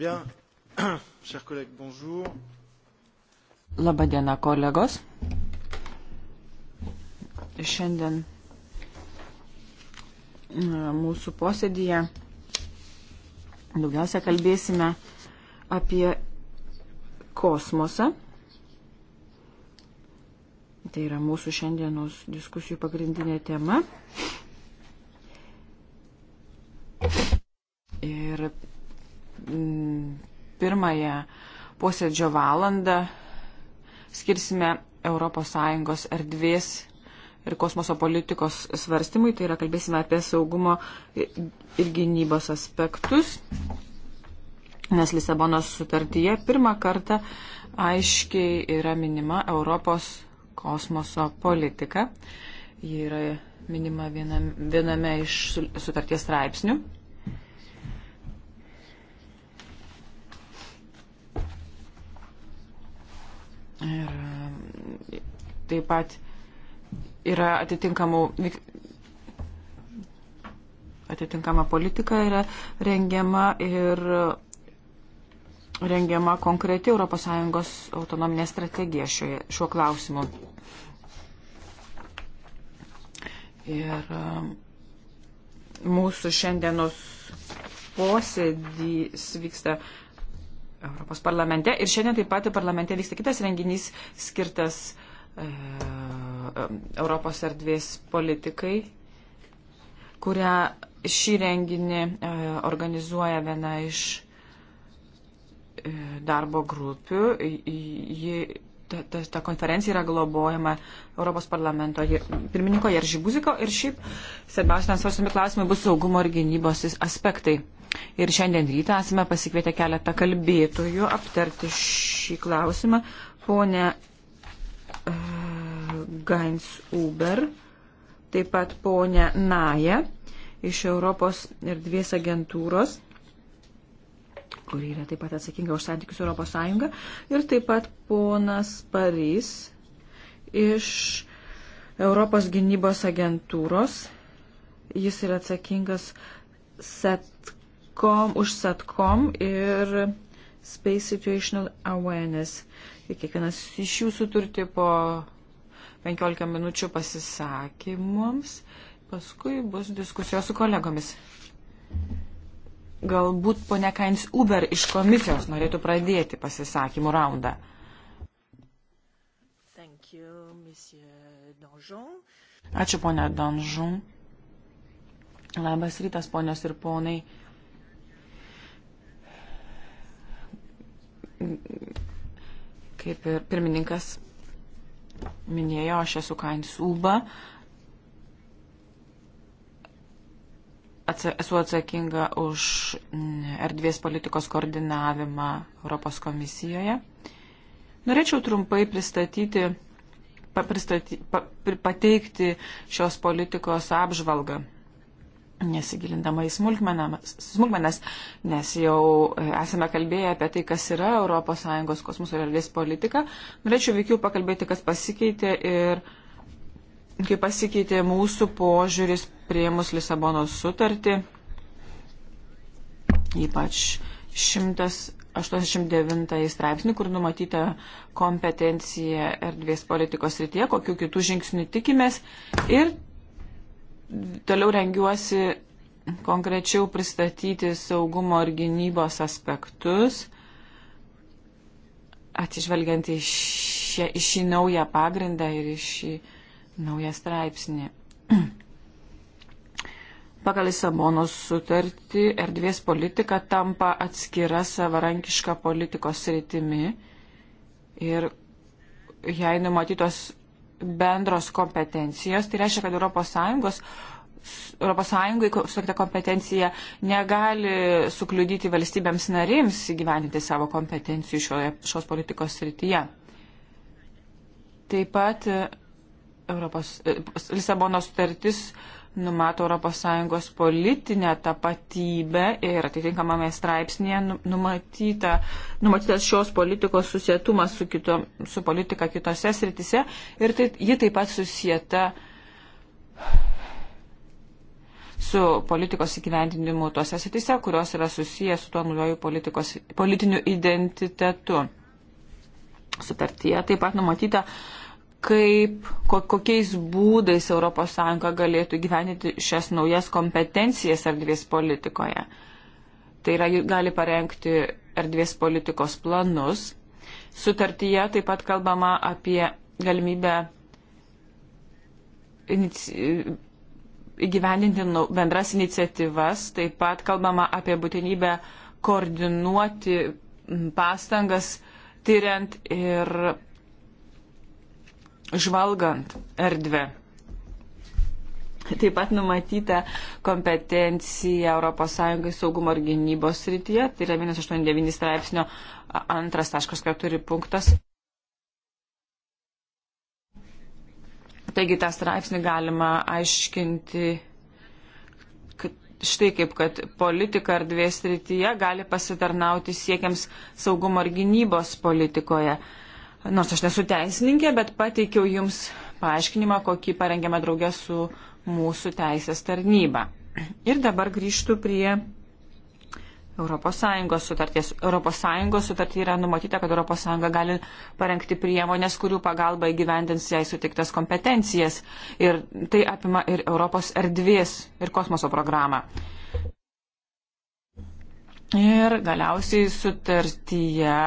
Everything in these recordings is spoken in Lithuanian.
Bien, chers collègues, bonjour. Labadiena, kolegos. Šiandien mūsų posėdyje daugiausia kalbėsime apie kosmosą. Tai yra mūsų šiandienos diskusijų pagrindinė tema. pirmąją posėdžio valandą skirsime ES erdvės ir kosmoso politikos svarstymui, tai yra kalbėsime apie saugumo ir gynybos aspektus, nes Lisabonos sutartyje pirmą kartą aiškiai yra minima Europos kosmoso politika. Ji yra minima vienam, viename iš sutarties straipsnių. Ir e, taip pat yra atitinkamų atitinkama politika yra rengiama ir rengiama konkreti ES autonominė strategija šioje, šiuo klausimu. Ir e, mūsų šiandienos posėdys vyksta Europos parlamente. Ir šiandien taip pat parlamente vyksta kitas renginys skirtas e, Europos erdvės politikai, kurią šį renginį e, organizuoja viena iš e, darbo grupių. Ji ta, ta, ta konferencija yra globojama Europos parlamento pirmininko Jeržybuziko ir šiaip svarbiausia ten svarstami klausimai bus saugumo ir gynybos aspektai. Ir šiandien ryte esame pasikvietę keletą kalbėtojų aptarti šį klausimą. Pone uh, e, Gains Uber, taip pat ponė Naja iš Europos erdvės agentūros kuri yra taip pat atsakinga už santykius Europos Sąjungą, ir taip pat ponas Parys iš Europos gynybos agentūros. Jis yra atsakingas setcom, už SATCOM ir Space Situational Awareness. Ir kiekvienas iš jūsų turti po 15 minučių pasisakymams, paskui bus diskusijos su kolegomis. Galbūt ponia Kains Uber iš komisijos norėtų pradėti pasisakymų raundą. Ačiū, ponia Donžun. Labas rytas, ponios ir ponai. Kaip ir pirmininkas minėjo, aš esu Kains Uba, atsa esu atsakinga už mm, erdvės politikos koordinavimą Europos komisijoje. Norėčiau trumpai pristatyti, papristaty, pa, pateikti šios politikos apžvalgą, nesigilindama į smulkmenas, nes jau e, esame kalbėję apie tai, kas yra ES kosmoso erdvės politika. Norėčiau veikiau pakalbėti, kas pasikeitė ir uh, kai pasikeitė mūsų požiūris prieimus Lisabonos sutartį, ypač 189 straipsnį, kur numatyta kompetencija erdvės politikos rytie, kokiu kitų žingsnių tikimės. Ir toliau rengiuosi konkrečiau pristatyti saugumo ir gynybos aspektus, atsižvelgiant į šį, į šį naują pagrindą ir į šį. Šį naują straipsnį. Pagal Lisabonos sutartį erdvės politika tampa atskira savarankiška politikos rytimi ir jai numatytos bendros kompetencijos, tai reiškia, kad ES Europos Sąjungai sutarta kompetencija negali sukliudyti valstybėms narims įgyveninti savo kompetencijų šioje, šios politikos srityje. Taip pat Europos, e, Lisabono sutartis numato ES politinę tapatybę ir atitinkamame straipsnėje nu, numatyta, numatytas šios politikos susietumas su, kito, su politika kitose sritise ir tai, ji taip pat susieta su politikos įgyvendinimu tose sritise, kurios yra susijęs su tuo naujoju politiniu identitetu. Sutartyje taip pat numatyta kaip, kokiais būdais ES galėtų gyveninti šias naujas kompetencijas erdvės politikoje. Tai yra, gali parengti erdvės politikos planus. Sutartyje taip pat kalbama apie galimybę įgyvendinti bendras iniciatyvas, taip pat kalbama apie būtinybę koordinuoti pastangas, tyriant ir žvalgant erdvę. Taip pat numatyta kompetencija ES saugumo ir gynybos srityje, tai yra 189 straipsnio antras taškas, kad turi punktas. Taigi tą straipsnį galima aiškinti štai kaip, kad politika erdvės srityje gali pasitarnauti siekiams saugumo ir gynybos politikoje. Uh, nors aš nesu teisininkė, bet pateikiau Jums paaiškinimą, kokį parengėme draugę su mūsų teisės tarnyba. Ir dabar grįžtų prie ES sutarties. ES sutartį yra numatyta, kad ES gali parengti priemonės, kurių pagalba įgyvendins jai sutiktas kompetencijas. Ir tai apima ir Europos erdvės ir kosmoso programą. Ir galiausiai sutartyje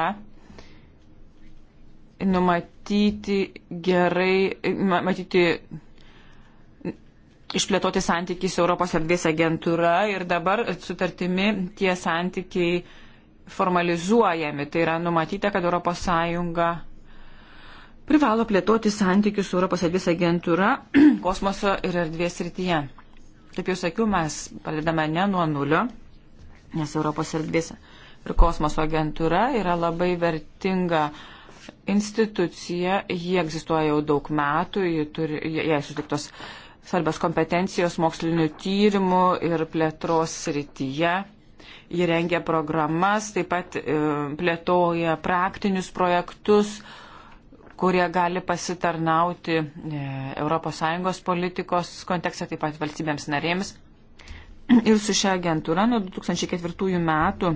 numatyti gerai, matyti išplėtoti santykiai su Europos erdvės agentūra ir dabar sutartimi tie santykiai formalizuojami. Tai yra numatyta, kad ES privalo plėtoti santykius su Europos erdvės agentūra kosmoso ir erdvės rytyje. Kaip jau sakiau, mes pradedame ne nuo nulio, nes Europos erdvės ir kosmoso agentūra yra labai vertinga uh, institucija, ji egzistuoja jau daug metų, turi, jai sutiktos svarbios kompetencijos mokslinių tyrimų ir plėtros srityje. Ji rengia programas, taip pat e, plėtoja praktinius projektus, kurie gali pasitarnauti ES politikos kontekste, taip pat valstybėms narėms. Ir su šia agentūra nuo 2004 metų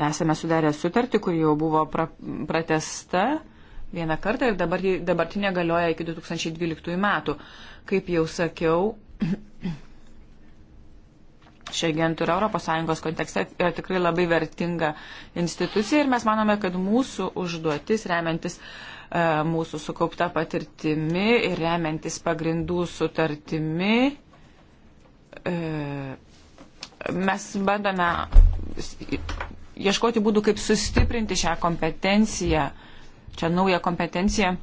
Esame sudarę sutartį, kuri jau buvo pra, pratesta vieną kartą ir dabar, dabartinė galioja iki 2012 metų. Kaip jau sakiau, ši agentūra ES kontekste yra tikrai labai vertinga institucija ir mes manome, kad mūsų užduotis remiantis e, mūsų sukaupta patirtimi ir remiantis pagrindų sutartimi, e, mes bandome ieškoti būdų, kaip sustiprinti šią kompetenciją, čia naują kompetenciją.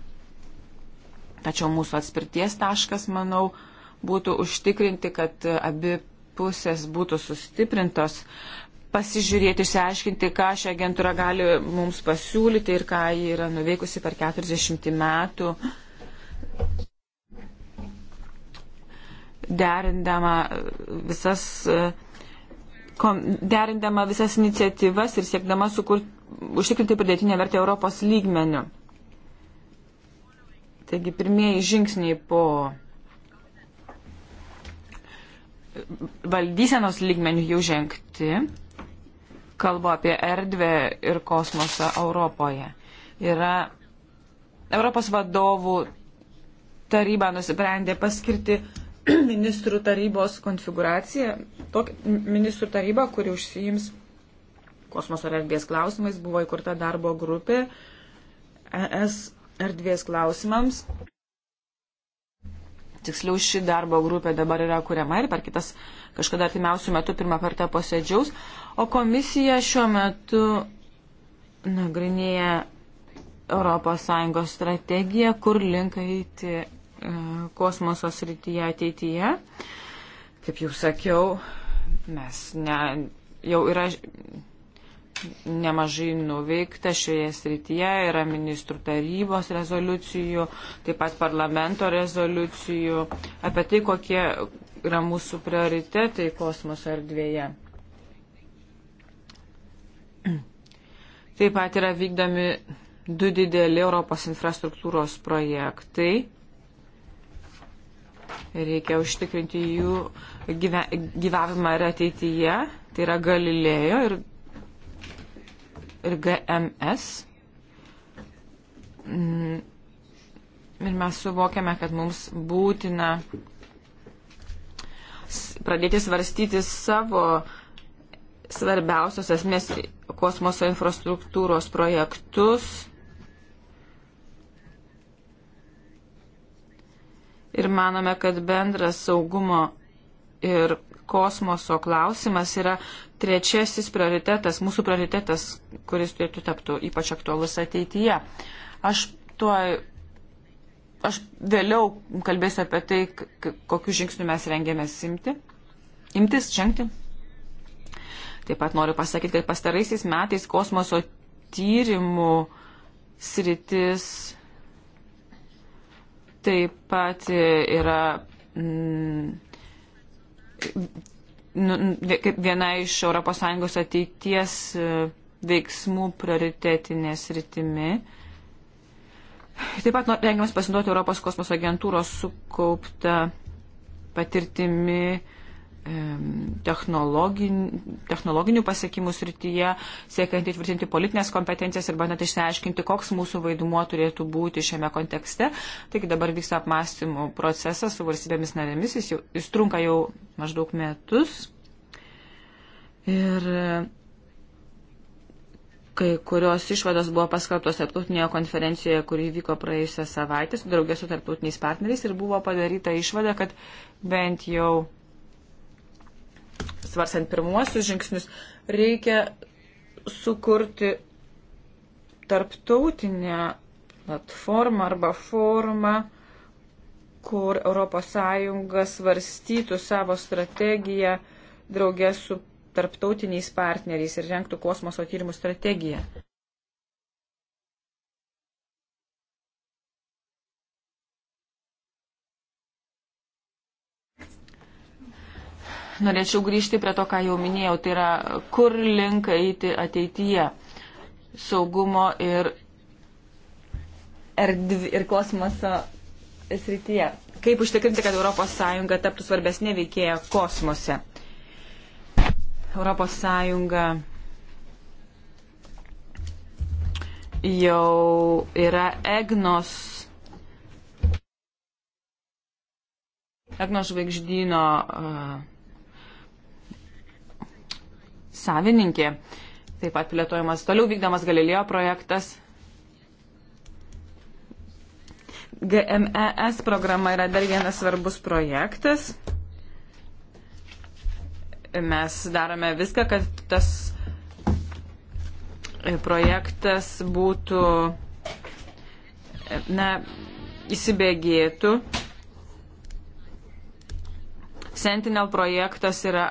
Tačiau mūsų atspirties taškas, manau, būtų užtikrinti, kad abi pusės būtų sustiprintos, pasižiūrėti, išsiaiškinti, ką ši agentūra gali mums pasiūlyti ir ką ji yra nuveikusi per 40 metų, derindama visas uh, derindama visas iniciatyvas ir siekdama sukur, užtikrinti pridėtinę vertę Europos lygmenių. Taigi pirmieji žingsniai po valdysenos lygmenių jau žengti. Kalbu apie erdvę ir kosmosą Europoje. Yra Europos vadovų taryba nusprendė paskirti ministrų tarybos konfiguracija, tokia ministrų taryba, kuri užsijims kosmoso erdvės klausimais, buvo įkurta darbo grupė ES erdvės klausimams. Tiksliau, ši darbo grupė dabar yra kuriama ir per kitas kažkada artimiausių metų pirmą kartą posėdžiaus, o komisija šiuo metu nagrinėja ES strategiją, kur link eiti E, kosmoso srityje ateityje. Kaip jau sakiau, mes ne, jau yra nemažai nuveikta šioje srityje, yra ministrų tarybos rezoliucijų, taip pat parlamento rezoliucijų apie tai, kokie yra mūsų prioritetai kosmoso erdvėje. Taip pat yra vykdomi du dideli Europos infrastruktūros projektai Reikia užtikrinti jų gyve, gyvavimą ir ateityje. Tai yra Galilėjo ir, ir GMS. Mm. Ir mes suvokiame, kad mums būtina pradėti svarstyti savo svarbiausios esmės kosmoso infrastruktūros projektus ir manome, kad bendras saugumo ir kosmoso klausimas yra trečiasis prioritetas, mūsų prioritetas, kuris turėtų tapti ypač aktualus ateityje. Aš tuo, aš vėliau kalbėsiu apie tai, kokiu žingsniu mes rengėmės imti, imtis, žengti. Taip pat noriu pasakyti, kad pastaraisiais metais kosmoso tyrimų sritis Taip pat yra mm, nu, kaip viena iš ES ateities e, veiksmų prioritetinės rytimi. Taip pat rengiamas pasinaudoti Europos kosmoso agentūros sukauptą patirtimi technologinių pasiekimų srityje, siekiant įtvirtinti politinės kompetencijas ir bandant išsiaiškinti, koks mūsų vaidmuo turėtų būti šiame kontekste. Taigi dabar vyksta apmąstymų procesas su valstybėmis narėmis, jis, jau, jis trunka jau maždaug metus. Ir kai kurios išvados buvo paskelbtos tarptautinėje konferencijoje, kuri vyko praėjusią savaitę su draugės su tarptautiniais partneriais ir buvo padaryta išvada, kad bent jau svarsant pirmuosius žingsnius, reikia sukurti tarptautinę platformą arba formą, kur ES svarstytų savo strategiją draugės su tarptautiniais partneriais ir renktų kosmoso tyrimų strategiją. norėčiau grįžti prie to, ką jau minėjau, tai yra kur link eiti ateityje saugumo ir, erdv, ir kosmoso srityje. Kaip užtikrinti, kad ES taptų svarbesnė veikėja kosmose? ES jau yra Egnos, Egnos žvaigždyno uh, savininkė. Taip pat plėtojamas toliau vykdamas Galilėjo projektas. GMES programa yra dar vienas svarbus projektas. Mes darome viską, kad tas projektas būtų, na, įsibėgėtų. Sentinel projektas yra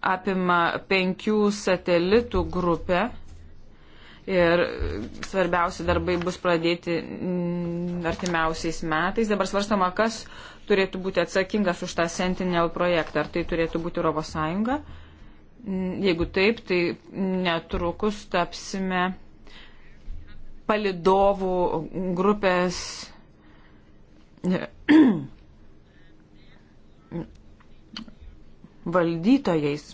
apima penkių satelitų grupę ir svarbiausi darbai bus pradėti artimiausiais metais. Dabar svarstama, kas turėtų būti atsakingas už tą Sentinel projektą. Ar tai turėtų būti ES? Jeigu taip, tai netrukus tapsime palidovų grupės valdytojais.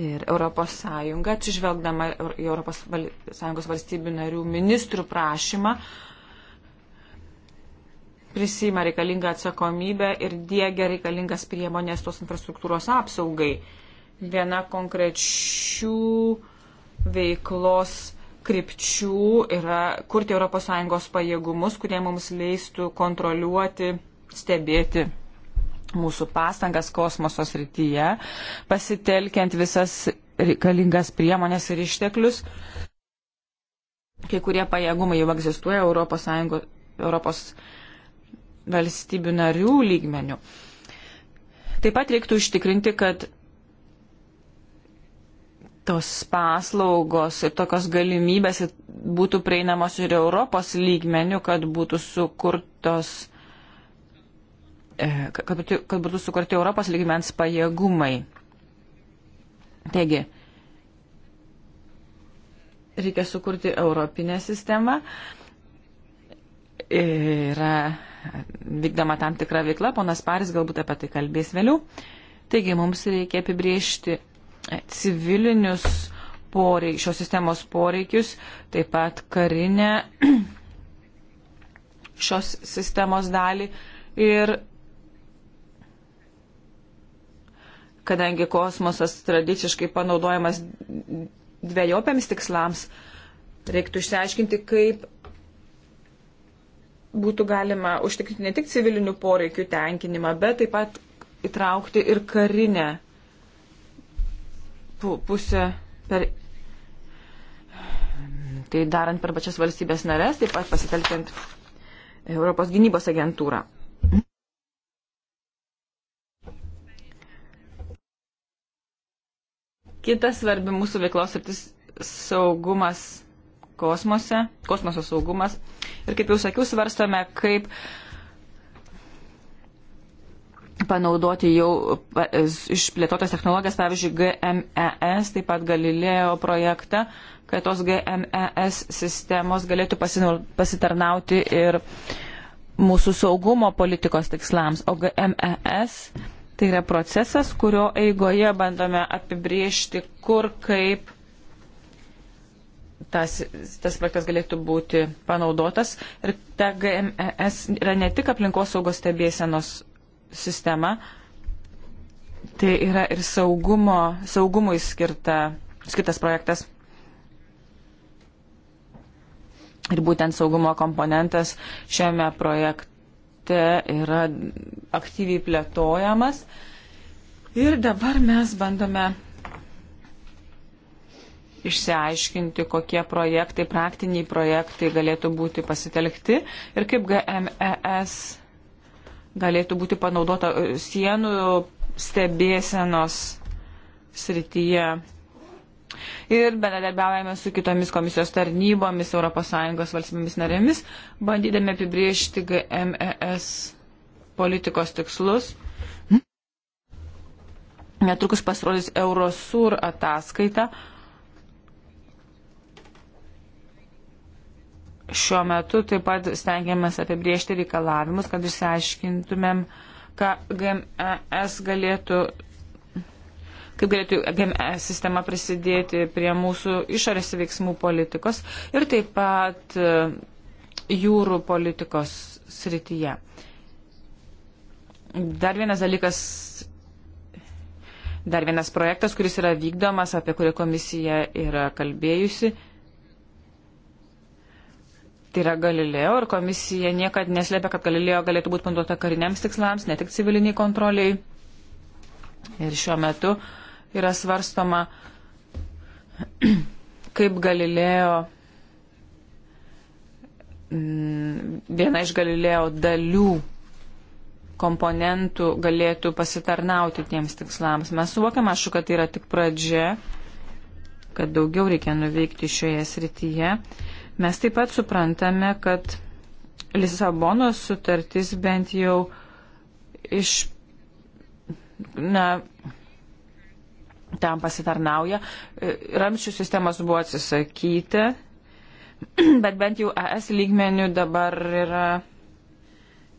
Ir ES atsižvelgdama į ES valstybių narių ministrų prašymą prisima reikalingą atsakomybę ir diegia reikalingas priemonės tos infrastruktūros apsaugai. Viena konkrečių veiklos krypčių yra kurti ES pajėgumus, kurie mums leistų kontroliuoti, stebėti mūsų pastangas kosmoso srityje, pasitelkiant visas reikalingas priemonės ir išteklius. Kai kurie pajėgumai jau egzistuoja Europos, Sąjungo, Europos valstybių narių lygmenių. Taip pat reiktų užtikrinti, kad tos paslaugos ir tokios galimybės būtų prieinamos ir Europos lygmenių, kad būtų sukurtos E, kad būtų, kad būtų sukurti Europos lygmens pajėgumai. Taigi, reikia sukurti europinę sistemą. E, yra vykdoma tam tikra veikla, ponas Paris galbūt apie tai kalbės vėliau. Taigi, mums reikia apibriežti e, civilinius poreik, šios sistemos poreikius, taip pat karinę šios sistemos dalį ir kadangi kosmosas tradiciškai panaudojamas dviejopiams tikslams, reiktų išsiaiškinti, kaip būtų galima užtikrinti ne tik civilinių poreikių tenkinimą, bet taip pat įtraukti ir karinę pusę per. Tai darant per pačias valstybės narės, taip pat pasitelkiant Europos gynybos agentūrą. Kitas svarbi mūsų veiklos sritis - saugumas kosmose, kosmoso saugumas. Ir kaip jau sakiau, svarstome, kaip panaudoti jau išplėtotas technologijas, pavyzdžiui, GMES, taip pat Galileo projektą, kad tos GMES sistemos galėtų pasitarnauti ir mūsų saugumo politikos tikslams. O GMES Tai yra procesas, kurio eigoje bandome apibriežti, kur kaip tas, tas projektas galėtų būti panaudotas. Ir ta GMS e yra ne tik aplinkos saugos stebėsenos sistema, tai yra ir saugumo, saugumui skirta, skirtas projektas. Ir būtent saugumo komponentas šiame projekte rate yra aktyviai plėtojamas. Ir dabar mes bandome išsiaiškinti, kokie projektai, praktiniai projektai galėtų būti pasitelkti ir kaip GMES galėtų būti panaudota sienų stebėsenos srityje Ir bendradarbiaujame su kitomis komisijos tarnybomis, ES valstybėmis narėmis, bandydami apibriežti GMES politikos tikslus. Netrukus pasirodys Eurosur ataskaita. Šiuo metu taip pat stengiamės apibriežti reikalavimus, kad išsiaiškintumėm, ką GMES galėtų kaip galėtų e, sistema prisidėti prie mūsų išorės veiksmų politikos ir taip pat e, jūrų politikos srityje. Dar vienas dalykas, dar vienas projektas, kuris yra vykdomas, apie kurį komisija yra kalbėjusi. Tai yra Galileo ir komisija niekad neslėpia, kad Galileo galėtų būti panduota kariniams tikslams, ne tik civiliniai kontroliai. Ir šiuo metu uh, yra svarstoma, kaip Galilėjo, mm, viena iš Galilėjo dalių komponentų galėtų pasitarnauti tiems tikslams. Mes suvokiam, aš kad tai yra tik pradžia, kad daugiau reikia nuveikti šioje srityje. Mes taip pat suprantame, kad Lisabonos sutartis bent jau iš, na, tam pasitarnauja. E, ramščių sistemos buvo atsisakyti, bet bent jau ES lygmenių dabar yra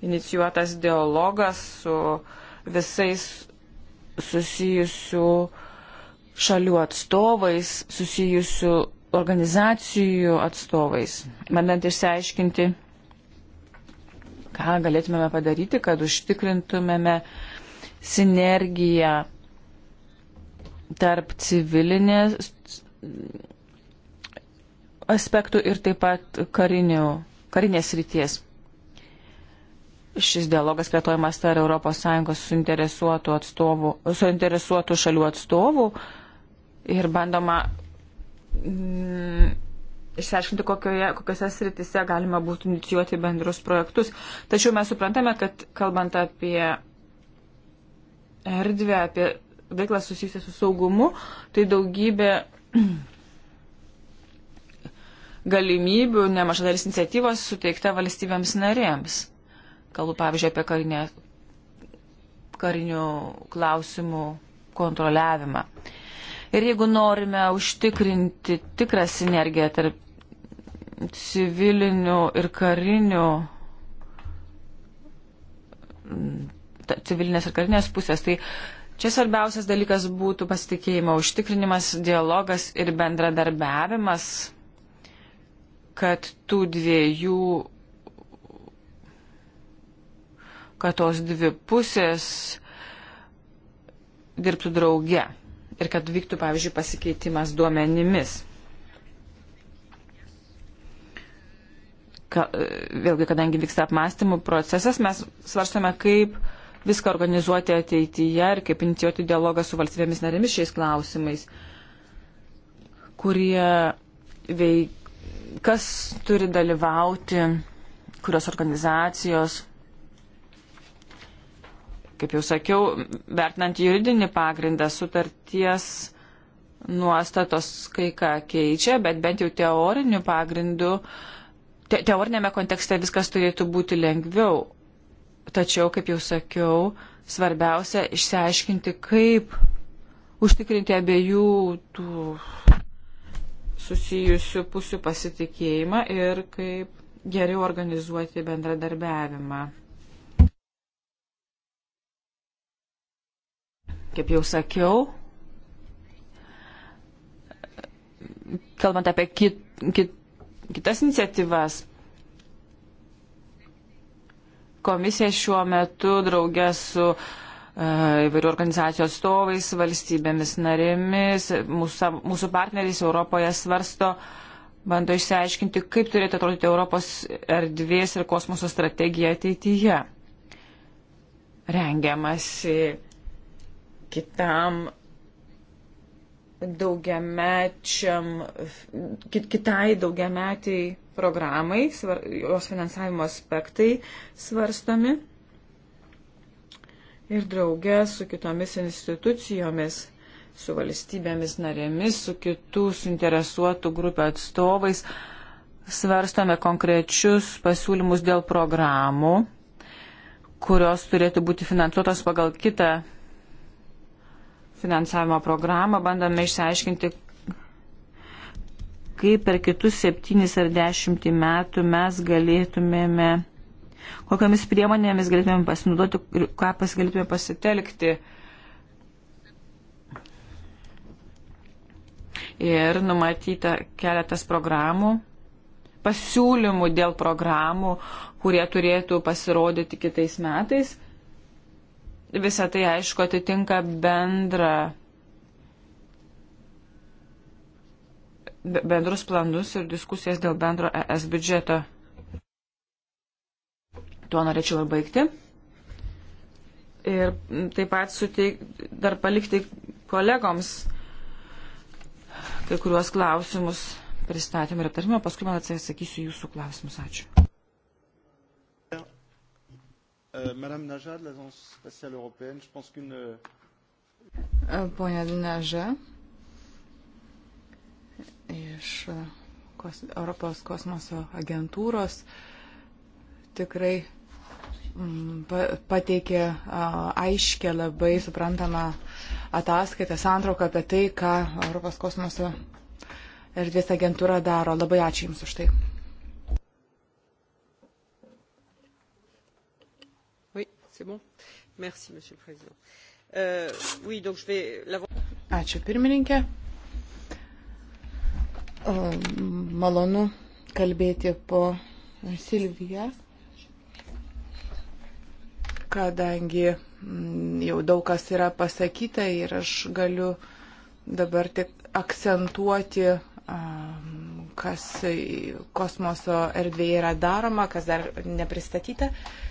inicijuotas dialogas su visais susijusių šalių atstovais, susijusių organizacijų atstovais, bandant išsiaiškinti, ką galėtumėme padaryti, kad užtikrintumėme sinergiją tarp civilinės aspektų ir taip pat karinių, karinės ryties. Šis dialogas plėtojamas tarp ES suinteresuotų, atstovų, suinteresuotų šalių atstovų ir bandoma mm, išsiaiškinti, kokioje, kokiose sritise galima būtų inicijuoti bendrus projektus. Tačiau mes suprantame, kad kalbant apie erdvę, apie veiklą susijusią su saugumu, tai daugybė galimybių, nemaža dalis iniciatyvos suteikta valstybėms narėms. Kalbu, pavyzdžiui, apie karinę, karinių klausimų kontroliavimą. Ir jeigu norime užtikrinti tikrą sinergiją tarp civilinių ir karinių, civilinės ir karinės pusės, tai Čia svarbiausias dalykas būtų pasitikėjimo užtikrinimas, dialogas ir bendradarbiavimas, kad tų dviejų, kad tos dvi pusės dirbtų drauge ir kad vyktų, pavyzdžiui, pasikeitimas duomenimis. Ka, vėlgi, kadangi vyksta apmąstymų procesas, mes svarstame, kaip uh, viską organizuoti ateityje ir kaip inicijuoti dialogą su valstybėmis narėmis šiais klausimais, kurie veik, kas turi dalyvauti, kurios organizacijos. Kaip jau sakiau, vertinant juridinį pagrindą sutarties nuostatos kai ką keičia, bet bent jau teoriniu pagrindu, te, teorinėme kontekste viskas turėtų būti lengviau. Tačiau, kaip jau sakiau, svarbiausia išsiaiškinti, kaip užtikrinti abiejų tų susijusių pusių pasitikėjimą ir kaip geriau organizuoti bendradarbiavimą. Kaip jau sakiau, kalbant apie kit, kit, kitas iniciatyvas, Komisija šiuo metu draugė su e, įvairių organizacijų atstovais, valstybėmis narėmis, mūsų, mūsų partneriais Europoje svarsto, bando išsiaiškinti, kaip turėtų atrodyti Europos erdvės ir kosmoso strategija ateityje. Rengiamasi kitam daugiamečiam, kit, kitai daugiametiai programai, svar, jos finansavimo aspektai svarstami ir draugė su kitomis institucijomis, su valstybėmis narėmis, su kitų suinteresuotų grupių atstovais svarstome konkrečius pasiūlymus dėl programų, kurios turėtų būti finansuotos pagal kitą finansavimo programą, bandome išsiaiškinti, kaip per kitus septynis ar dešimtį metų mes galėtumėme, kokiamis priemonėmis galėtumėme pasinaudoti ir ką galėtumėme pasitelkti. Ir numatyta keletas programų, pasiūlymų dėl programų, kurie turėtų pasirodyti kitais metais. Visą tai, aišku, atitinka bendrą, bendrus planus ir diskusijas dėl bendro ES biudžeto. Tuo norėčiau ir baigti. Ir taip pat suteik, dar palikti kolegoms kai kuriuos klausimus pristatymą ir aptarimą, paskui man atsakysiu jūsų klausimus. Ačiū. Euh, Madame Naja de l'Agence spatiale européenne, je pense qu'une. Euh... Ponia Naja, iš euh, kos, Europos kosmoso agentūros tikrai m, mm, pateikė aiškę, labai suprantamą ataskaitą, santrauką apie tai, ką Europos kosmoso erdvės agentūra daro. Labai ačiū Jums už tai. C'est bon Merci, Monsieur le Président. Euh, oui, donc je vais l'avoir. Ačiū pirmininkė. Malonu kalbėti po Silviją, kadangi mm, jau daug kas yra pasakyta ir aš galiu dabar tik akcentuoti kas kosmoso erdvėje yra daroma, kas dar nepristatyta. Uh,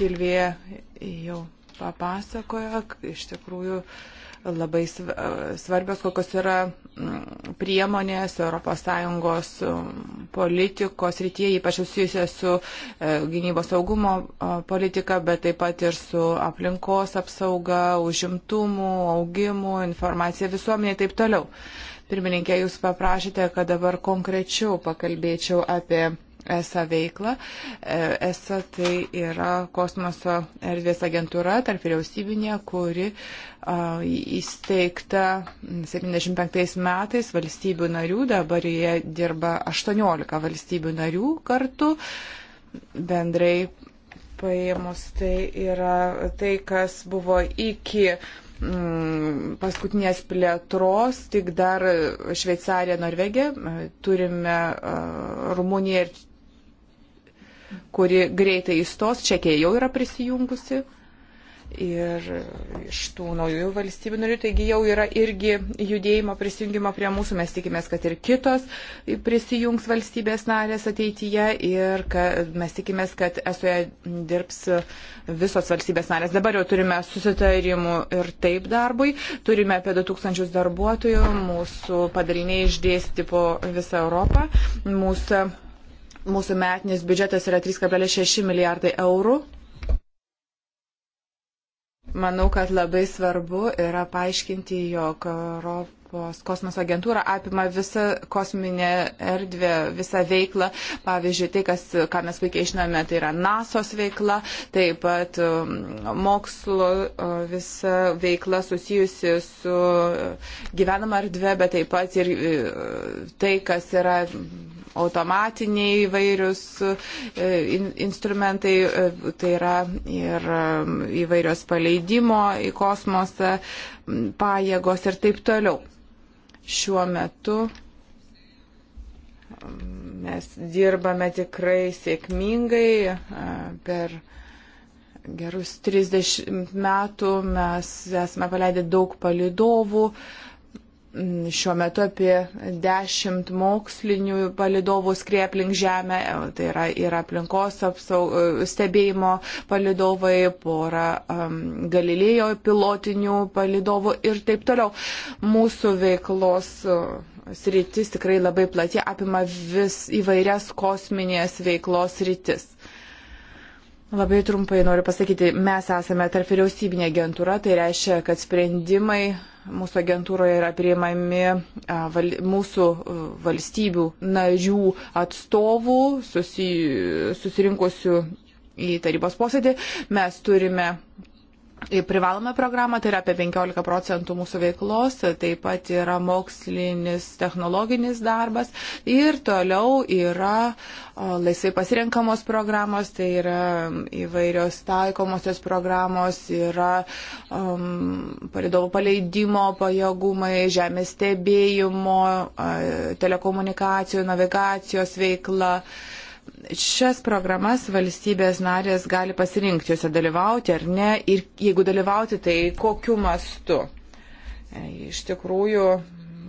Silvija jau papasakojo, iš tikrųjų labai svarbios, kokios yra mm, priemonės ES mm, politikos rytyje, ypač susijusios su e, gynybos saugumo politika, bet taip pat ir su aplinkos apsauga, užimtumu, augimu, informacija visuomenė ir taip toliau. Pirmininkė, jūs paprašėte, kad dabar konkrečiau pakalbėčiau apie ESA veiklą. E, ESA tai yra kosmoso erdvės agentūra tarp vyriausybinė, kuri įsteigta 75 metais valstybių narių, dabar jie dirba 18 valstybių narių kartu. Bendrai paėmus tai yra tai, kas buvo iki mm, paskutinės plėtros, tik dar Šveicarija, Norvegija, turime Rumuniją ir kuri greitai įstos, Čekija jau yra prisijungusi. Ir iš tų naujų valstybių narių, taigi jau yra irgi judėjimo prisijungimo prie mūsų, mes tikimės, kad ir kitos prisijungs valstybės narės ateityje ir kad, mes tikimės, kad esoje dirbs visos valstybės narės. Dabar jau turime susitarimų ir taip darbui, turime apie 2000 darbuotojų, mūsų padaliniai išdėsti po visą Europą, mūsų Mūsų metinis biudžetas yra 3,6 milijardai eurų. Manau, kad labai svarbu yra paaiškinti, jog Europos kosmoso agentūra apima visą kosminę erdvę, visą veiklą. Pavyzdžiui, tai, kas, ką mes puikiai žinome, tai yra NASOS veikla, taip pat um, mokslo visa veikla susijusi su gyvenama erdvė, bet taip pat ir e, tai, kas yra automatiniai įvairius e, instrumentai, e, tai yra ir e, įvairios paleidimo į kosmosą pajėgos ir taip toliau. Šiuo metu mes dirbame tikrai sėkmingai per gerus 30 metų mes esame paleidę daug palidovų, uh, Mm, šiuo metu apie 10 mokslinių palidovų skrie aplink Žemę, e, tai yra ir aplinkos apsaug, e, stebėjimo palidovai, pora um, Galilėjo pilotinių palidovų ir taip toliau. Mūsų veiklos e, sritis tikrai labai plati, apima vis įvairias kosminės veiklos sritis. Labai trumpai noriu pasakyti, mes esame tarp vyriausybinė agentūra, tai reiškia, kad sprendimai mūsų agentūroje yra priimami val, mūsų valstybių narių atstovų susi, susirinkusių į tarybos posėdį. Mes turime į privalomą programą, tai yra apie 15 procentų mūsų veiklos, taip pat yra mokslinis technologinis darbas ir toliau yra laisvai pasirinkamos programos, tai yra įvairios taikomosios programos, yra um, paridovų paleidimo pajėgumai, žemės stebėjimo, telekomunikacijų, navigacijos veikla. Uh, šias programas valstybės narės gali pasirinkti, jose dalyvauti ar ne, ir jeigu dalyvauti, tai kokiu mastu. E, iš tikrųjų,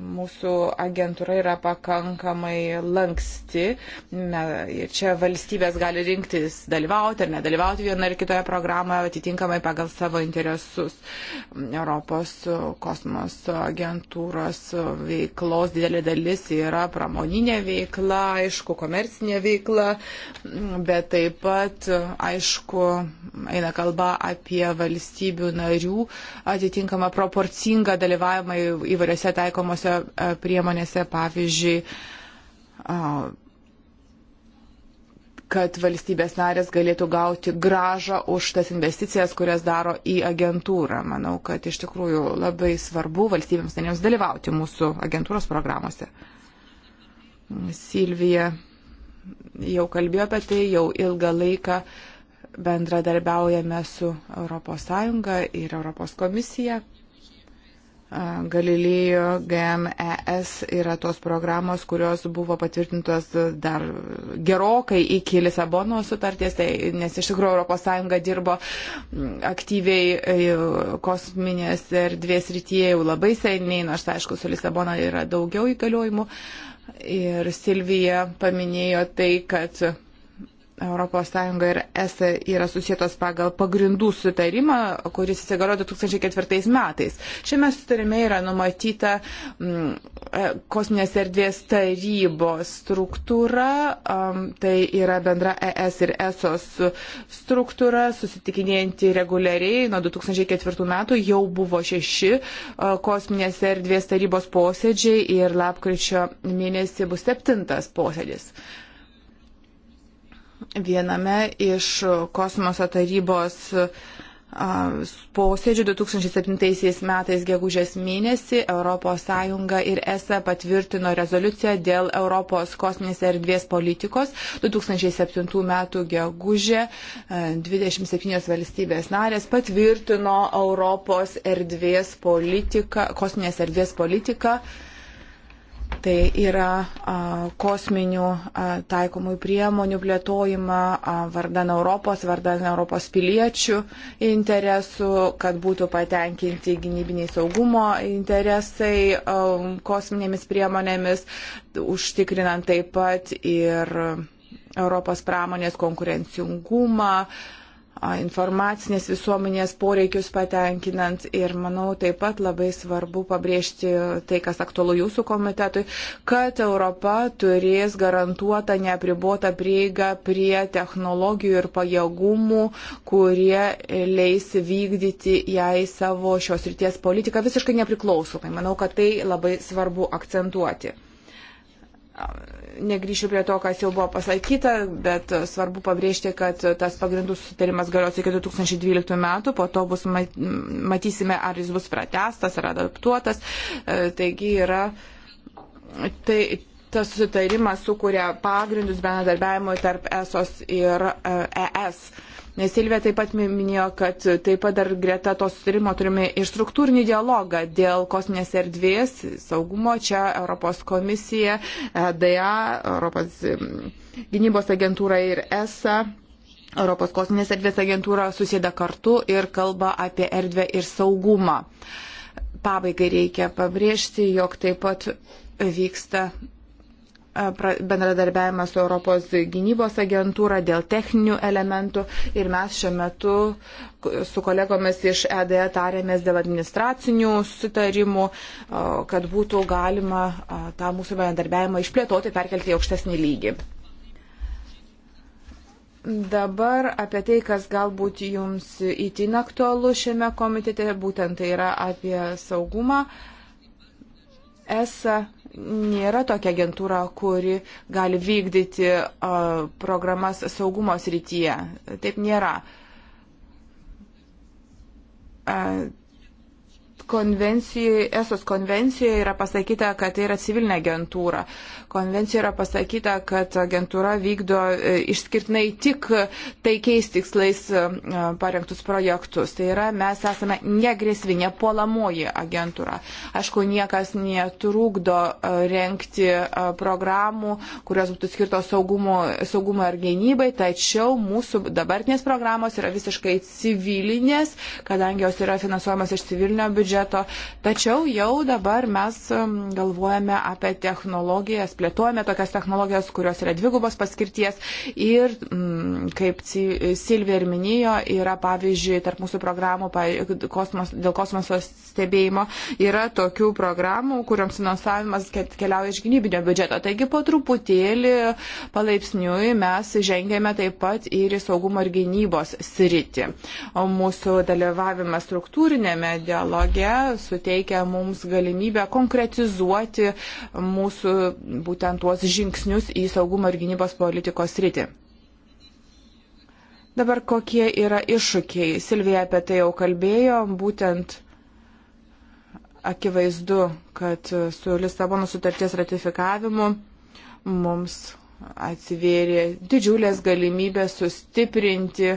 mūsų agentūra yra pakankamai lanksti ir čia valstybės gali rinktis dalyvauti ar nedalyvauti vienoje ar kitoje programoje atitinkamai pagal savo interesus. Europos kosmoso agentūros veiklos didelė dalis yra pramoninė veikla, aišku, komercinė veikla, bet taip pat, aišku, eina kalba apie valstybių narių atitinkamą proporcingą dalyvavimą įvairiose taikomose kitose e, priemonėse, pavyzdžiui, kad valstybės narės galėtų gauti gražą už tas investicijas, kurias daro į agentūrą. Manau, kad iš tikrųjų labai svarbu valstybėms narėms dalyvauti mūsų agentūros programuose. Silvija jau kalbėjo apie tai, jau ilgą laiką bendradarbiaujame su ES ir ES komisija Galilėjo GMES yra tos programos, kurios buvo patvirtintos dar gerokai iki Lisabono sutarties, tai, nes iš tikrųjų ES dirbo aktyviai e, kosminės erdvės rytyje jau labai seniai, nors aišku, su Lisabono yra daugiau įgaliojimų. Ir Silvija paminėjo tai, kad ES ir ES e yra susijėtos pagal pagrindų sutarimą, kuris įsigaliojo 2004 metais. Šiame sutarime yra numatyta mm, e, kosminės erdvės tarybos struktūra, um, tai yra bendra ES ir ESOS struktūra, susitikinėjanti reguliariai. Nuo 2004 metų jau buvo šeši uh, kosminės erdvės tarybos posėdžiai ir lapkričio mėnesį bus septintas posėdis. Uh, viename iš kosmoso tarybos posėdžių 2007 metais gegužės mėnesį ES ir ESA patvirtino rezoliuciją dėl Europos kosminės erdvės politikos. 2007 metų gegužė 27 valstybės narės patvirtino Europos erdvės politiką, kosminės erdvės politiką. Tai yra a, kosminių a, taikomų priemonių plėtojimą a, vardan Europos, vardan Europos piliečių interesų, kad būtų patenkinti gynybiniai saugumo interesai a, kosminėmis priemonėmis, užtikrinant taip pat ir Europos pramonės konkurencingumą. A, informacinės visuomenės poreikius patenkinant ir manau taip pat labai svarbu pabrėžti tai, kas aktualu jūsų komitetui, kad Europa turės garantuotą neapribotą prieigą prie technologijų ir pajėgumų, kurie leis vykdyti jai savo šios ryties politiką visiškai nepriklausomai. Manau, kad tai labai svarbu akcentuoti negryšiu prie to, kas jau buvo pasakyta, bet svarbu pabrėžti, kad tas pagrindų sutarimas galios iki 2012 metų, po to bus matysime, ar jis bus pratestas ar adaptuotas. E, taigi yra. Tai, tas sutarimas sukuria pagrindus bendradarbiavimui tarp ESOS ir ES. E Nes Silvė taip pat minėjo, kad taip pat dar greta to sutarimo turime ir struktūrinį dialogą dėl kosminės erdvės, saugumo. Čia Europos komisija, e DA, Europos gynybos agentūra ir ESA Europos kosminės erdvės agentūra susėda kartu ir kalba apie erdvę ir saugumą. Pabaigai reikia pabrėžti, jog taip pat vyksta bendradarbiavimas su Europos gynybos agentūra dėl techninių elementų ir mes šiuo metu su kolegomis iš EDE e tarėmės dėl administracinių sutarimų, kad būtų galima tą mūsų bendradarbiavimą išplėtoti, perkelti į aukštesnį lygį. Dabar apie tai, kas galbūt jums įtin aktualu šiame komitete, būtent tai yra apie saugumą. ESA nėra tokia agentūra, kuri gali vykdyti uh, programas saugumo srityje. Taip nėra. Uh, konvencijoje, ESOS konvencijoje yra pasakyta, kad tai yra civilinė agentūra. Konvencijoje yra pasakyta, kad agentūra vykdo e, išskirtinai tik taikiais tikslais e, parengtus projektus. Tai yra, mes esame negresvinė, puolamoji agentūra. Aišku, niekas netrūkdo e, renkti programų, kurios būtų skirtos saugumo, saugumo ir gynybai, tačiau mūsų dabartinės programos yra visiškai civilinės, kadangi jos yra finansuojamas iš civilinio biudžeto. Tačiau jau dabar mes galvojame apie technologijas, plėtojame tokias technologijas, kurios yra dvigubos paskirties. Ir m, mm, kaip Silvija ir minėjo, yra pavyzdžiui tarp mūsų programų kosmos, dėl kosmoso stebėjimo yra tokių programų, kurioms finansavimas keliauja iš gynybinio biudžeto. Taigi po truputėlį palaipsniui mes žengėme taip pat ir į saugumo ir gynybos sritį. O mūsų dalyvavimas struktūrinėme dialoge suteikia mums galimybę konkretizuoti mūsų būtent tuos žingsnius į saugumo ir gynybos politikos rytį. Dabar kokie yra iššūkiai? Silvija apie tai jau kalbėjo, būtent akivaizdu, kad su Lisabono sutarties ratifikavimu mums atsivėrė didžiulės galimybės sustiprinti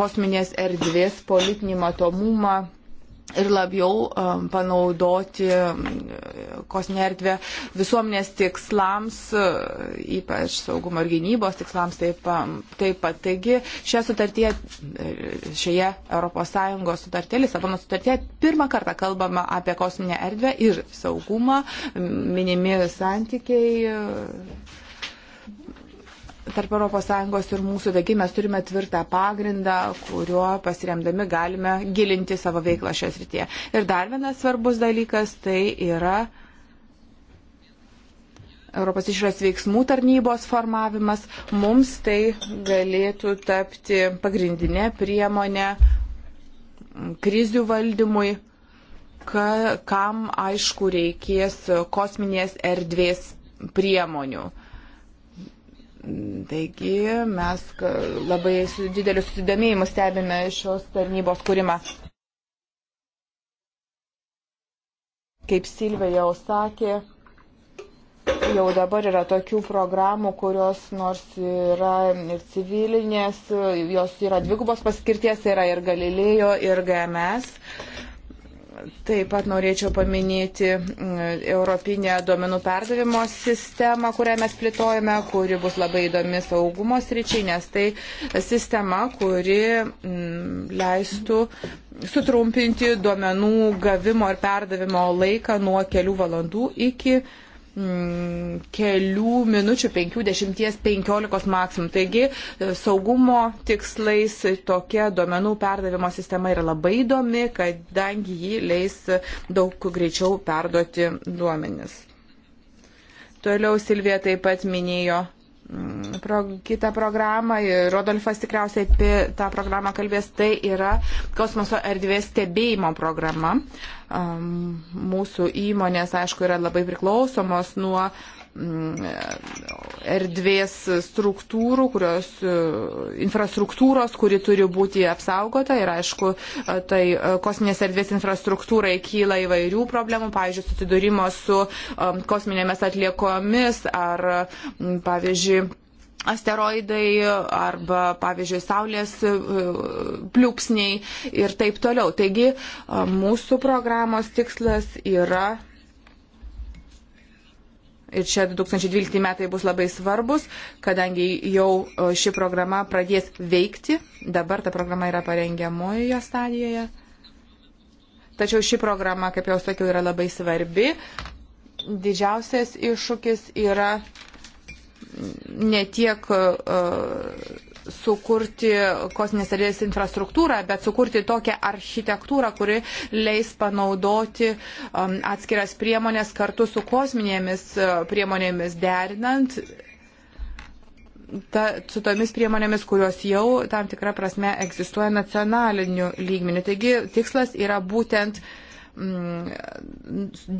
kosminės erdvės politinį matomumą ir labiau um, panaudoti um, kosminę erdvę visuomenės tikslams, uh, ypač saugumo ir gynybos tikslams taip, um, taip pat. Taigi uh, šioje sutartyje, šioje ES sutartėlė, Lisabono sutartėje pirmą kartą kalbama apie kosminę erdvę ir saugumą, minimi santykiai uh, tarp ES ir mūsų, taigi mes turime tvirtą pagrindą, kuriuo pasiremdami galime gilinti savo veiklą šią srityje. Ir dar vienas svarbus dalykas tai yra Europos išorės veiksmų tarnybos formavimas. Mums tai galėtų tapti pagrindinė priemonė krizių valdymui, ka, kam aišku reikės kosminės erdvės priemonių Taigi mes labai su dideliu susidomėjimu stebime šios tarnybos kūrimą. Kaip Silvė jau sakė, jau dabar yra tokių programų, kurios nors yra ir civilinės, jos yra dvigubos paskirties, tai yra ir Galilėjo, ir GMS. Taip pat norėčiau paminėti mm, Europinę duomenų perdavimo sistemą, kurią mes plėtojame, kuri bus labai įdomi saugumo sričiai, nes tai sistema, kuri mm, leistų sutrumpinti duomenų gavimo ir perdavimo laiką nuo kelių valandų iki Mm, kelių minučių, 50-15 maksimum. Taigi e, saugumo tikslais tokia duomenų perdavimo sistema yra labai įdomi, kadangi ji leis daug greičiau perduoti duomenis. Toliau Silvija taip pat minėjo pro, kitą programą, Rodolfas tikriausiai apie tą programą kalbės, tai yra kosmoso erdvės stebėjimo programa. Um, mūsų įmonės, aišku, yra labai priklausomos nuo uh, Mm, erdvės struktūrų, kurios e, infrastruktūros, kuri turi būti apsaugota ir aišku, e, tai e, kosminės erdvės infrastruktūrai kyla įvairių problemų, pavyzdžiui, susidūrimo su kosminėmis atliekomis ar, pavyzdžiui, asteroidai arba, pavyzdžiui, saulės pliūpsniai ir taip toliau. Taigi, mūsų programos tikslas yra Ir čia 2012 metai bus labai svarbus, kadangi jau e, ši programa pradės veikti. Dabar ta programa yra parengiamojoje stadijoje. Tačiau ši programa, kaip jau sakiau, yra labai svarbi. Didžiausias iššūkis yra ne tiek uh, sukurti kosminės erdvės infrastruktūrą, bet sukurti tokią architektūrą, kuri leis panaudoti um, atskiras priemonės kartu su kosminėmis uh, priemonėmis derinant ta, su tomis priemonėmis, kurios jau tam tikrą prasme egzistuoja nacionaliniu lygmeniu. Taigi tikslas yra būtent uh, Mm,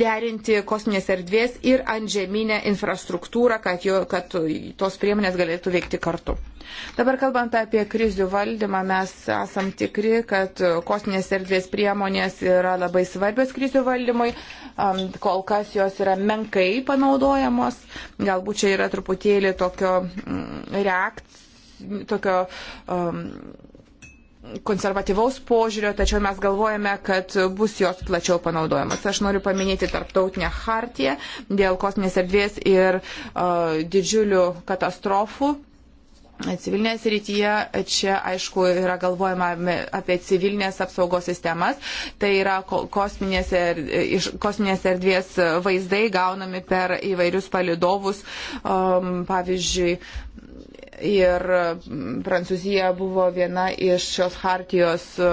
derinti kosminės erdvės ir antžeminę infrastruktūrą, kad, jo, kad tos priemonės galėtų veikti kartu. Dabar kalbant apie krizių valdymą, mes esam tikri, kad kosminės erdvės priemonės yra labai svarbios krizių valdymui, kol kas jos yra menkai panaudojamos, galbūt čia yra truputėlį tokio mm, reakcijos, tokio um, konservatyvaus požiūrio, tačiau mes galvojame, kad bus jos plačiau panaudojamas. Aš noriu paminėti tarptautinę hartiją dėl kosminės erdvės ir uh, didžiulių katastrofų. Civilinės rytyje čia, aišku, yra galvojama apie civilinės apsaugos sistemas. Tai yra kosminės, er, iš kosminės erdvės vaizdai gaunami per įvairius palidovus, um, pavyzdžiui, Ir mm, Prancūzija buvo viena iš šios hartijos e,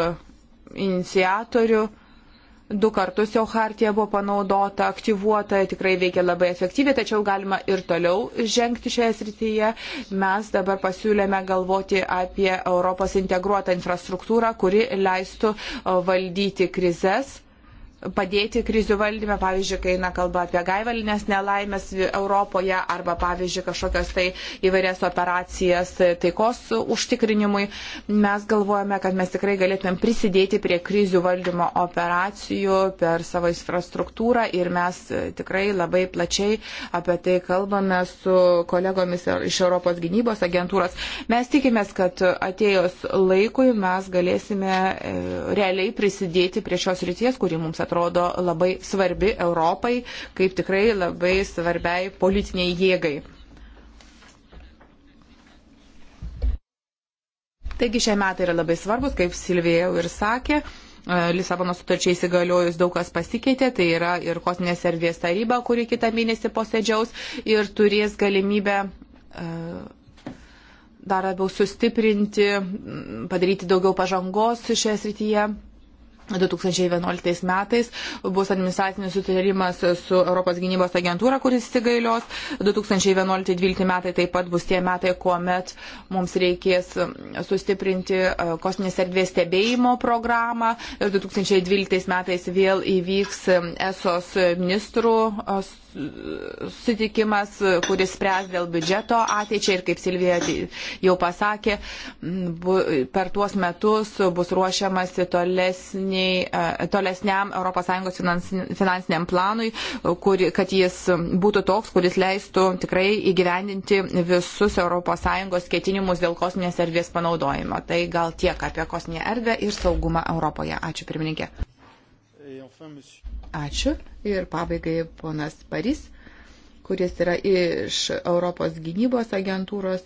iniciatorių. Du kartus jau hartija buvo panaudota, aktyvuota, tikrai veikia labai efektyviai, tačiau galima ir toliau žengti šioje srityje. Mes dabar pasiūlėme galvoti apie Europos integruotą infrastruktūrą, kuri leistų e, valdyti krizes padėti krizių valdyme, pavyzdžiui, kai eina kalba apie gaivalinės nelaimės Europoje arba, pavyzdžiui, kažkokios tai įvairias operacijas taikos užtikrinimui. Mes galvojame, kad mes tikrai galėtumėm prisidėti prie krizių valdymo operacijų per savo infrastruktūrą ir mes tikrai labai plačiai apie tai kalbame su kolegomis iš Europos gynybos agentūros. Mes tikimės, kad atėjus laikui mes galėsime e, realiai prisidėti prie šios ryties, kuri mums atrodo atrodo labai svarbi Europai, kaip tikrai labai svarbiai politiniai jėgai. Taigi šie metai yra labai svarbus, kaip Silvija jau ir sakė. E, Lisabono sutarčiai įsigaliojus daug kas pasikeitė, tai yra ir kosminės erdvės taryba, kuri kitą mėnesį posėdžiaus ir turės galimybę e, dar labiau sustiprinti, padaryti daugiau pažangos šioje srityje. 2011 metais bus administracinis sutarimas su Europos gynybos agentūra, kuris įsigailios. 2011-2012 metai taip pat bus tie metai, kuomet mums reikės sustiprinti e, kosminės erdvės stebėjimo programą. Ir 2012 metais vėl įvyks ESOS ministrų e, sutikimas, kuris spręs dėl biudžeto ateičiai ir kaip Silvija jau pasakė, per tuos metus bus ruošiamasi e, tolesniam ES finansiniam planui, kur, kad jis būtų toks, kuris leistų tikrai įgyvendinti visus ES ketinimus dėl kosminės erdvės panaudojimo. Tai gal tiek apie kosminę erdvę ir saugumą Europoje. Ačiū pirmininkė. Et enfin, monsieur... Ačiū. Ir pabaigai ponas Paris, kuris yra iš Europos gynybos agentūros.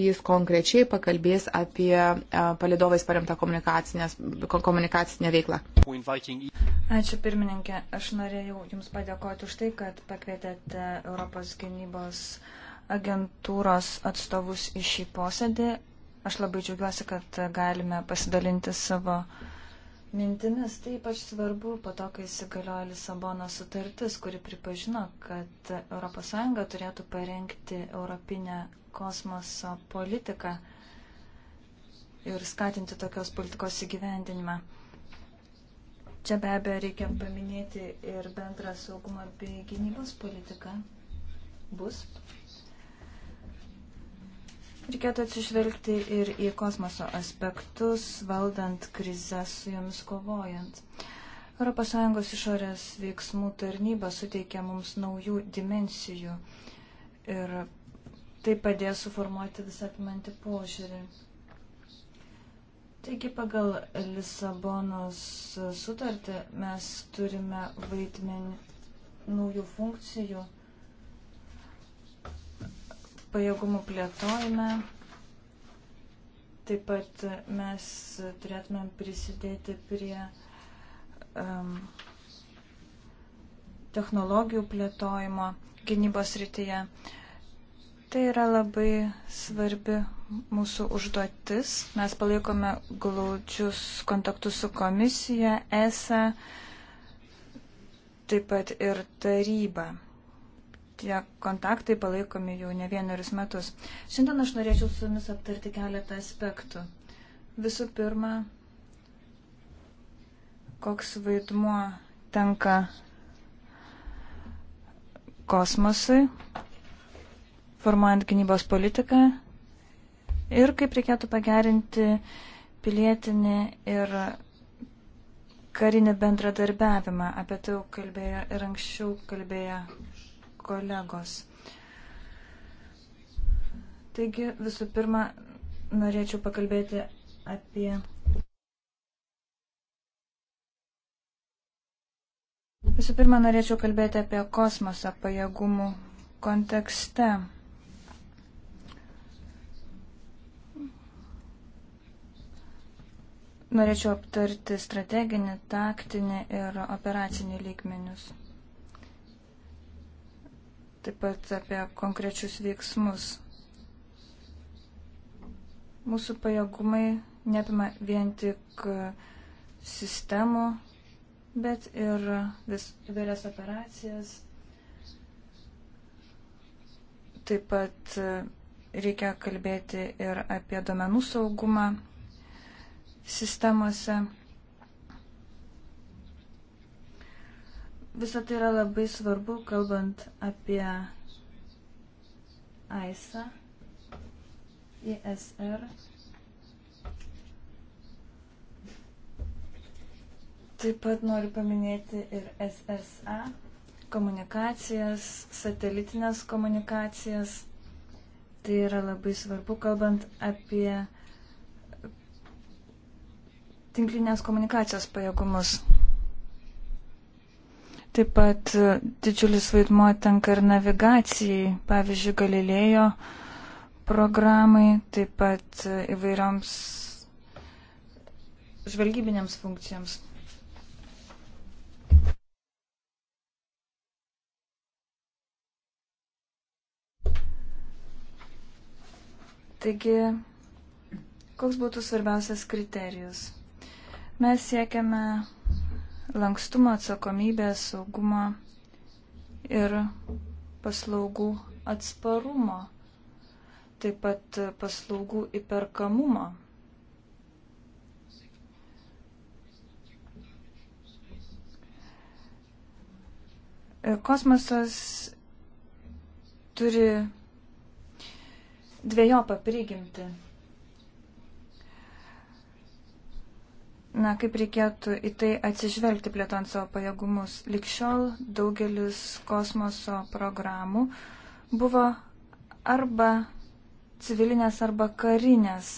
Jis konkrečiai pakalbės apie e, palidovais paremtą komunikacinę veiklą. Ačiū pirmininkė. Aš norėjau Jums padėkoti už tai, kad pakvietėte Europos gynybos agentūros atstovus į šį posėdį. Aš labai džiaugiuosi, kad galime pasidalinti savo uh, mintimis. Tai ypač svarbu po to, kai įsigaliojo Lisabono sutartis, kuri pripažino, kad ES turėtų parengti europinę kosmoso politiką ir skatinti tokios politikos įgyvendinimą. Čia be abejo reikia paminėti ir bendrą saugumą bei gynybos politiką. Bus Reikėtų atsižvelgti ir į kosmoso aspektus, valdant krizės su jomis kovojant. ES išorės veiksmų tarnyba suteikia mums naujų dimensijų ir tai padės suformuoti visapimantį požiūrį. Taigi pagal Lisabonos sutartį mes turime vaidmenį naujų funkcijų pajėgumų plėtojime. Taip pat mes turėtumėm prisidėti prie um, technologijų plėtojimo gynybos rytyje. Tai yra labai svarbi mūsų užduotis. Mes palaikome glaučius kontaktus su komisija, ESA, taip pat ir taryba. Tie kontaktai palaikomi jau ne vienerius metus. Šiandien aš norėčiau su jumis aptarti keletą aspektų. Visų pirma, koks vaidmuo tenka kosmosui, formuojant gynybos politiką ir kaip reikėtų pagerinti pilietinį ir karinį bendradarbiavimą. Apie tai jau kalbėjo ir anksčiau kalbėjo kolegos. Taigi visų pirma, norėčiau pakalbėti apie. Visų pirma, norėčiau kalbėti apie kosmosą pajėgumų kontekste. Norėčiau aptarti strateginį, taktinį ir operacinį lygmenius taip pat apie konkrečius veiksmus. Mūsų pajėgumai neapima vien tik sistemų, bet ir vis įvairias operacijas. Taip pat reikia kalbėti ir apie domenų saugumą sistemose. Visą tai yra labai svarbu, kalbant apie AISA, ISR. Taip pat noriu paminėti ir SSA, komunikacijas, satelitinės komunikacijas. Tai yra labai svarbu, kalbant apie tinklinės komunikacijos pajėgumus. Taip pat e, didžiulis vaidmuo tenka ir navigacijai, pavyzdžiui, Galilėjo programai, taip pat e, įvairioms žvalgybinėms funkcijams. Taigi, koks būtų svarbiausias kriterijus? Mes siekiame lankstumo, atsakomybės, saugumo ir paslaugų atsparumo, taip pat paslaugų įperkamumo. Kosmosas turi dviejopą prigimtį. na, kaip reikėtų į tai atsižvelgti plėtojant savo pajėgumus. Likščiol daugelis kosmoso programų buvo arba civilinės, arba karinės.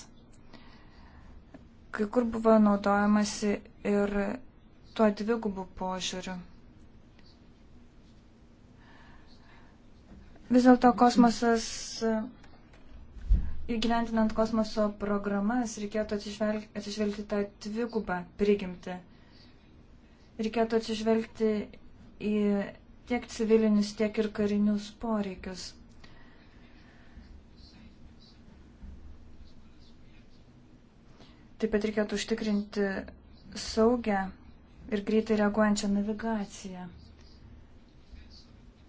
Kai kur buvo naudojamasi ir tuo dvigubu požiūriu. Vis dėlto kosmosas įgyventinant kosmoso programas reikėtų atsižvelgti, atsižvelgti tą dvigubą prigimtį. Reikėtų atsižvelgti į tiek civilinius, tiek ir karinius poreikius. Taip pat reikėtų užtikrinti saugę ir greitai reaguojančią navigaciją.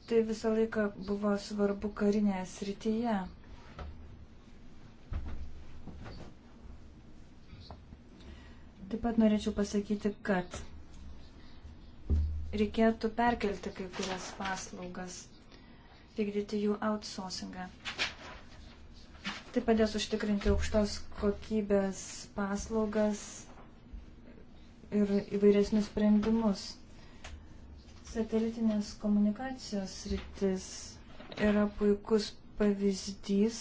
Tai visą laiką buvo svarbu karinėje srityje. Taip pat norėčiau pasakyti, kad reikėtų perkelti kai kurias paslaugas, vykdyti jų outsourcingą. Tai padės užtikrinti aukštos kokybės paslaugas ir įvairesnius sprendimus. Satelitinės komunikacijos rytis yra puikus pavyzdys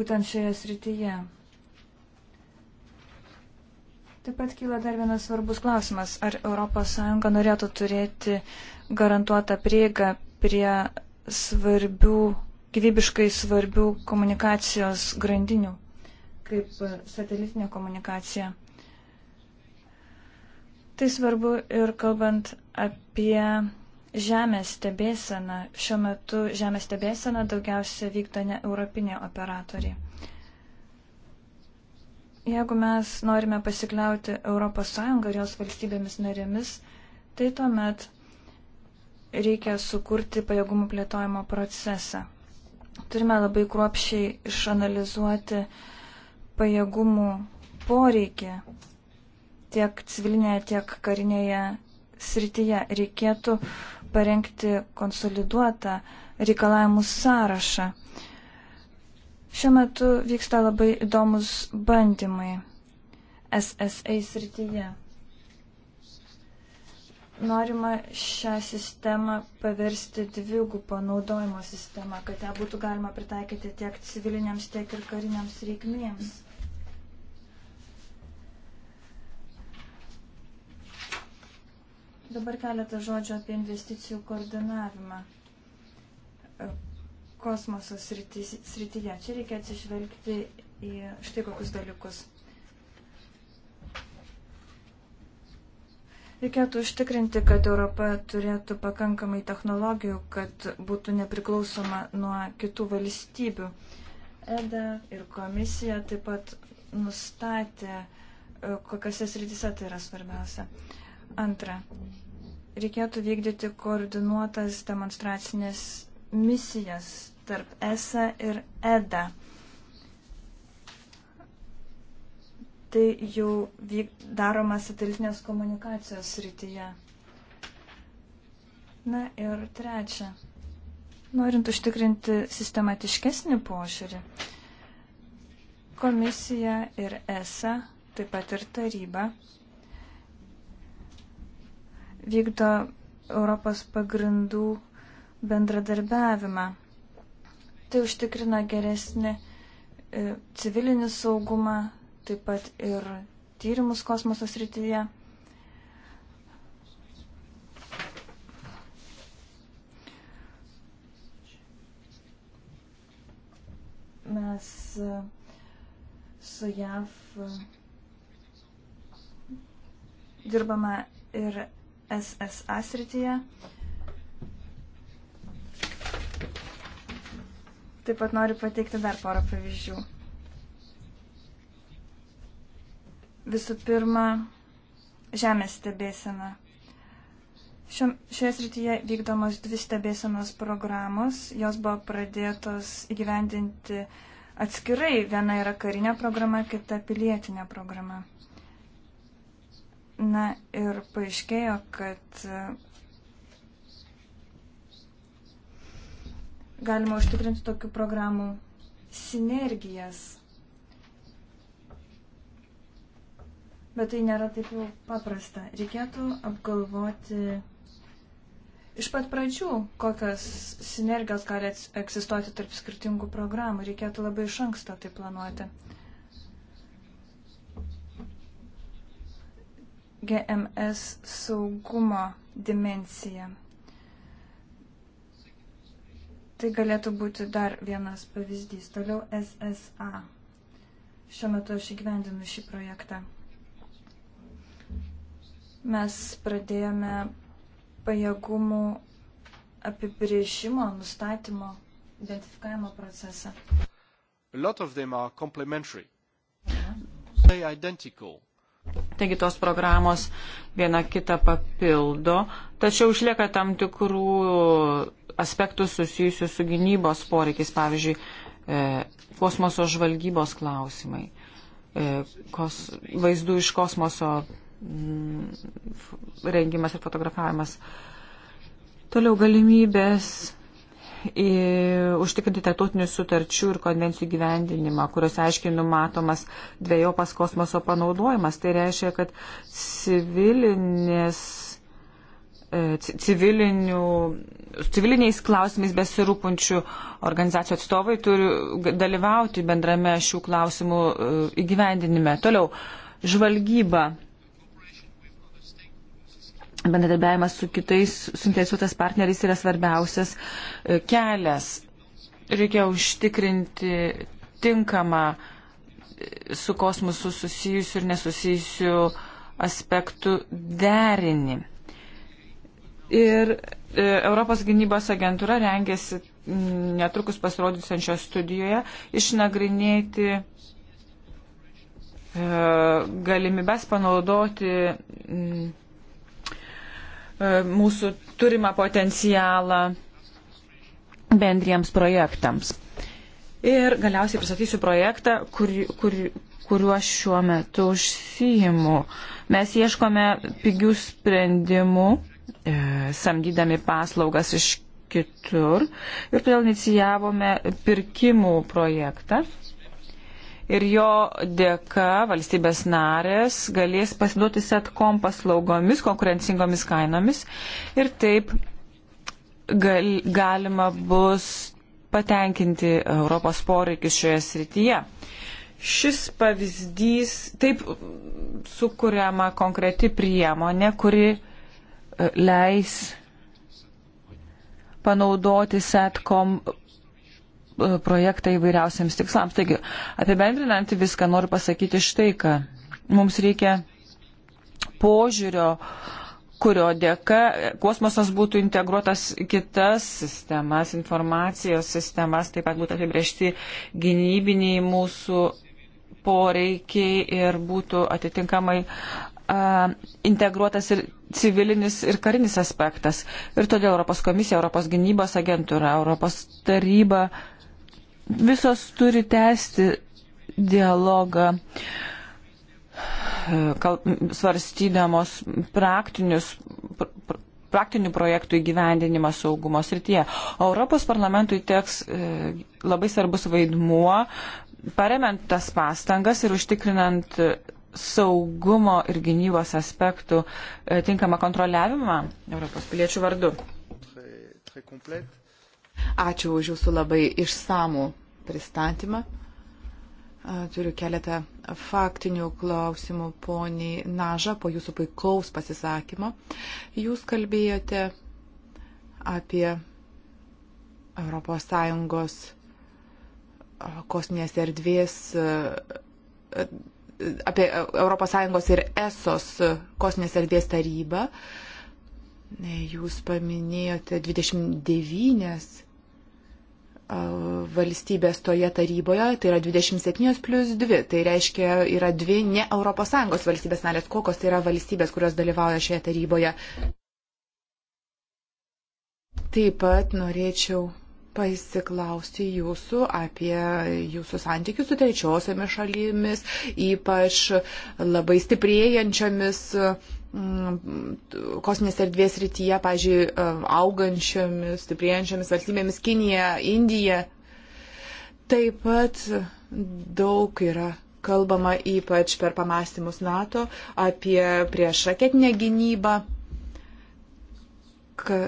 būtent šioje srityje. Taip pat kyla dar vienas svarbus klausimas. Ar ES norėtų turėti garantuotą prieigą prie svarbių, gyvybiškai svarbių komunikacijos grandinių, kaip satelitinė komunikacija? Tai svarbu ir kalbant apie žemės stebėseną. Šiuo metu žemės stebėseną daugiausia vykdo ne europiniai operatoriai. Jeigu mes norime pasikliauti ES ir jos valstybėmis narėmis, tai tuomet reikia sukurti pajėgumų plėtojimo procesą. Turime labai kruopšiai išanalizuoti pajėgumų poreikį tiek civilinėje, tiek karinėje srityje. Reikėtų parengti konsoliduotą reikalavimų sąrašą. Šiuo metu vyksta labai įdomus bandymai SSA srityje. Norima šią sistemą paversti dvigubą naudojimo sistemą, kad ją būtų galima pritaikyti tiek civiliniams, tiek ir kariniams reikmėms. Dabar keletą žodžių apie investicijų koordinavimą kosmoso srityje. Čia reikia atsižvelgti į štai kokius dalykus. Reikėtų užtikrinti, kad Europa turėtų pakankamai technologijų, kad būtų nepriklausoma nuo kitų valstybių. EDA ir komisija taip pat nustatė, e, kokiose srityse tai yra svarbiausia. Antra, reikėtų vykdyti koordinuotas demonstracinės misijas tarp ESA ir EDA. Tai jau vyk, daroma satelitinės komunikacijos rytyje. Na ir trečia. Norint užtikrinti sistematiškesnį požiūrį, komisija ir ESA, taip pat ir taryba, vykdo Europos pagrindų bendradarbiavimą. Tai užtikrina geresnį e, civilinį saugumą, taip pat ir tyrimus kosmoso srityje. Mes e, su JAV e, dirbame ir SSA srityje. Taip pat noriu pateikti dar porą pavyzdžių. Visų pirma, žemės stebėsena. Šio, šioje srityje vykdomos dvi stebėsenos programos, jos buvo pradėtos įgyvendinti atskirai, viena yra karinė programa, kita pilietinė programa. Na ir paaiškėjo, kad galima užtikrinti tokių programų sinergijas. Bet tai nėra taip jau paprasta. Reikėtų apgalvoti iš pat pradžių, kokios sinergijos gali egzistuoti tarp skirtingų programų. Reikėtų labai iš anksto tai planuoti. GMS saugumo dimencija. Tai galėtų būti dar vienas pavyzdys. Toliau SSA. Šiuo metu aš įgyvendinu šį projektą. Mes pradėjome pajėgumų apibrėžimo, nustatymo, identifikavimo procesą. A lot of them are complementary. Mhm. They identical Taigi tos programos viena kitą papildo, tačiau išlieka tam tikrų aspektų susijusių su gynybos poreikiais, pavyzdžiui, e, kosmoso žvalgybos klausimai, e, kos, vaizdų iš kosmoso m, mm, rengimas ir fotografavimas. Toliau galimybės užtikrinti tarptautinių sutarčių ir konvencijų gyvendinimą, kuriuose aiškiai numatomas dviejopas kosmoso panaudojimas. Tai reiškia, kad civilinės, e, civilinių, civiliniais klausimais besirūpunčių organizacijų atstovai turi dalyvauti bendrame šių klausimų e, įgyvendinime. Toliau, žvalgyba bendradarbiavimas su kitais suinteresuotas partneriais yra svarbiausias e, kelias. Reikia užtikrinti tinkamą e, su kosmosu susijusių ir nesusijusių aspektų derinį. Ir e, Europos gynybos agentūra rengėsi netrukus pasirodysiančios studijoje išnagrinėti galimybės panaudoti E, mūsų turimą potencialą bendriems projektams. Ir galiausiai pristatysiu projektą, kur, kur, kuriuo šiuo metu užsijimu. Mes ieškome pigių sprendimų, e, samdydami paslaugas iš kitur ir todėl inicijavome pirkimų projektą ir jo dėka valstybės narės galės pasiduoti setkom paslaugomis, konkurencingomis kainomis ir taip gal, galima bus patenkinti Europos poreikius šioje srityje. Šis pavyzdys taip sukūriama konkreti priemonė, kuri e, leis panaudoti setkom E, projektą įvairiausiams tikslams. Taigi, apibendrinant viską, noriu pasakyti štai ką. Mums reikia požiūrio, kurio dėka kosmosas būtų integruotas kitas sistemas, informacijos sistemas, taip pat būtų apibriešti gynybiniai mūsų poreikiai ir būtų atitinkamai a, integruotas ir civilinis ir karinis aspektas. Ir todėl Europos komisija, Europos gynybos agentūra, Europos taryba visos turi tęsti dialogą, svarstydamos praktinius praktinių projektų įgyvendinimą saugumo srityje. O Europos parlamentui teks e, labai svarbus vaidmuo, paremant tas pastangas ir užtikrinant saugumo ir gynybos aspektų e, tinkamą kontroliavimą Europos piliečių vardu. Très, très Ačiū už Jūsų labai išsamų pristatymą. Turiu keletą faktinių klausimų poniai Naža po jūsų puikaus pasisakymo. Jūs kalbėjote apie ES kosminės erdvės, apie ES ir ESOS kosminės erdvės tarybą. Uh, Jūs paminėjote 29 valstybės toje taryboje, tai yra 27 plus 2, tai reiškia yra dvi ne ES valstybės narės, kokios tai yra valstybės, kurios dalyvauja šioje taryboje. Taip pat norėčiau pasiklausti jūsų apie jūsų santykius su trečiosiomis šalimis, ypač labai stiprėjančiomis uh, Mm, kosminės erdvės rytyje, pažiūrėjau, e, augančiomis, stiprėjančiomis valstybėmis Kinija, Indija. Taip pat daug yra kalbama ypač per pamastymus NATO apie prieš raketinę gynybą. Ka,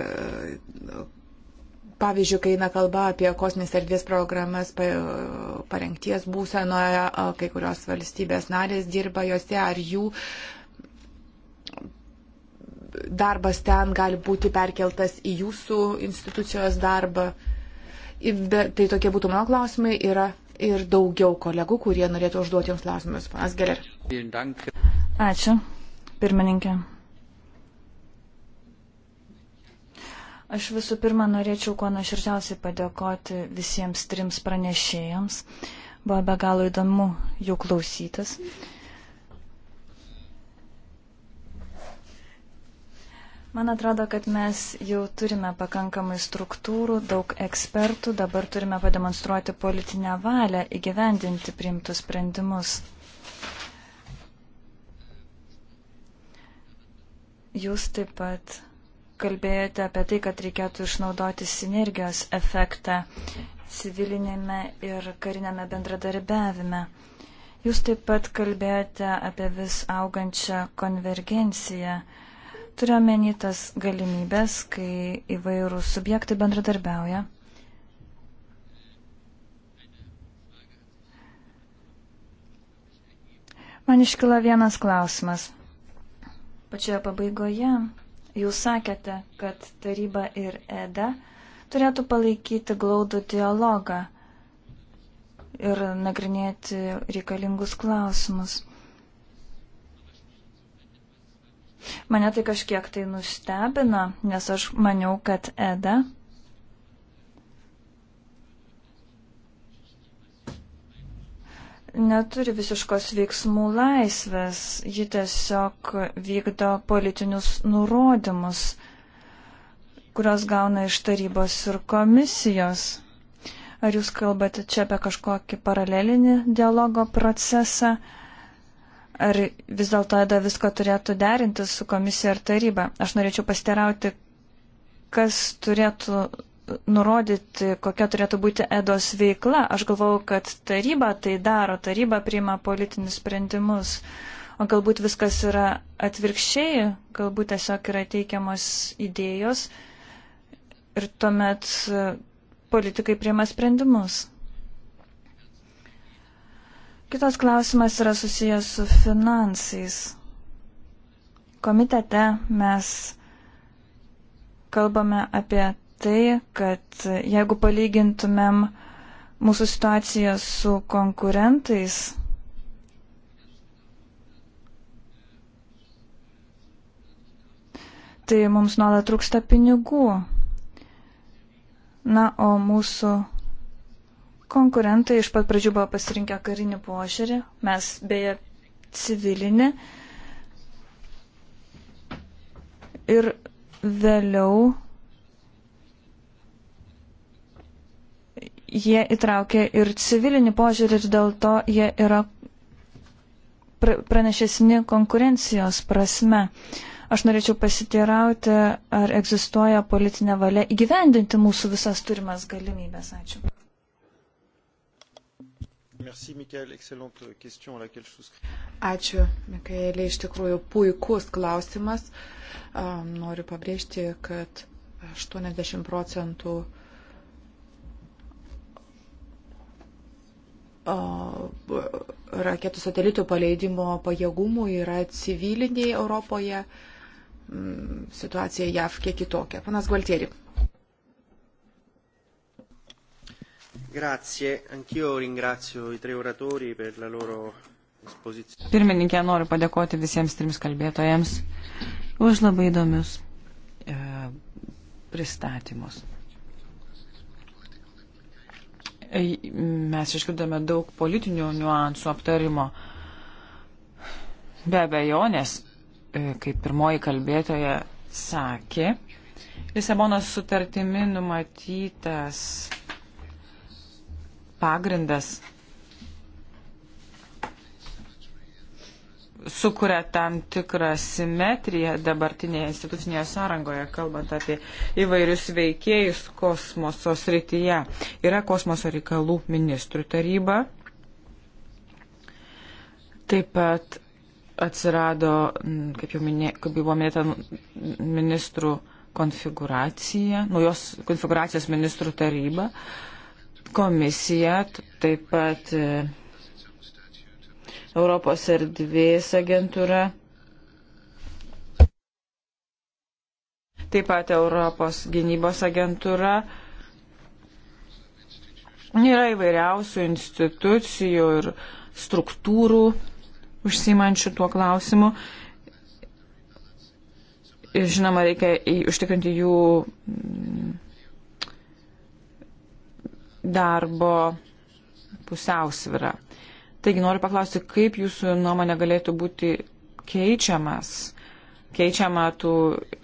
pavyzdžiui, kai eina kalba apie kosminės erdvės programas parengties būsenoje, kai kurios valstybės narės dirba juose, ar jų darbas ten gali būti perkeltas į jūsų institucijos darbą. Be, tai tokie būtų mano klausimai. Yra ir daugiau kolegų, kurie norėtų užduoti jums klausimus. Panas Geller. Ačiū, pirmininkė. Aš visų pirma norėčiau kuo nuoširdžiausiai padėkoti visiems trims pranešėjams. Buvo be galo įdomu jų klausytis. Mm. Man atrodo, kad mes jau turime pakankamai struktūrų, daug ekspertų, dabar turime pademonstruoti politinę valią įgyvendinti priimtus sprendimus. Jūs taip pat kalbėjote apie tai, kad reikėtų išnaudoti sinergijos efektą civilinėme ir karinėme bendradarbiavime. Jūs taip pat kalbėjote apie vis augančią konvergenciją Turiuomenį tas galimybės, kai įvairūs subjektai bendradarbiauja. Man iškilo vienas klausimas. Pačioje pabaigoje jūs sakėte, kad taryba ir EDA turėtų palaikyti glaudų dialogą ir nagrinėti reikalingus klausimus. Mane tai kažkiek tai nustebino, nes aš maniau, kad Eda neturi visiškos veiksmų laisvės, ji tiesiog vykdo politinius nurodymus, kurios gauna iš tarybos ir komisijos. Ar jūs kalbate čia apie kažkokį paralelinį dialogo procesą? Ar vis dėlto EDA visko turėtų derinti su komisija ar taryba? Aš norėčiau pasiterauti, kas turėtų nurodyti, kokia turėtų būti EDOS veikla. Aš galvau, kad taryba tai daro, taryba priima politinius sprendimus. O galbūt viskas yra atvirkščiai, galbūt tiesiog yra teikiamos idėjos ir tuomet politikai priima sprendimus. Kitas klausimas yra susijęs su finansais. Komitete mes kalbame apie tai, kad jeigu palygintumėm mūsų situaciją su konkurentais, tai mums nuolat trūksta pinigų. Na, o mūsų Konkurentai iš pat pradžių buvo pasirinkę karinį požiūrį, mes beje civilinį. Ir vėliau jie įtraukė ir civilinį požiūrį ir dėl to jie yra pranešesni konkurencijos prasme. Aš norėčiau pasiteirauti, ar egzistuoja politinė valia įgyvendinti mūsų visas turimas galimybės. Ačiū. Merci, Mikael, excellente question, à laquelle je souscris. Ačiū, Mikaelė, iš tikrųjų puikus klausimas. Um, noriu pabrėžti, kad 80 procentų raketų satelitų paleidimo pajėgumų yra civiliniai Europoje. Mm, situacija JAV kiek kitokia. Panas Gualtieri. Grazie, anch'io ringrazio i tre oratori per la loro exposizione. Pirmininkė, noriu padėkoti visiems trims kalbėtojams už labai įdomius e, pristatymus. E, mes išgirdome daug politinių niuansų aptarimo. Be abejonės, e, kaip pirmoji kalbėtoja sakė, Lisabonos sutartimi numatytas pagrindas sukuria tam tikrą simetriją dabartinėje institucinėje sąrangoje, kalbant apie įvairius veikėjus kosmoso srityje. Yra kosmoso reikalų ministrų taryba. Taip pat atsirado, kaip jau minė, kaip buvo minėta, ministrų konfiguracija, naujos konfiguracijos ministrų taryba. Uh, Komisija taip pat e, Europos erdvės agentūra. Taip pat Europos gynybos agentūra. Yra įvairiausių institucijų ir struktūrų užsimančių tuo klausimu. Ir žinoma, reikia užtikrinti jų darbo pusiausvyrą. Taigi noriu paklausti, kaip jūsų nuomonė galėtų būti keičiamas, keičiama tų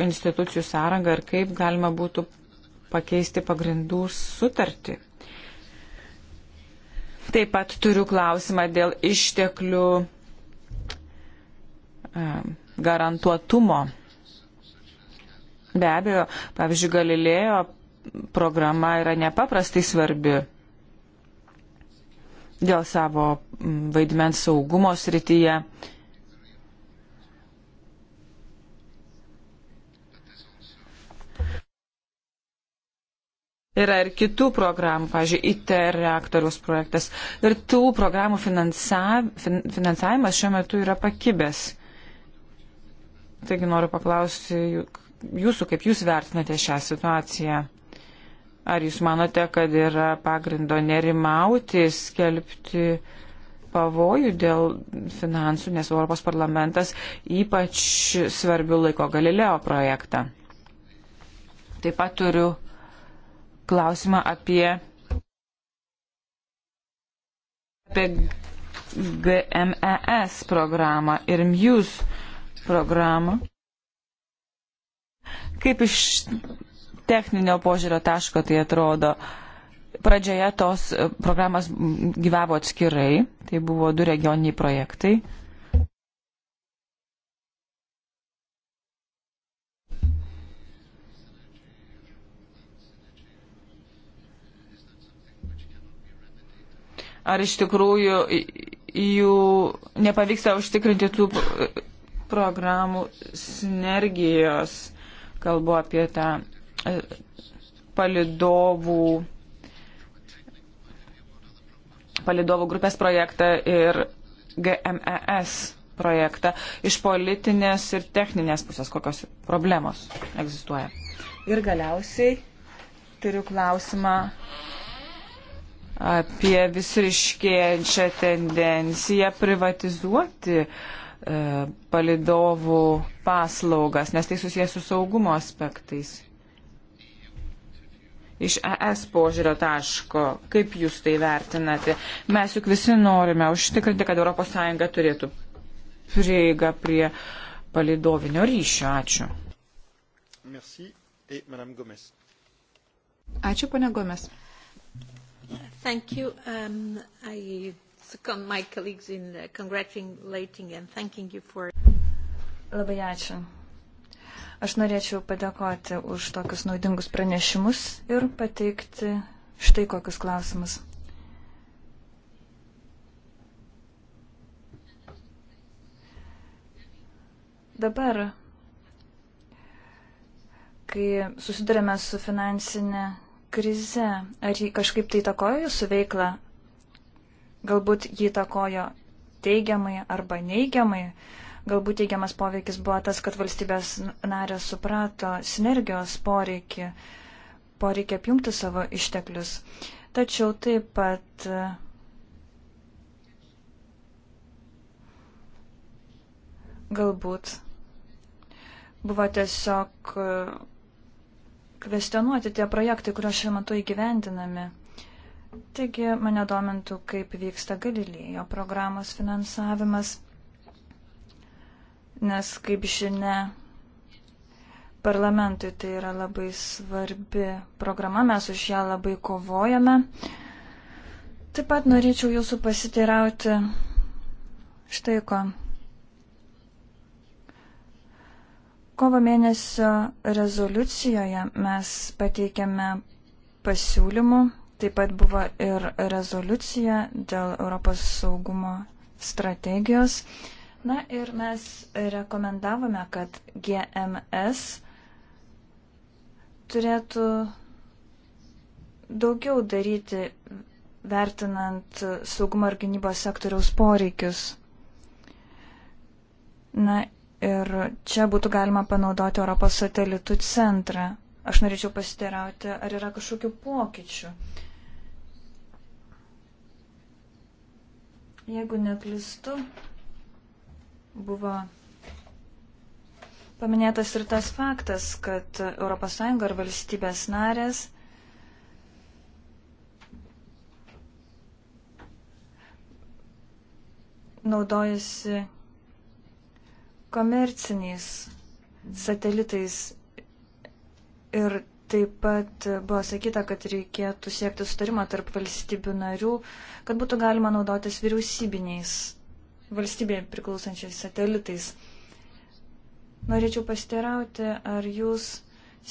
institucijų sąranga ir kaip galima būtų pakeisti pagrindų sutartį. Taip pat turiu klausimą dėl išteklių e, garantuotumo. Be abejo, pavyzdžiui, Galilėjo programa yra nepaprastai svarbi dėl savo mm, vaidmens saugumo srityje. Yra ir kitų programų, pavyzdžiui, ITER reaktoriaus projektas. Ir tų programų finansa, fin, finansavimas šiuo metu yra pakibęs. Taigi noriu paklausti jūsų, kaip jūs vertinate šią situaciją. Ar jūs manote, kad yra pagrindo nerimauti, skelbti pavojų dėl finansų, nes Europos parlamentas ypač svarbių laiko Galileo projektą? Taip pat turiu klausimą apie, apie GMES programą ir MUSE programą. Kaip iš techninio požiūrio taško tai atrodo. Pradžioje tos e, programas gyvavo atskirai, tai buvo du regioniniai projektai. Ar iš tikrųjų jų nepavyksta užtikrinti tų e, programų sinergijos? kalbu apie tą palidovų, palidovų grupės projektą ir GMES projektą iš politinės ir techninės pusės, kokios problemos egzistuoja. Ir galiausiai turiu klausimą apie vis ryškėjančią tendenciją privatizuoti e, palidovų paslaugas, nes tai susijęs su saugumo aspektais iš ES požiūrio taško. Kaip jūs tai vertinate? Mes juk visi norime užtikrinti, kad ES turėtų prieigą prie palidovinio ryšio. Ačiū. Merci. Et Madame Gomez. Ačiū, ponia Gomes. Thank you. Um, I second my colleagues in congratulating and thanking you for. Labai ačiū. Aš norėčiau padėkoti už tokius naudingus pranešimus ir pateikti štai kokius klausimus. Dabar, kai susidurėme su finansinė krize, ar jį kažkaip tai takojo jūsų veiklą? Galbūt jį takojo teigiamai arba neigiamai, Galbūt teigiamas poveikis buvo tas, kad valstybės narės suprato sinergijos poreikį, poreikį apjungti savo išteklius. Tačiau taip pat galbūt buvo tiesiog e, kvestionuoti tie projektai, kuriuos šiuo metu įgyvendinami. Taigi mane domintų, kaip vyksta Galilėjo programos finansavimas nes, kaip žinia, parlamentui tai yra labai svarbi programa, mes už ją labai kovojame. Taip pat norėčiau jūsų pasiteirauti štai ko. Kovo mėnesio rezoliucijoje mes pateikėme pasiūlymų, taip pat buvo ir rezoliucija dėl Europos saugumo strategijos. Uh, Na ir mes rekomendavome, kad GMS turėtų daugiau daryti vertinant saugumo ir gynybos sektoriaus poreikius. Na ir čia būtų galima panaudoti Europos satelitų centrą. Aš norėčiau pasiteirauti, ar yra kažkokių pokyčių. Jeigu neklistu, Buvo paminėtas ir tas faktas, kad ES ar valstybės narės naudojasi komerciniais satelitais ir taip pat buvo sakyta, kad reikėtų siekti sutarimo tarp valstybių narių, kad būtų galima naudotis vyriausybiniais valstybėje priklausančiais satelitais. Norėčiau pasiteirauti, ar jūs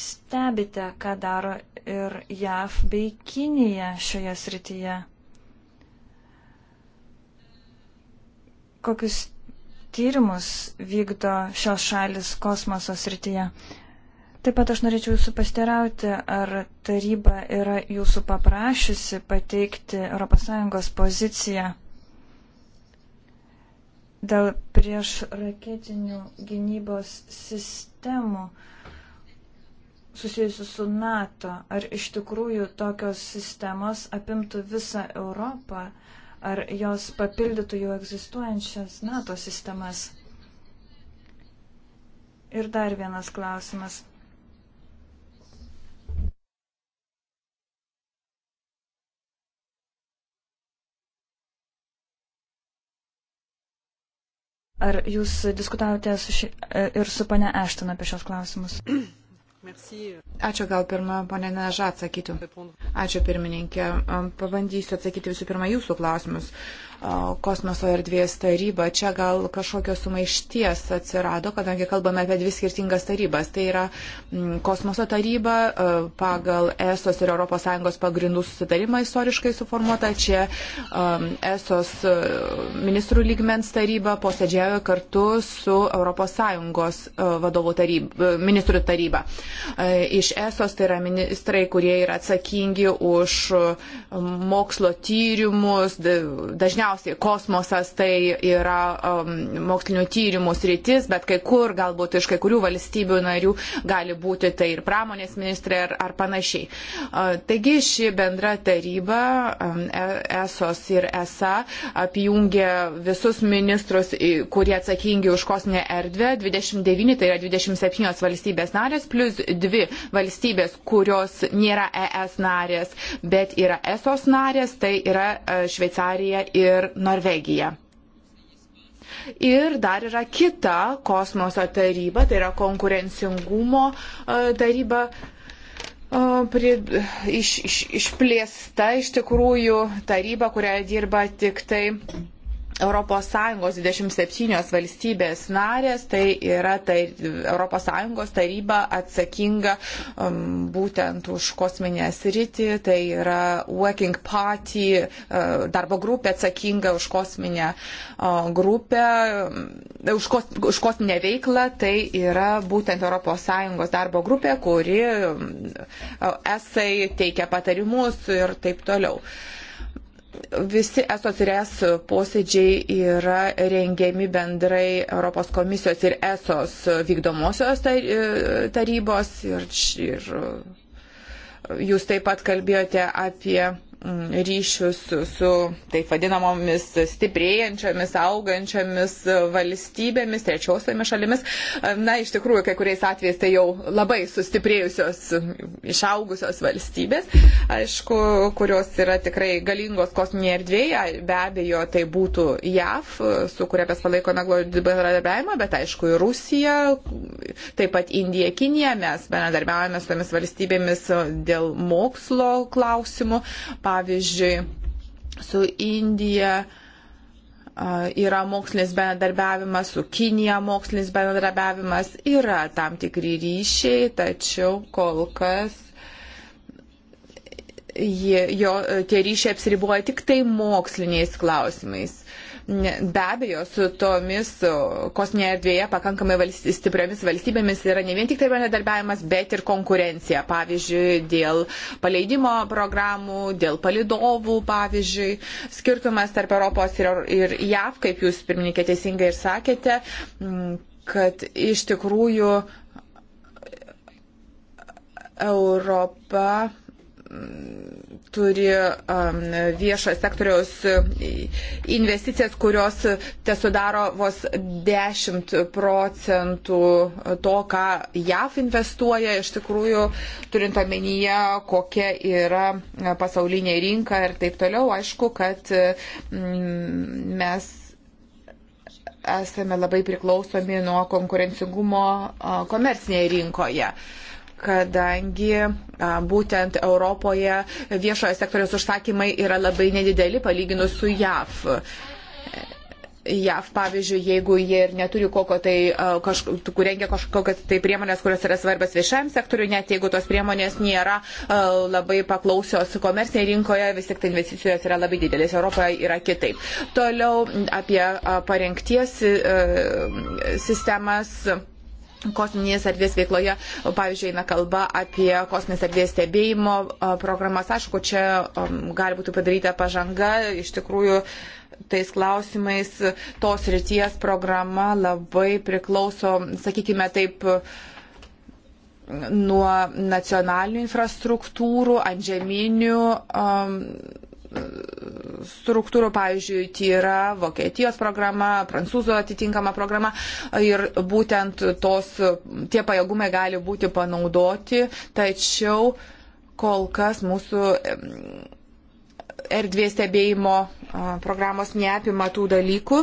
stebite, ką daro ir JAV bei Kinija šioje srityje? Kokius tyrimus vykdo šios šalis kosmoso srityje? Taip pat aš norėčiau jūsų pasterauti, ar taryba yra jūsų paprašysi pateikti ES poziciją dėl prieš raketinių gynybos sistemų susijusių su NATO. Ar iš tikrųjų tokios sistemos apimtų visą Europą, ar jos papildytų jau egzistuojančias NATO sistemas? Ir dar vienas klausimas. Ar jūs diskutavote su ši, e, ir su pane Ešton apie šios klausimus? Ačiū gal pirmą, ponė Neža, atsakytų. Ačiū pirmininkė. Pabandysiu atsakyti visų pirma jūsų klausimus. Uh, kosmoso erdvės taryba. Čia gal kažkokios sumaišties atsirado, kadangi kalbame apie dvi skirtingas tarybas. Tai yra kosmoso taryba pagal ESOS ir ES pagrindų susitarimą istoriškai suformuota. Čia ESOS ministrų lygmens taryba posėdžiavo kartu su ES vadovų taryba, ministrų taryba. Iš ESOS tai yra ministrai, kurie yra atsakingi už mokslo tyrimus, dažniausiai Galiausiai kosmosas tai yra um, mokslinio tyrimų sritis, bet kai kur, galbūt iš kai kurių valstybių narių gali būti tai ir pramonės ministrė ar, ar panašiai. Uh, taigi ši bendra taryba um, e, ESOS ir ESA apjungia visus ministrus, kurie atsakingi už kosminę erdvę, 29, tai yra 27 valstybės narės, plus 2 valstybės, kurios nėra ES narės, bet yra ESOS narės, tai yra e, Šveicarija ir ir Norvegija. Ir dar yra kita kosmoso taryba, tai yra konkurencingumo e, taryba e, pri, iš, iš, išplėsta iš tikrųjų taryba, kurioje dirba tik tai ES 27 valstybės narės, tai yra tai ES taryba atsakinga um, būtent už kosminę sritį, tai yra Working Party uh, darbo grupė atsakinga už kosminę uh, grupę, um, už, kos, už kosminę veiklą, tai yra būtent ES darbo grupė, kuri um, esai teikia patarimus ir taip toliau. Uh, Visi ESOCIRES posėdžiai yra rengiami bendrai Europos komisijos ir ESOS vykdomosios tarybos ir, ir jūs taip pat kalbėjote apie ryšius su taip vadinamomis stiprėjančiomis, augančiomis valstybėmis, trečiosiomis šalimis. Na, iš tikrųjų, kai kuriais atvejais tai jau labai sustiprėjusios, išaugusios valstybės, aišku, kurios yra tikrai galingos kosminėje erdvėje. Be abejo, tai būtų JAV, su kuria mes palaikome glaudį bendradarbiavimą, bet aišku, ir Rusija, taip pat Indija, Kinija, mes bendradarbiavame su tomis valstybėmis dėl mokslo klausimų. Pa pavyzdžiui, su Indija yra mokslinis bendradarbiavimas, su Kinija mokslinis bendradarbiavimas, yra tam tikri ryšiai, tačiau kol kas jie, jo, tie ryšiai apsiribuoja tik tai moksliniais klausimais. Uh, Be abejo, su tomis kosminėje erdvėje pakankamai valsty, stipriamis valstybėmis yra ne vien tik tai bendradarbiavimas, bet ir konkurencija. Pavyzdžiui, dėl paleidimo programų, dėl palidovų, pavyzdžiui, skirtumas tarp Europos ir, ir JAV, kaip jūs pirmininkė teisingai ir sakėte, kad iš tikrųjų Europa turi um, viešo sektoriaus e, investicijas, kurios te sudaro vos 10 procentų to, ką JAF investuoja, iš tikrųjų turint omenyje, kokia yra pasaulinė rinka ir taip toliau, aišku, kad mm, mes esame labai priklausomi nuo konkurencingumo komercinėje rinkoje. Uh, kadangi būtent Europoje viešojo sektoriaus užsakymai yra labai nedideli palyginus su JAV. JAV, pavyzdžiui, jeigu jie ir neturi kokio tai, kažkur rengia kažkokias tai priemonės, kurios yra svarbios viešajam sektoriu, net jeigu tos priemonės nėra labai paklausios komercinėje rinkoje, vis tik tai investicijos yra labai didelės, Europoje yra kitaip. Toliau apie parengties e, sistemas kosminės erdvės veikloje, pavyzdžiui, eina kalba apie kosminės erdvės stebėjimo programas. Aišku, čia gali būti padaryta pažanga, iš tikrųjų tais klausimais tos ryties programa labai priklauso, sakykime taip, nuo nacionalinių infrastruktūrų, antžeminių. Um, struktūrų, pavyzdžiui, tai yra Vokietijos programa, Prancūzų atitinkama programa ir būtent tos, tie pajėgumai gali būti panaudoti, tačiau kol kas mūsų erdvės stebėjimo programos neapima tų dalykų.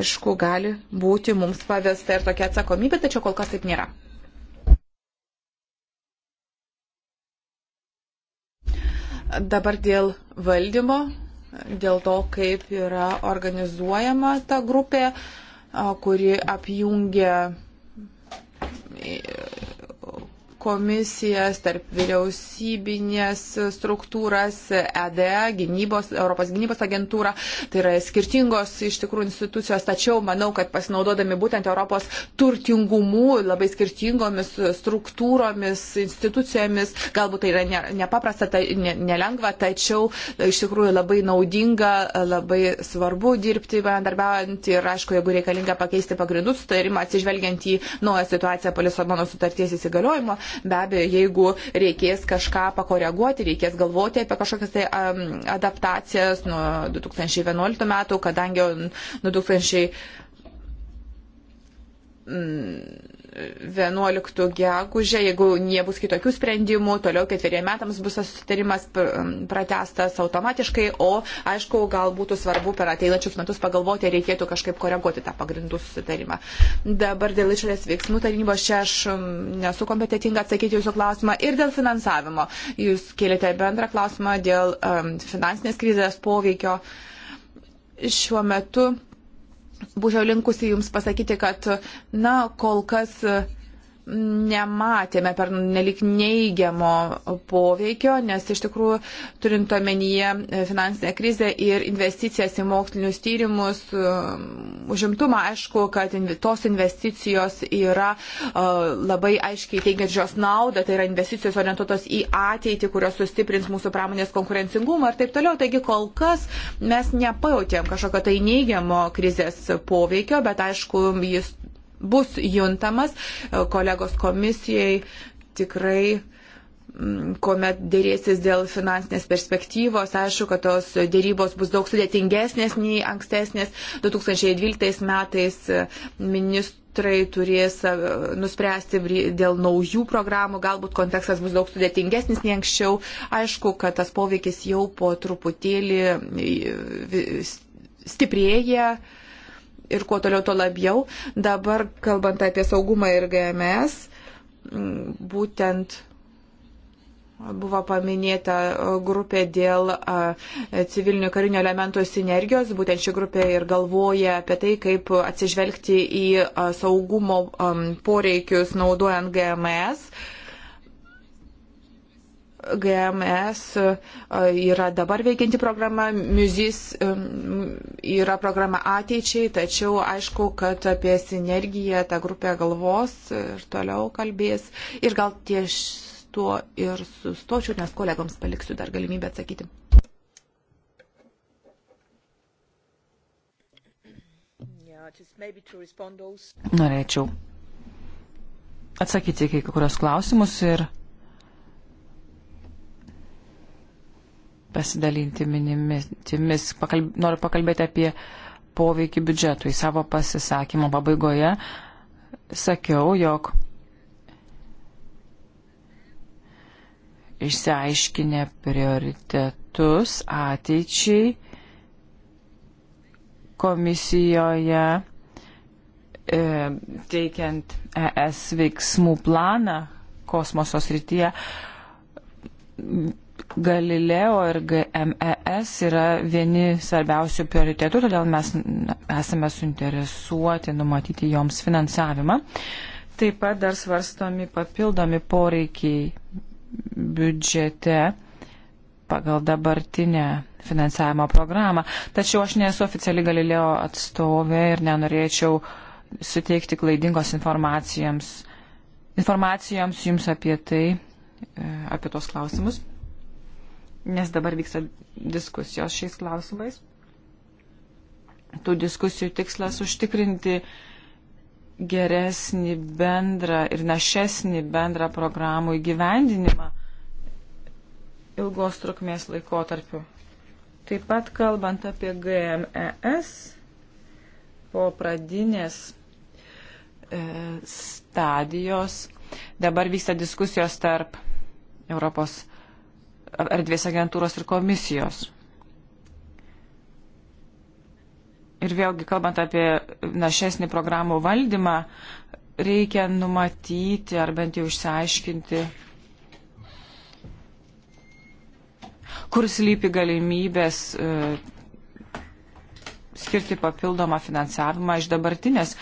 Aišku, gali būti mums pavesta ir tokia atsakomybė, tačiau kol kas taip nėra. Dabar dėl valdymo, dėl to, kaip yra organizuojama ta grupė, kuri apjungia komisijas, tarp vyriausybinės struktūras, EDE, gynybos, Europos gynybos agentūrą. Tai yra skirtingos iš tikrųjų institucijos, tačiau manau, kad pasinaudodami būtent Europos turtingumu, labai skirtingomis struktūromis, institucijomis, galbūt tai yra nepaprasta, tai ne, nelengva, tačiau iš tikrųjų labai naudinga, labai svarbu dirbti, bendarbiaujant ir, aišku, jeigu reikalinga pakeisti pagrindų sutarimą, atsižvelgiant į naują situaciją po Lisabono sutarties įsigaliojimo, Be abejo, jeigu reikės kažką pakoreguoti, reikės galvoti apie kažkokias tai um, adaptacijas nuo 2011 metų, kadangi nuo 2000. Mm, 11 gegužė, jeigu nebus kitokių sprendimų, toliau ketveriem metams bus susitarimas pratestas automatiškai, o aišku, gal būtų svarbu per ateinančius metus pagalvoti, ar reikėtų kažkaip koreguoti tą pagrindų susitarimą. Dabar dėl išorės veiksmų tarnybos čia aš nesu kompetitinga atsakyti jūsų klausimą ir dėl finansavimo. Jūs kėlėte bendrą klausimą dėl um, finansinės krizės poveikio. Šiuo metu būčiau linkusi Jums pasakyti, kad, na, kol kas. Uh, nematėme per nelik neigiamo poveikio, nes iš tikrųjų turint omenyje e, finansinę krizę ir investicijas į mokslinius tyrimus, e, užimtumą aišku, kad tos investicijos yra e, labai aiškiai teigiančios naudą, tai yra investicijos orientuotos į ateitį, kurios sustiprins mūsų pramonės konkurencingumą ir taip toliau. Taigi kol kas mes nepajautėm kažkokio tai neigiamo krizės poveikio, bet aišku, jis bus juntamas e, kolegos komisijai tikrai mm, kuomet dėrėsis dėl finansinės perspektyvos. Aišku, kad tos dėrybos bus daug sudėtingesnės nei ankstesnės. 2012 metais e, ministrai turės e, nuspręsti dėl naujų programų, galbūt kontekstas bus daug sudėtingesnis nei anksčiau. Aišku, kad tas poveikis jau po truputėlį stiprėja. Uh, ir kuo toliau, tuo labiau. Dabar, kalbant apie saugumą ir GMS, būtent buvo paminėta e, grupė dėl civilinių karinių elementų sinergijos. Būtent ši grupė ir galvoja apie tai, kaip atsižvelgti į saugumo poreikius naudojant GMS. GMS e, yra dabar veikianti programa, Muzis e, yra programa ateičiai, tačiau aišku, kad apie sinergiją ta grupė galvos ir toliau kalbės. Ir gal ties tuo ir sustočiau, nes kolegoms paliksiu dar galimybę atsakyti. Norėčiau atsakyti į kai kurios klausimus ir pasidalinti minimimis. Pakalb... Noriu pakalbėti apie poveikį biudžetui. Savo pasisakymo pabaigoje sakiau, jog išsiaiškinę prioritetus ateičiai komisijoje e, teikiant ES veiksmų planą kosmosos rytyje Galileo ir GMES yra vieni svarbiausių prioritetų, todėl mes esame suinteresuoti numatyti joms finansavimą. Taip pat dar svarstomi papildomi poreikiai biudžete pagal dabartinę finansavimo programą. Tačiau aš nesu oficiali Galileo atstovė ir nenorėčiau suteikti klaidingos informacijoms, informacijoms jums apie tai, e, apie tos klausimus nes dabar vyksta diskusijos šiais klausimais. Tų diskusijų tikslas užtikrinti geresnį bendrą ir našesnį bendrą programų įgyvendinimą ilgos trukmės laikotarpiu. Taip pat kalbant apie GMES, po pradinės e, stadijos dabar vyksta diskusijos tarp Europos erdvės agentūros ir komisijos. Ir vėlgi, kalbant apie našesnį programų valdymą, reikia numatyti ar bent jau išsiaiškinti, kur slypi galimybės e, skirti papildomą finansavimą iš dabartinės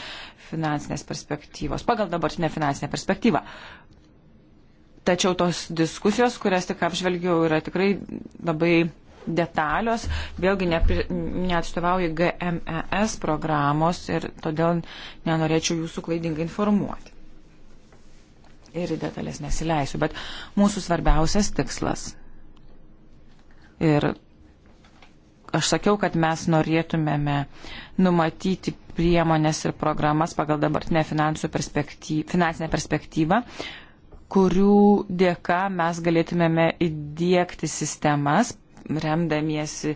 finansinės perspektyvos, pagal dabartinę finansinę perspektyvą. Tačiau tos diskusijos, kurias tik apžvelgiau, yra tikrai labai detalios, vėlgi neatstovauja GMES programos ir todėl nenorėčiau jūsų klaidingai informuoti. Ir į detalės nesileisiu, bet mūsų svarbiausias tikslas. Ir aš sakiau, kad mes norėtumėme numatyti priemonės ir programas pagal dabartinę perspektyv, finansinę perspektyvą, kurių dėka mes galėtumėme įdėkti sistemas, remdamiesi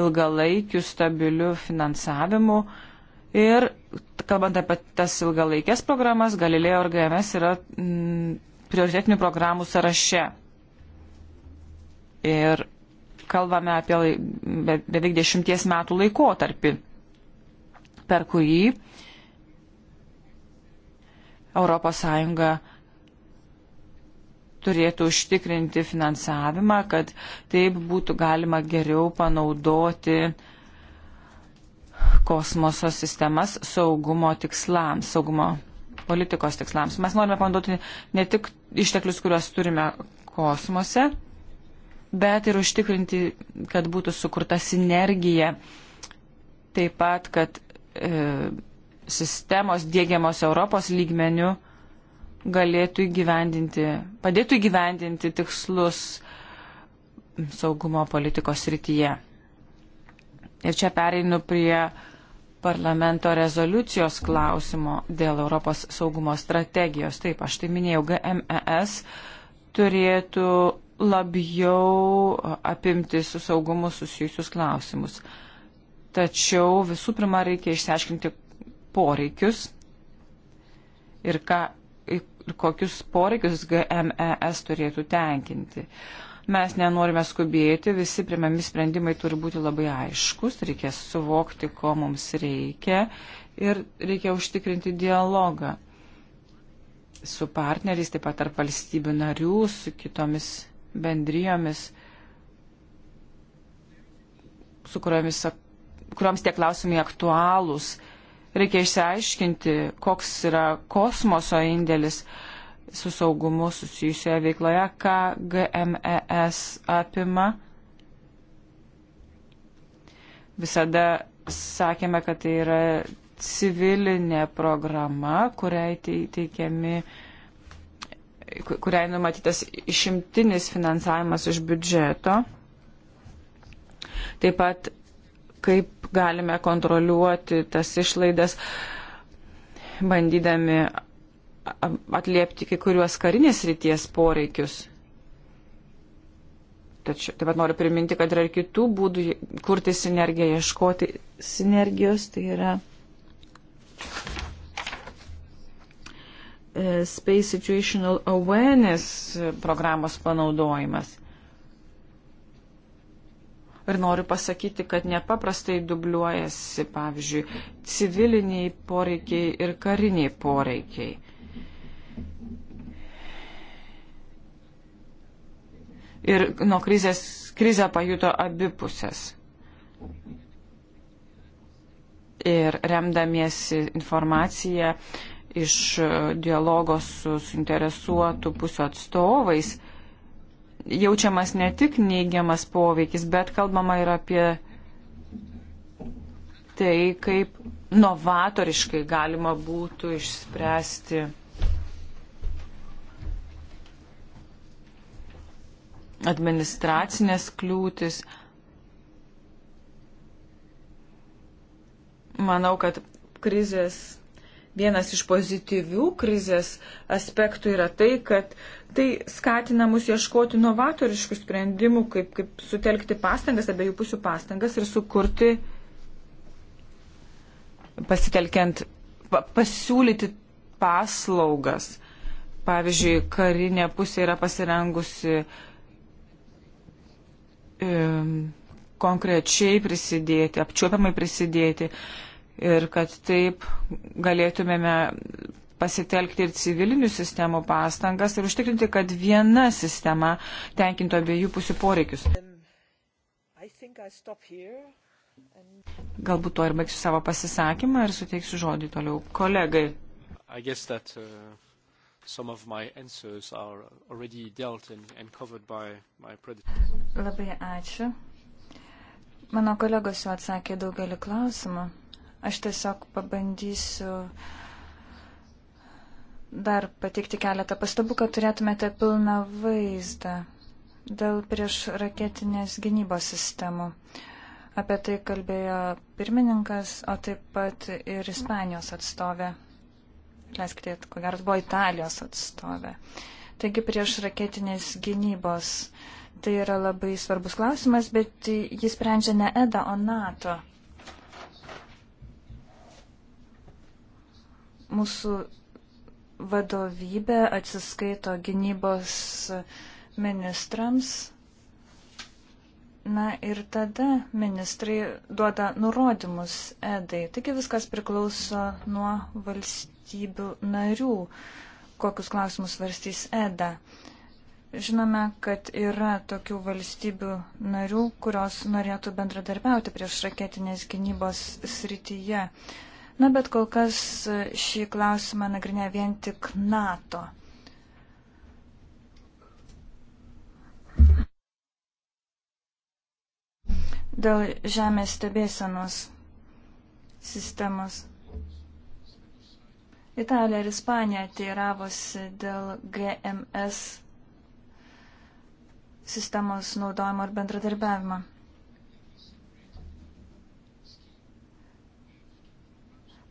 ilgalaikiu stabiliu finansavimu. Ir kalbant apie tas ilgalaikės programas, Galilėjo ir GMS yra mm, prioritetinių programų sąraše. Ir kalbame apie be, beveik dešimties metų laikotarpį, per kurį ES turėtų užtikrinti finansavimą, kad taip būtų galima geriau panaudoti kosmoso sistemas saugumo tikslams, saugumo politikos tikslams. Mes norime panaudoti ne tik išteklius, kuriuos turime kosmose, bet ir užtikrinti, kad būtų sukurta sinergija, taip pat, kad e, sistemos dėgiamos Europos lygmenių galėtų įgyvendinti, padėtų įgyvendinti tikslus saugumo politikos rytyje. Ir čia pereinu prie parlamento rezoliucijos klausimo dėl Europos saugumo strategijos. Taip, aš tai minėjau, GMES turėtų labiau apimti su saugumu susijusius klausimus. Tačiau visų pirma reikia išsiaiškinti poreikius ir ką kokius poreikius GMES turėtų tenkinti. Mes nenorime skubėti, visi primami sprendimai turi būti labai aiškus, reikia suvokti, ko mums reikia ir reikia užtikrinti dialogą su partneriais, taip pat tarp valstybių narių, su kitomis bendrijomis, su kuriomis, kurioms tie klausimai aktualūs Reikia išsiaiškinti, koks yra kosmoso indėlis su saugumu susijusioje veikloje, ką GMES apima. Visada sakėme, kad tai yra civilinė programa, kuriai teikiami kuriai numatytas išimtinis finansavimas iš biudžeto. Taip pat kaip galime kontroliuoti tas išlaidas, bandydami atliepti kai kuriuos karinės ryties poreikius. Tačiau taip pat noriu priminti, kad yra ir kitų būdų kurti sinergiją, ieškoti sinergijos, tai yra e, Space Situational Awareness programos panaudojimas ir noriu pasakyti, kad nepaprastai dubliuojasi, pavyzdžiui, civiliniai poreikiai ir kariniai poreikiai. Ir nuo krizės, krizę pajuto abipusės. Ir remdamiesi informaciją iš dialogo su suinteresuotų pusių atstovais, jaučiamas ne tik neigiamas poveikis, bet kalbama ir apie tai, kaip novatoriškai galima būtų išspręsti administracinės kliūtis. Manau, kad krizės, vienas iš pozityvių krizės aspektų yra tai, kad uh, Tai skatina mus ieškoti novatoriškų sprendimų, kaip, kaip sutelkti pastangas, abiejų pusių pastangas ir sukurti, pasitelkiant, pasiūlyti paslaugas. Pavyzdžiui, karinė pusė yra pasirengusi konkrečiai prisidėti, apčiuopiamai prisidėti ir kad taip galėtumėme pasitelkti ir civilinių sistemų pastangas ir užtikrinti, kad viena sistema tenkintų abiejų pusių poreikius. Galbūt to ir baigsiu savo pasisakymą ir suteiksiu žodį toliau kolegai. That, uh, and, and Labai ačiū. Mano kolegos jau atsakė daugelį klausimų. Aš tiesiog pabandysiu uh, dar patikti keletą pastabų, kad turėtumėte pilną vaizdą dėl prieš raketinės gynybos sistemų. Apie tai kalbėjo pirmininkas, o taip pat ir Ispanijos atstovė. Leiskite, ko gero, buvo Italijos atstovė. Taigi prieš raketinės gynybos. Tai yra labai svarbus klausimas, bet jis sprendžia ne EDA, o NATO. Mūsų vadovybė atsiskaito gynybos ministrams. Na ir tada ministrai duoda nurodymus edai. Taigi viskas priklauso nuo valstybių narių, kokius klausimus varstys eda. Žinome, kad yra tokių valstybių narių, kurios norėtų bendradarbiauti prieš raketinės gynybos srityje. Na, bet kol kas e, šį klausimą nagrinė vien tik NATO. Dėl žemės stebėsenos sistemos. Italija ir Ispanija teiravosi dėl GMS sistemos naudojimo ir bendradarbiavimo.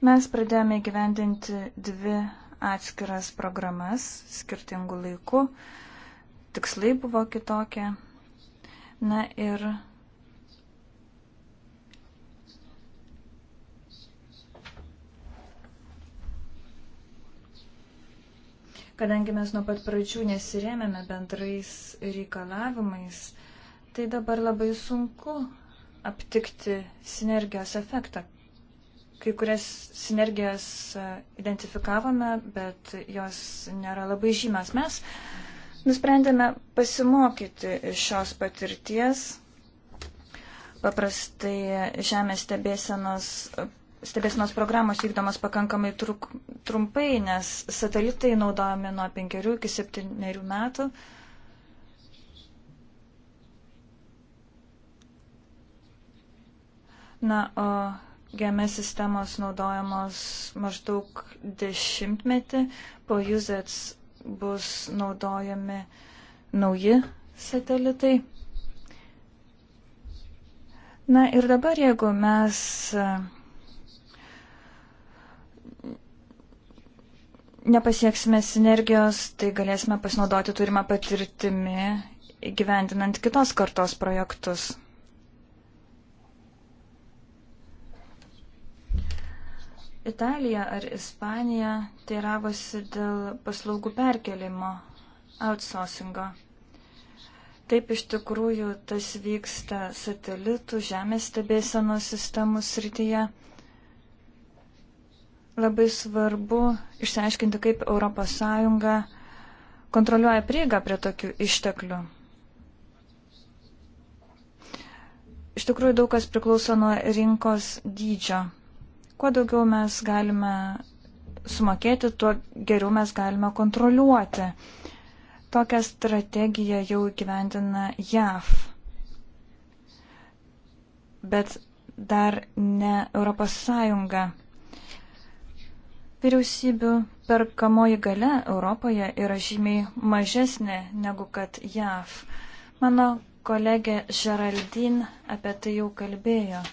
Mes pradėjome gyvendinti dvi atskiras programas skirtingų laikų. Tikslai buvo kitokie. Na ir kadangi mes nuo pat pradžių nesirėmėme bendrais reikalavimais, tai dabar labai sunku aptikti sinergijos efektą Kai kurias sinergijas e, identifikavome, bet jos nėra labai žymios. Mes nusprendėme pasimokyti iš šios patirties. Paprastai žemės stebėsenos stebėsinos programos vykdomas pakankamai truk, trumpai, nes satelitai naudojami nuo 5 iki 7 metų. Na, o GMS e sistemos naudojamos maždaug dešimtmetį, po Juzets bus naudojami nauji satelitai. Na ir dabar, jeigu mes nepasieksime sinergijos, tai galėsime pasinaudoti turimą patirtimį įgyvendinant kitos kartos projektus. Italija ar Ispanija teiravosi dėl paslaugų perkelimo, outsourcingo. Taip iš tikrųjų tas vyksta satelitų, žemės stebėsenos sistemų srityje labai svarbu išsiaiškinti, kaip ES kontroliuoja prieigą prie tokių išteklių. Iš tikrųjų daug kas priklauso nuo rinkos dydžio. Kuo daugiau mes galime sumokėti, tuo geriau mes galime kontroliuoti. Tokią strategiją jau įgyvendina JAV. Bet dar ne Europos Sąjunga. Vyriausybių perkamoji gale Europoje yra žymiai mažesnė negu kad JAV. Mano kolegė Geraldine apie tai jau kalbėjo.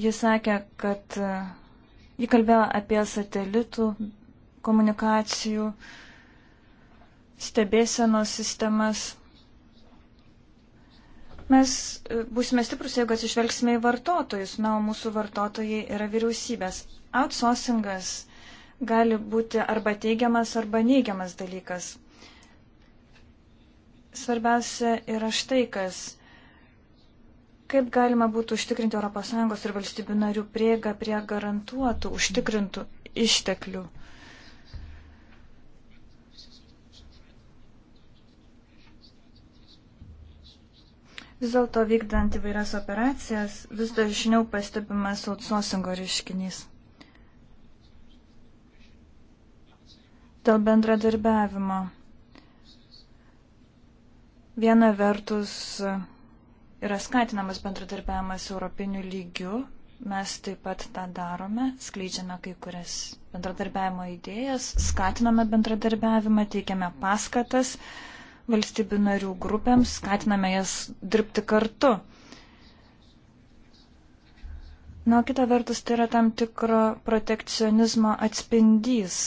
Jis sakė, kad e, jį kalbėjo apie satelitų komunikacijų, stebėsenos sistemas. Mes e, būsime stiprus, jeigu atsižvelgsime į vartotojus, na, o mūsų vartotojai yra vyriausybės. Outsourcingas gali būti arba teigiamas, arba neigiamas dalykas. Svarbiausia yra štai kas Kaip galima būtų užtikrinti ES ir valstybių narių prieigą prie garantuotų, užtikrintų išteklių? Vis dėlto vykdant įvairias operacijas, vis dažniau pastebimas outsourcingo reiškinys. Dėl bendradarbiavimo. Viena vertus yra skatinamas bendradarbiavimas europiniu lygiu. Mes taip pat tą darome, skleidžiame kai kurias bendradarbiavimo idėjas, skatiname bendradarbiavimą, teikiame paskatas valstybių narių grupėms, skatiname jas dirbti kartu. Na, kita vertus, tai yra tam tikro protekcionizmo atspindys.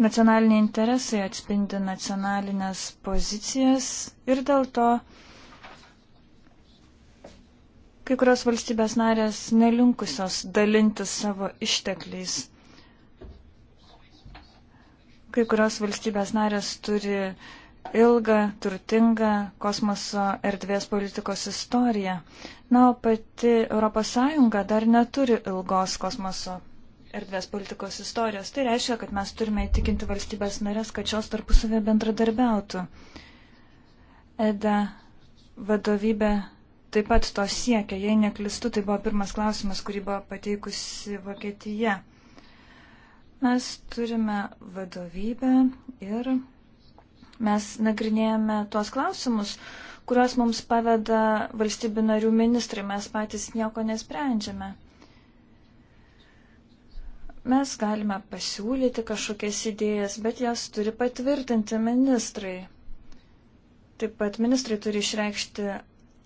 Nacionaliniai interesai atspindi nacionalinės pozicijas ir dėl to kai kurios valstybės narės nelinkusios dalintis savo ištekliais. Kai kurios valstybės narės turi ilgą, turtingą kosmoso erdvės politikos istoriją. Na, o pati ES dar neturi ilgos kosmoso erdvės politikos istorijos. Tai reiškia, kad mes turime įtikinti valstybės narės, kad šios tarpusavė bendradarbiautų. EDA vadovybė taip pat to siekia. Jei neklistu, tai buvo pirmas klausimas, kurį buvo pateikusi Vokietija. Mes turime vadovybę ir mes nagrinėjame tuos klausimus, kuriuos mums paveda valstybių narių ministrai. Mes patys nieko nesprendžiame. Mes galime pasiūlyti kažkokias idėjas, bet jas turi patvirtinti ministrai. Taip pat ministrai turi išreikšti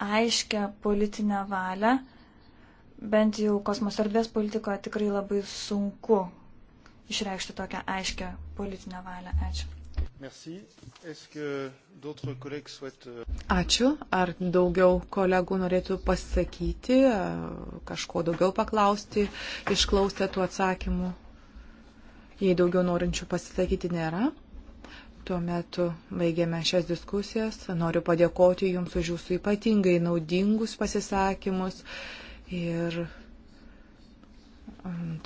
aiškę politinę valią. Bent jau kosmos erdvės politikoje tikrai labai sunku išreikšti tokią aiškę politinę valią. Ačiū. Merci. Souhaitent... Euh, Ačiū. Ar daugiau kolegų norėtų pasakyti, kažko daugiau paklausti, išklausę tų atsakymų? Jei daugiau norinčių pasisakyti nėra, tuomet baigėme šias diskusijas. Noriu padėkoti Jums už Jūsų ypatingai naudingus pasisakymus ir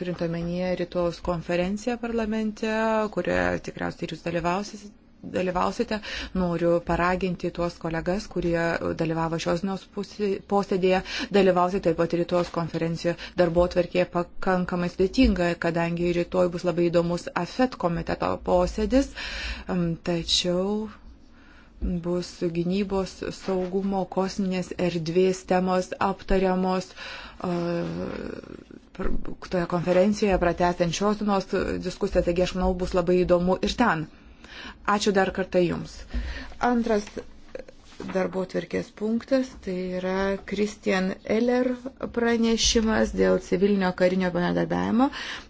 turint omenyje rytojus konferenciją parlamente, kurioje tikriausiai ir jūs dalyvausite. Dalyvausite, noriu paraginti tuos kolegas, kurie dalyvavo šios dienos posėdėje, dalyvausite taip pat rytojos konferencijoje. Darbo tvarkė pakankamai sudėtinga, kadangi rytoj bus labai įdomus AFET komiteto posėdis, tačiau bus gynybos saugumo kosminės erdvės temos aptariamos. Uh, toje konferencijoje, pratestant šios dienos diskusiją, taigi aš manau bus labai įdomu ir ten. Ačiū dar kartą Jums. Antras darbo tvirkės punktas, tai yra Kristian Eller pranešimas dėl civilinio karinio bendradarbiavimo.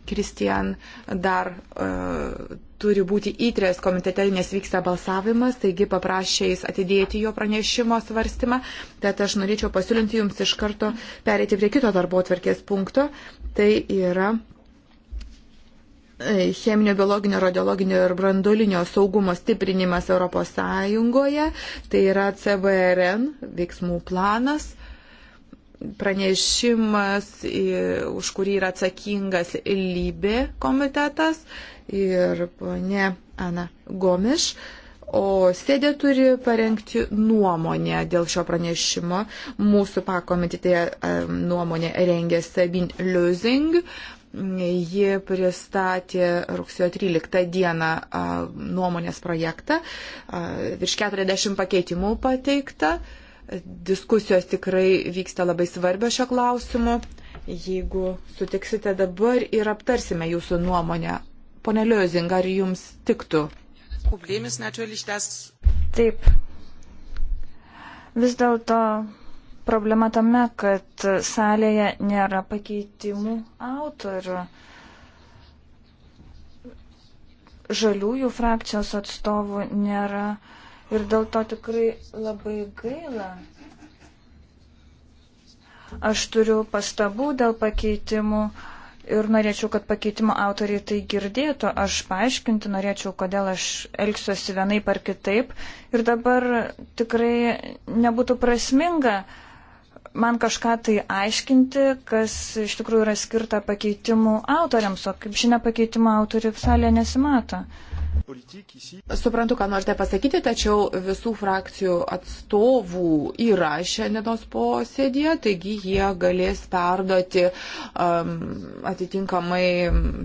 Kristian dar uh, turi būti įtrės komitete, nes vyksta balsavimas, taigi paprašė jis atidėti jo pranešimo svarstymą, tad aš norėčiau pasiūlinti jums iš karto perėti prie kito darbo tvirkės punkto. Uh, tai yra e, cheminio, biologinio, radiologinio ir brandolinio saugumo stiprinimas ES, tai yra CVRN veiksmų planas pranešimas, už kurį yra atsakingas Lybė komitetas ir ponė Ana Gomiš. Uh, O sėdė turi parengti nuomonę dėl šio pranešimo. Mūsų pakomitete nuomonė rengė Sabine Lusing. Ji pristatė rugsėjo 13 dieną nuomonės projektą. Virš 40 pakeitimų pateikta. Diskusijos tikrai vyksta labai svarbio šio klausimu. Jeigu sutiksite dabar ir aptarsime jūsų nuomonę. Pone Liozing, ar jums tiktų Taip. Vis dėlto problema tame, kad salėje nėra pakeitimų autorių. Žaliųjų frakcijos atstovų nėra ir dėl to tikrai labai gaila. Aš turiu pastabų dėl pakeitimų ir norėčiau, kad pakeitimo autoriai tai girdėtų. Aš paaiškinti norėčiau, kodėl aš elgsiuosi vienaip ar kitaip. Ir dabar tikrai nebūtų prasminga man kažką tai aiškinti, kas iš tikrųjų yra skirta pakeitimų autoriams, o kaip žinia, pakeitimo autorių salėje nesimato. Uh, Suprantu, ką norite pasakyti, tačiau visų frakcijų atstovų yra šiandienos posėdėje, taigi jie galės perduoti um, atitinkamai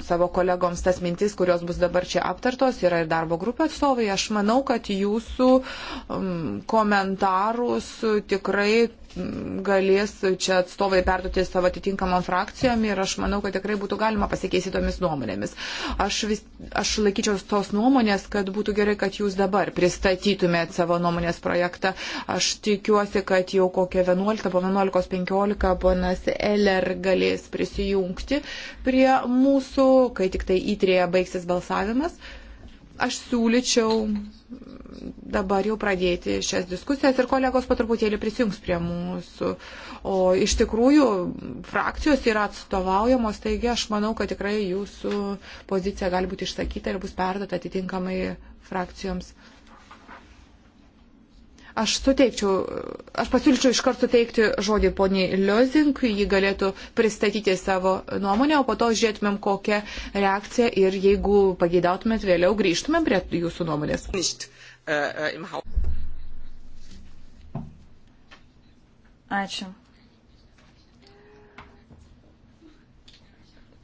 savo kolegoms tas mintis, kurios bus dabar čia aptartos, yra ir darbo grupė atstovai. Aš manau, kad jūsų um, komentarus tikrai galės čia atstovai perduoti savo atitinkamam frakcijom ir aš manau, kad tikrai būtų galima pasikeisti tomis nuomonėmis. Aš, vis, aš laikyčiau tos nuomonės, kad būtų gerai, kad jūs dabar pristatytumėt savo nuomonės projektą. Aš tikiuosi, kad jau kokią 11 po 11.15 ponas Eller galės prisijungti prie mūsų, kai tik tai įtrėje baigsis balsavimas aš siūlyčiau dabar jau pradėti šias diskusijas ir kolegos patruputėlį prisijungs prie mūsų. O iš tikrųjų frakcijos yra atstovaujamos, taigi aš manau, kad tikrai jūsų pozicija gali būti išsakyta ir bus perdata atitinkamai frakcijoms. Aš suteikčiau, aš pasiūlyčiau iš karto teikti žodį poniai Liozink, ji galėtų pristatyti savo nuomonę, o po to žiūrėtumėm kokią reakciją ir jeigu pageidautumėt vėliau grįžtumėm prie jūsų nuomonės. Äh, äh, Ačiū.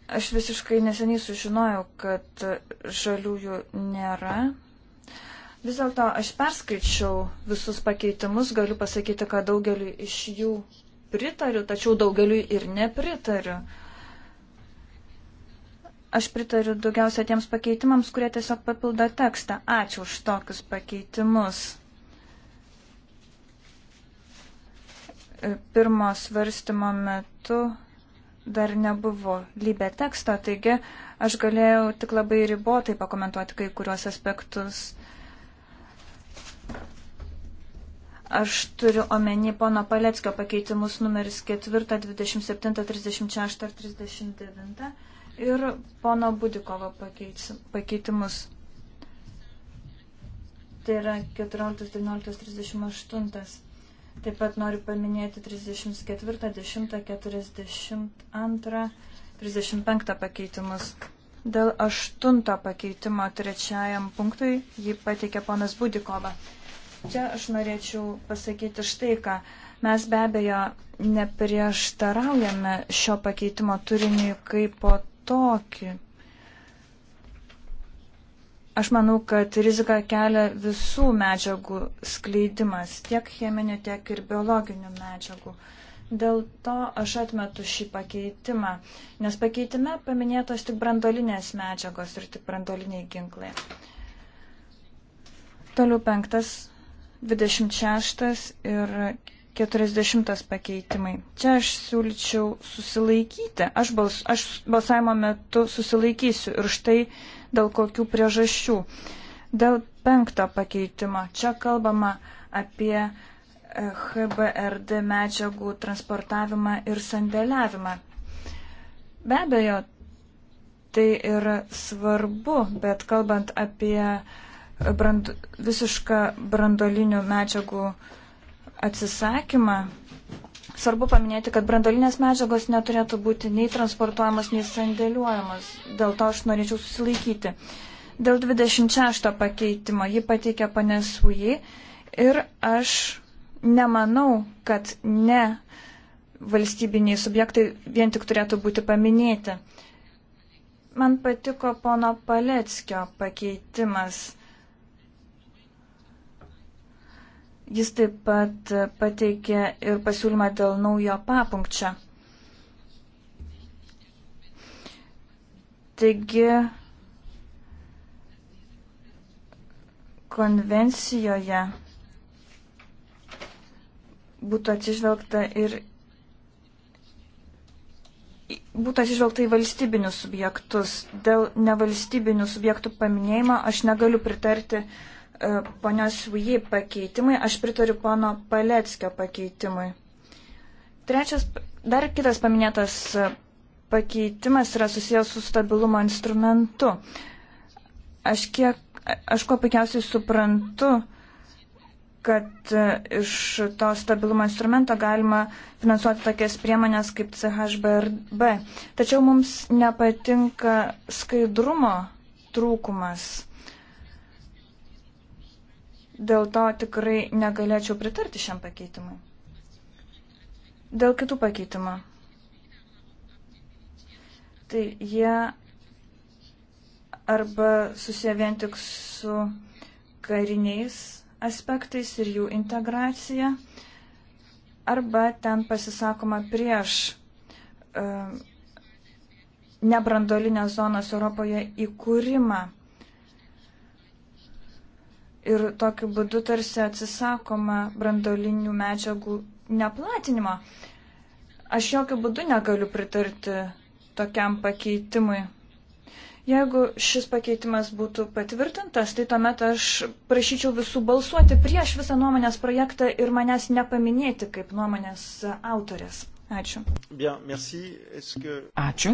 Aš visiškai neseniai sužinojau, kad žaliųjų nėra Vis dėlto aš perskaičiau visus pakeitimus, galiu pasakyti, kad daugeliu iš jų pritariu, tačiau daugeliu ir nepritariu. Aš pritariu daugiausia tiems pakeitimams, kurie tiesiog papildo tekstą. Ačiū už tokius pakeitimus. Pirmo svarstymo metu dar nebuvo lybė teksto, taigi aš galėjau tik labai ribotai pakomentuoti kai kuriuos aspektus. Aš turiu omeny pono Paleckio pakeitimus numeris 4, 27, 36 ar 39 ir pono Budikovo pakeitimus. Tai yra 14, 19, 38. Taip pat noriu paminėti 34, 10, 42, 35 pakeitimus. Dėl aštunto pakeitimo trečiajam punktui jį pateikė ponas Budikova. Čia aš norėčiau pasakyti štai ką. Mes be abejo neprieštaraujame šio pakeitimo turiniui kaip po tokį. Aš manau, kad rizika kelia visų medžiagų skleidimas, tiek cheminių, tiek ir biologinių medžiagų. Dėl to aš atmetu šį pakeitimą, nes pakeitime paminėtos tik brandolinės medžiagos ir tik brandoliniai ginklai. Toliau penktas 26 ir 40 pakeitimai. Čia aš siūlyčiau susilaikyti. Aš, bals, aš balsavimo metu susilaikysiu ir štai dėl kokių priežasčių. Dėl penkto pakeitimo. Čia kalbama apie e, HBRD medžiagų transportavimą ir sandėliavimą. Be abejo, tai yra svarbu, bet kalbant apie uh, brand, visišką brandolinių medžiagų atsisakymą. Svarbu paminėti, kad brandolinės medžiagos neturėtų būti nei transportuojamos, nei sandėliuojamos. Dėl to aš norėčiau susilaikyti. Dėl 26 pakeitimo jį pateikė panesui ir aš nemanau, kad ne valstybiniai subjektai vien tik turėtų būti paminėti. Man patiko pono Paleckio pakeitimas Jis taip pat pateikė ir pasiūlymą dėl naujo papunkčio. Taigi, konvencijoje būtų atsižvelgta ir būtų atsižvelgta į valstybinius subjektus. Dėl nevalstybinių subjektų paminėjimo aš negaliu pritarti uh, E, ponios Vujį pakeitimai, aš pritariu pono Paleckio pakeitimui. Trečias, dar kitas paminėtas pakeitimas yra susijęs su stabilumo instrumentu. Aš, kiek, aš kuo puikiausiai suprantu, kad e, iš to stabilumo instrumento galima finansuoti tokias priemonės kaip CHBRB. Tačiau mums nepatinka skaidrumo trūkumas Dėl to tikrai negalėčiau pritarti šiam pakeitimui. Dėl kitų pakeitimų. Tai jie arba susiję vien tik su kariniais aspektais ir jų integracija, arba ten pasisakoma prieš uh, nebrandolinės zonos Europoje įkūrimą ir tokiu būdu tarsi atsisakoma brandolinių medžiagų neplatinimo. Aš jokių būdų negaliu pritarti tokiam pakeitimui. Jeigu šis pakeitimas būtų patvirtintas, tai tuomet aš prašyčiau visų balsuoti prieš visą nuomonės projektą ir manęs nepaminėti kaip nuomonės autorės. Ačiū. Bien, merci. Que... Ačiū.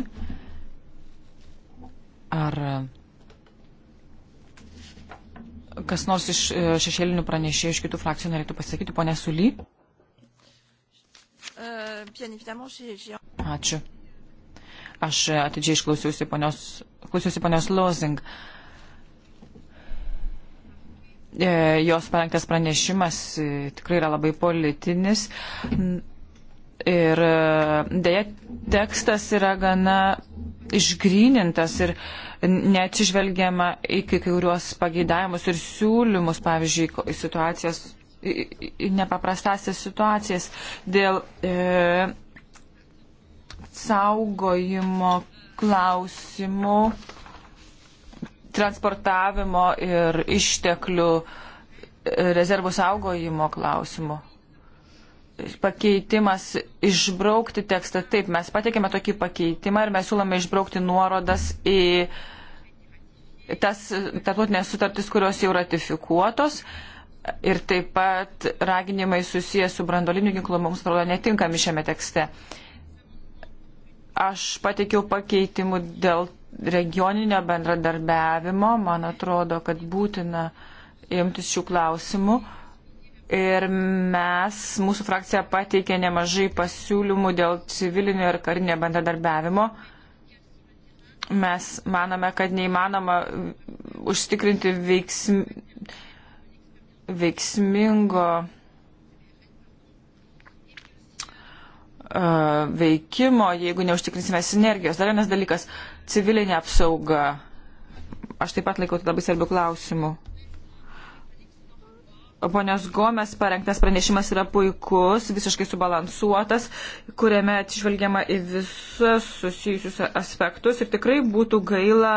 Ar kas nors iš e, šešėlinių pranešėjų, iš kitų frakcijų norėtų pasakyti, ponė Suly? Ačiū. Aš e, atidžiai išklausiausi ponios, klausiausi ponios Lozing. E, jos parengtas pranešimas tikrai yra labai politinis. Ir e, dėja, tekstas yra gana išgrynintas ir neatsižvelgiama į kai kuriuos pageidavimus ir siūlymus, pavyzdžiui, situacijas, nepaprastasias situacijas dėl e, saugojimo klausimų, transportavimo ir išteklių e, rezervų saugojimo klausimų pakeitimas išbraukti tekstą. Taip, mes pateikėme tokį pakeitimą ir mes siūlome išbraukti nuorodas į tas tarptautinės sutartys, kurios jau ratifikuotos. Ir taip pat raginimai susijęs su brandoliniu ginklu mums atrodo netinkami šiame tekste. Aš pateikiau pakeitimų dėl regioninio bendradarbiavimo. Man atrodo, kad būtina imtis šių klausimų. Uh, Ir mes, mūsų frakcija pateikė nemažai pasiūlymų dėl civilinio ir karinio bendradarbiavimo. Mes manome, kad neįmanoma užtikrinti veiksm... veiksmingo uh, veikimo, jeigu neužtikrinsime sinergijos. Dar vienas dalykas - civilinė apsauga. Aš taip pat laikau tai labai svarbių klausimų ponios Gomes parengtas pranešimas yra puikus, visiškai subalansuotas, kuriame atžvelgiama į visus susijusius aspektus ir tikrai būtų gaila,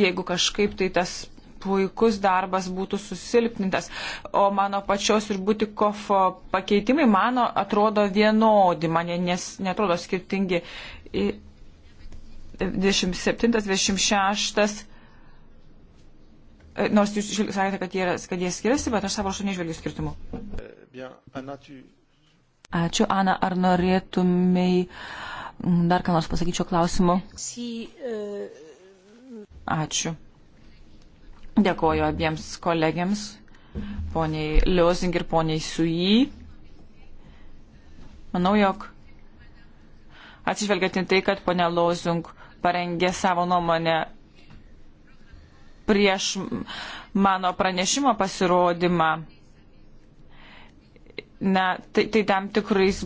jeigu kažkaip tai tas puikus darbas būtų susilpnintas, o mano pačios ir būti kofo pakeitimai, mano atrodo vienodi, man nes, netrodo skirtingi. 27, 26 E, nors jūs sakėte, kad jie, kad jie skiriasi, bet aš savo raštu nežvelgiu skirtumų. Ačiū, Ana. Ar norėtumai mm, dar ką nors pasakyčio klausimu? E, Ačiū. Dėkoju abiems kolegiams, poniai Liozing ir poniai Sui. Manau, jog atsižvelgiant į tai, kad ponia Lozing parengė savo nuomonę prieš mano pranešimo pasirodymą. Na, tai, tai tam tikrais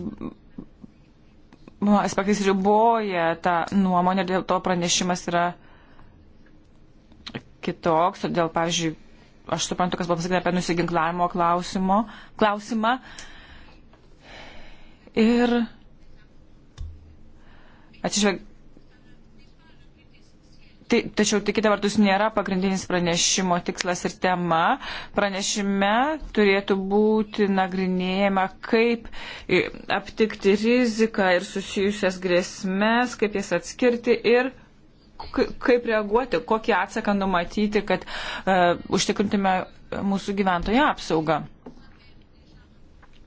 nu, aspektais riboja tą nuomonę ir dėl to pranešimas yra kitoks. Dėl, pavyzdžiui, aš suprantu, kas buvo pasakyta apie nusiginklavimo klausimą. Ir atsižvelgiant tai, tačiau tai kita vertus nėra pagrindinis pranešimo tikslas ir tema. Pranešime turėtų būti nagrinėjama, kaip e, aptikti riziką ir susijusias grėsmės, kaip jas atskirti ir kaip reaguoti, kokį atsaką numatyti, kad uh, užtikrintume mūsų gyventojų apsaugą.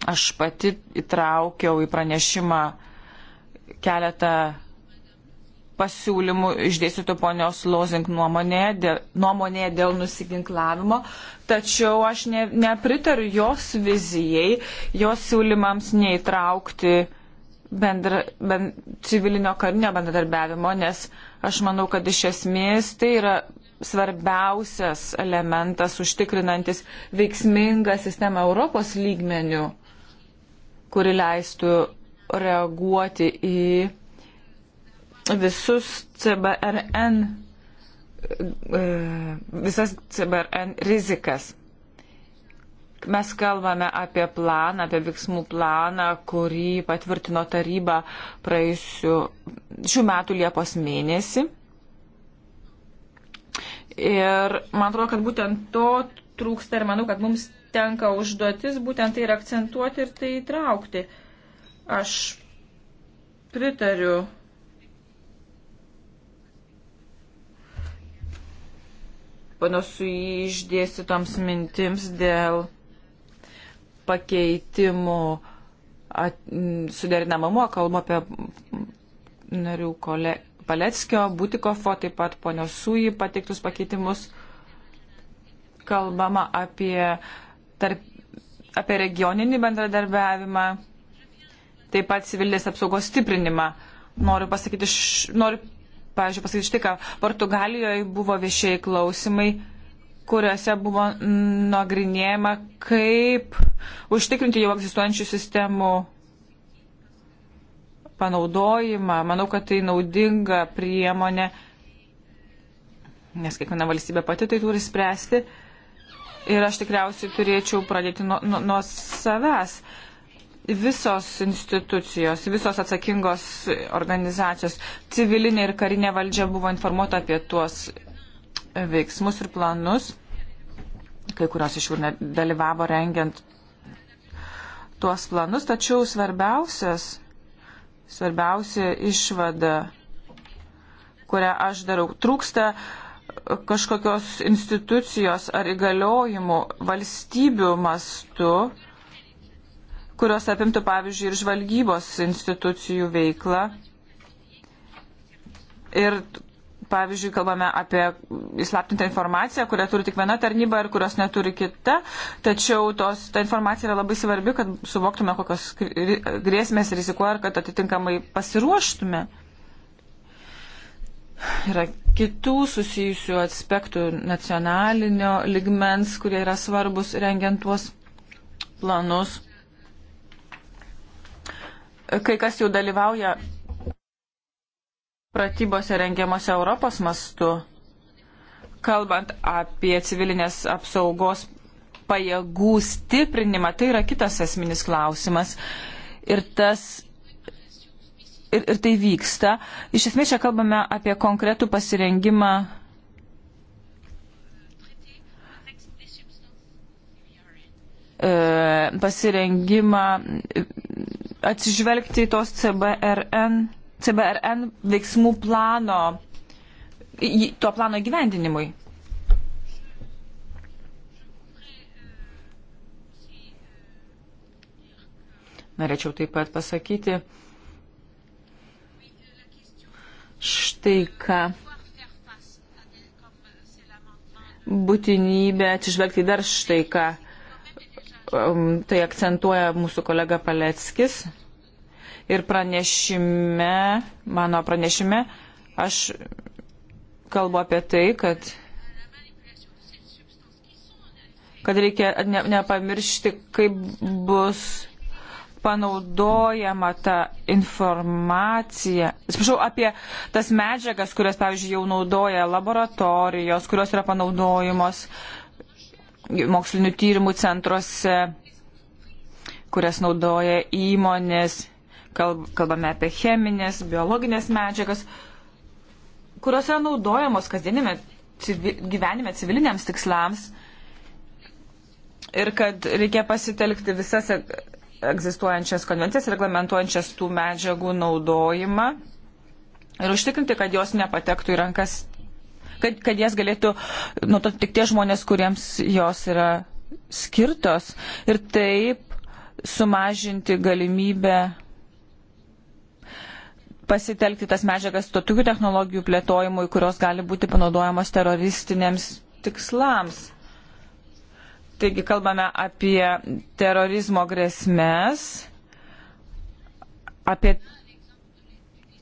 Aš pati įtraukiau į pranešimą keletą pasiūlymų išdėstytų ponios Lozing nuomonėje dėl, nuomonėje dėl nusiginklavimo, tačiau aš ne, nepritariu jos vizijai, jos siūlymams neįtraukti bendra, ben, civilinio karinio bendradarbiavimo, nes aš manau, kad iš esmės tai yra svarbiausias elementas užtikrinantis veiksmingą sistemą Europos lygmenių, kuri leistų reaguoti į visus CBRN, e, visas CBRN rizikas. Mes kalbame apie planą, apie veiksmų planą, kurį patvirtino taryba praėjusiu šių metų Liepos mėnesį. Ir man atrodo, kad būtent to trūksta ir manau, kad mums tenka užduotis būtent tai ir akcentuoti ir tai įtraukti. Aš pritariu panašu į išdėstytoms mintims dėl pakeitimų at, suderinamumo, kalbu apie narių kole, Paleckio, Butikofo, taip pat ponios Sui pateiktus pakeitimus. Kalbama apie, tarp, apie regioninį bendradarbiavimą, taip pat civilinės apsaugos stiprinimą. Noriu pasakyti, š, noriu pavyzdžiui, pasakyti štai ką, Portugalijoje buvo viešieji klausimai, kuriuose buvo nagrinėjama, kaip užtikrinti jau egzistuojančių sistemų panaudojimą. Manau, kad tai naudinga priemonė, nes kiekviena valstybė pati tai turi spręsti. Ir aš tikriausiai turėčiau pradėti nuo, nuo, nuo savęs. Uh, visos institucijos, visos atsakingos organizacijos, civilinė ir karinė valdžia buvo informuota apie tuos veiksmus ir planus. Kai kurios iš jų dalyvavo rengiant tuos planus, tačiau svarbiausias, svarbiausia išvada, kurią aš darau, trūksta kažkokios institucijos ar įgaliojimų valstybių mastu kurios apimtų, pavyzdžiui, ir žvalgybos institucijų veiklą. Ir, pavyzdžiui, kalbame apie įslaptintą informaciją, kurią turi tik viena tarnyba ir kurios neturi kita, tačiau tos, ta informacija yra labai svarbi, kad suvoktume, kokios grėsmės rizikuoja ir kad atitinkamai pasiruoštume. Yra kitų susijusių aspektų nacionalinio ligmens, kurie yra svarbus rengiant tuos planus kai kas jau dalyvauja pratybose rengiamose Europos mastu, kalbant apie civilinės apsaugos pajėgų stiprinimą, tai yra kitas esminis klausimas. Ir tas. Ir, ir tai vyksta. Iš esmės čia kalbame apie konkretų pasirengimą e, pasirengimą atsižvelgti į tos CBRN, CBRN veiksmų plano, to plano gyvendinimui. Norėčiau taip pat pasakyti štai ką. Būtinybė atsižvelgti dar štai ką tai akcentuoja mūsų kolega Paleckis. Ir pranešime, mano pranešime, aš kalbu apie tai, kad, kad reikia ne, nepamiršti, kaip bus panaudojama ta informacija, atsiprašau, apie tas medžiagas, kurias, pavyzdžiui, jau naudoja laboratorijos, kurios yra panaudojamos uh, mokslinių tyrimų centruose, kurias naudoja įmonės, kalbame apie cheminės, biologinės medžiagas, kurios yra naudojamos kasdienime civi, gyvenime civiliniams tikslams ir kad reikia pasitelkti visas e, egzistuojančias konvencijas reglamentuojančias tų medžiagų naudojimą ir užtikrinti, kad jos nepatektų į rankas kad, kad jas galėtų naudoti tik tie žmonės, kuriems jos yra skirtos ir taip sumažinti galimybę pasitelkti tas medžiagas tokių technologijų plėtojimui, kurios gali būti panaudojamos teroristiniams tikslams. Taigi kalbame apie terorizmo grėsmes, apie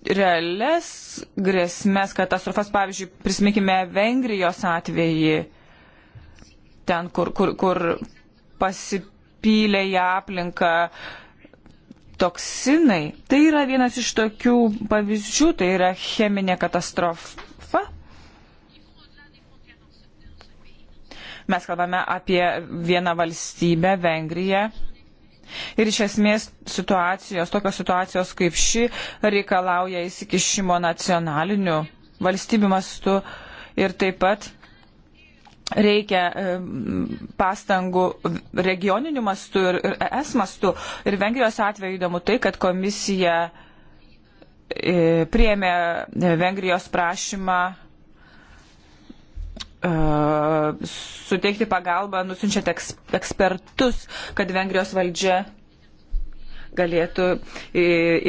realias grėsmės katastrofas. Pavyzdžiui, prisiminkime Vengrijos atvejį, ten, kur, kur, kur pasipylė į aplinką toksinai. Tai yra vienas iš tokių pavyzdžių, tai yra cheminė katastrofa. Mes kalbame apie vieną valstybę, Vengriją, Ir iš esmės situacijos, tokios situacijos kaip ši, reikalauja įsikišimo nacionaliniu valstybių mastu ir taip pat reikia pastangų regioniniu mastu ir, ir ES mastu. Ir Vengrijos atveju įdomu tai, kad komisija e, priėmė Vengrijos prašymą E, suteikti pagalbą, nusinčiant eks, ekspertus, kad Vengrijos valdžia galėtų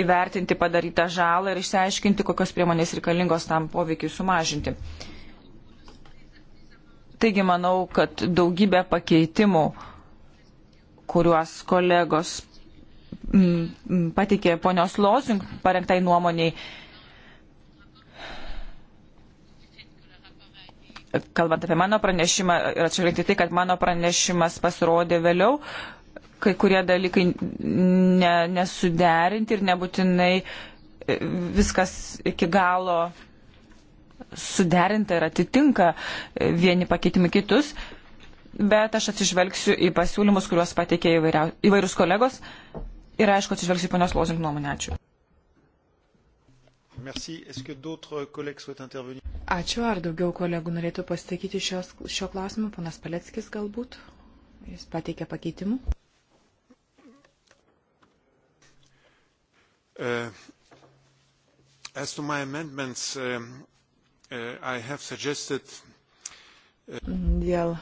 įvertinti padarytą žalą ir išsiaiškinti, kokios priemonės reikalingos tam poveikiai sumažinti. Taigi manau, kad daugybė pakeitimų, kuriuos kolegos patikė ponios Lozing parengtai nuomoniai, kalbant apie mano pranešimą ir atšvelgti tai, kad mano pranešimas pasirodė vėliau, kai kurie dalykai ne, nesuderinti ir nebūtinai e, viskas iki galo suderinta ir atitinka e, vieni pakeitimai kitus, bet aš atsižvelgsiu į pasiūlymus, kuriuos pateikė įvairiaus, įvairius kolegos ir aišku atsižvelgsiu į ponios Lozink nuomonę. Ačiū. Merci. Est-ce que d'autres collègues souhaitent intervenir? Ačiū. Ar daugiau kolegų norėtų pasakyti šios, šio klausimu? Panas Paleckis galbūt. Jis pateikė pakeitimų. Uh, as to my amendments, um, uh, I have suggested. Uh, Dėl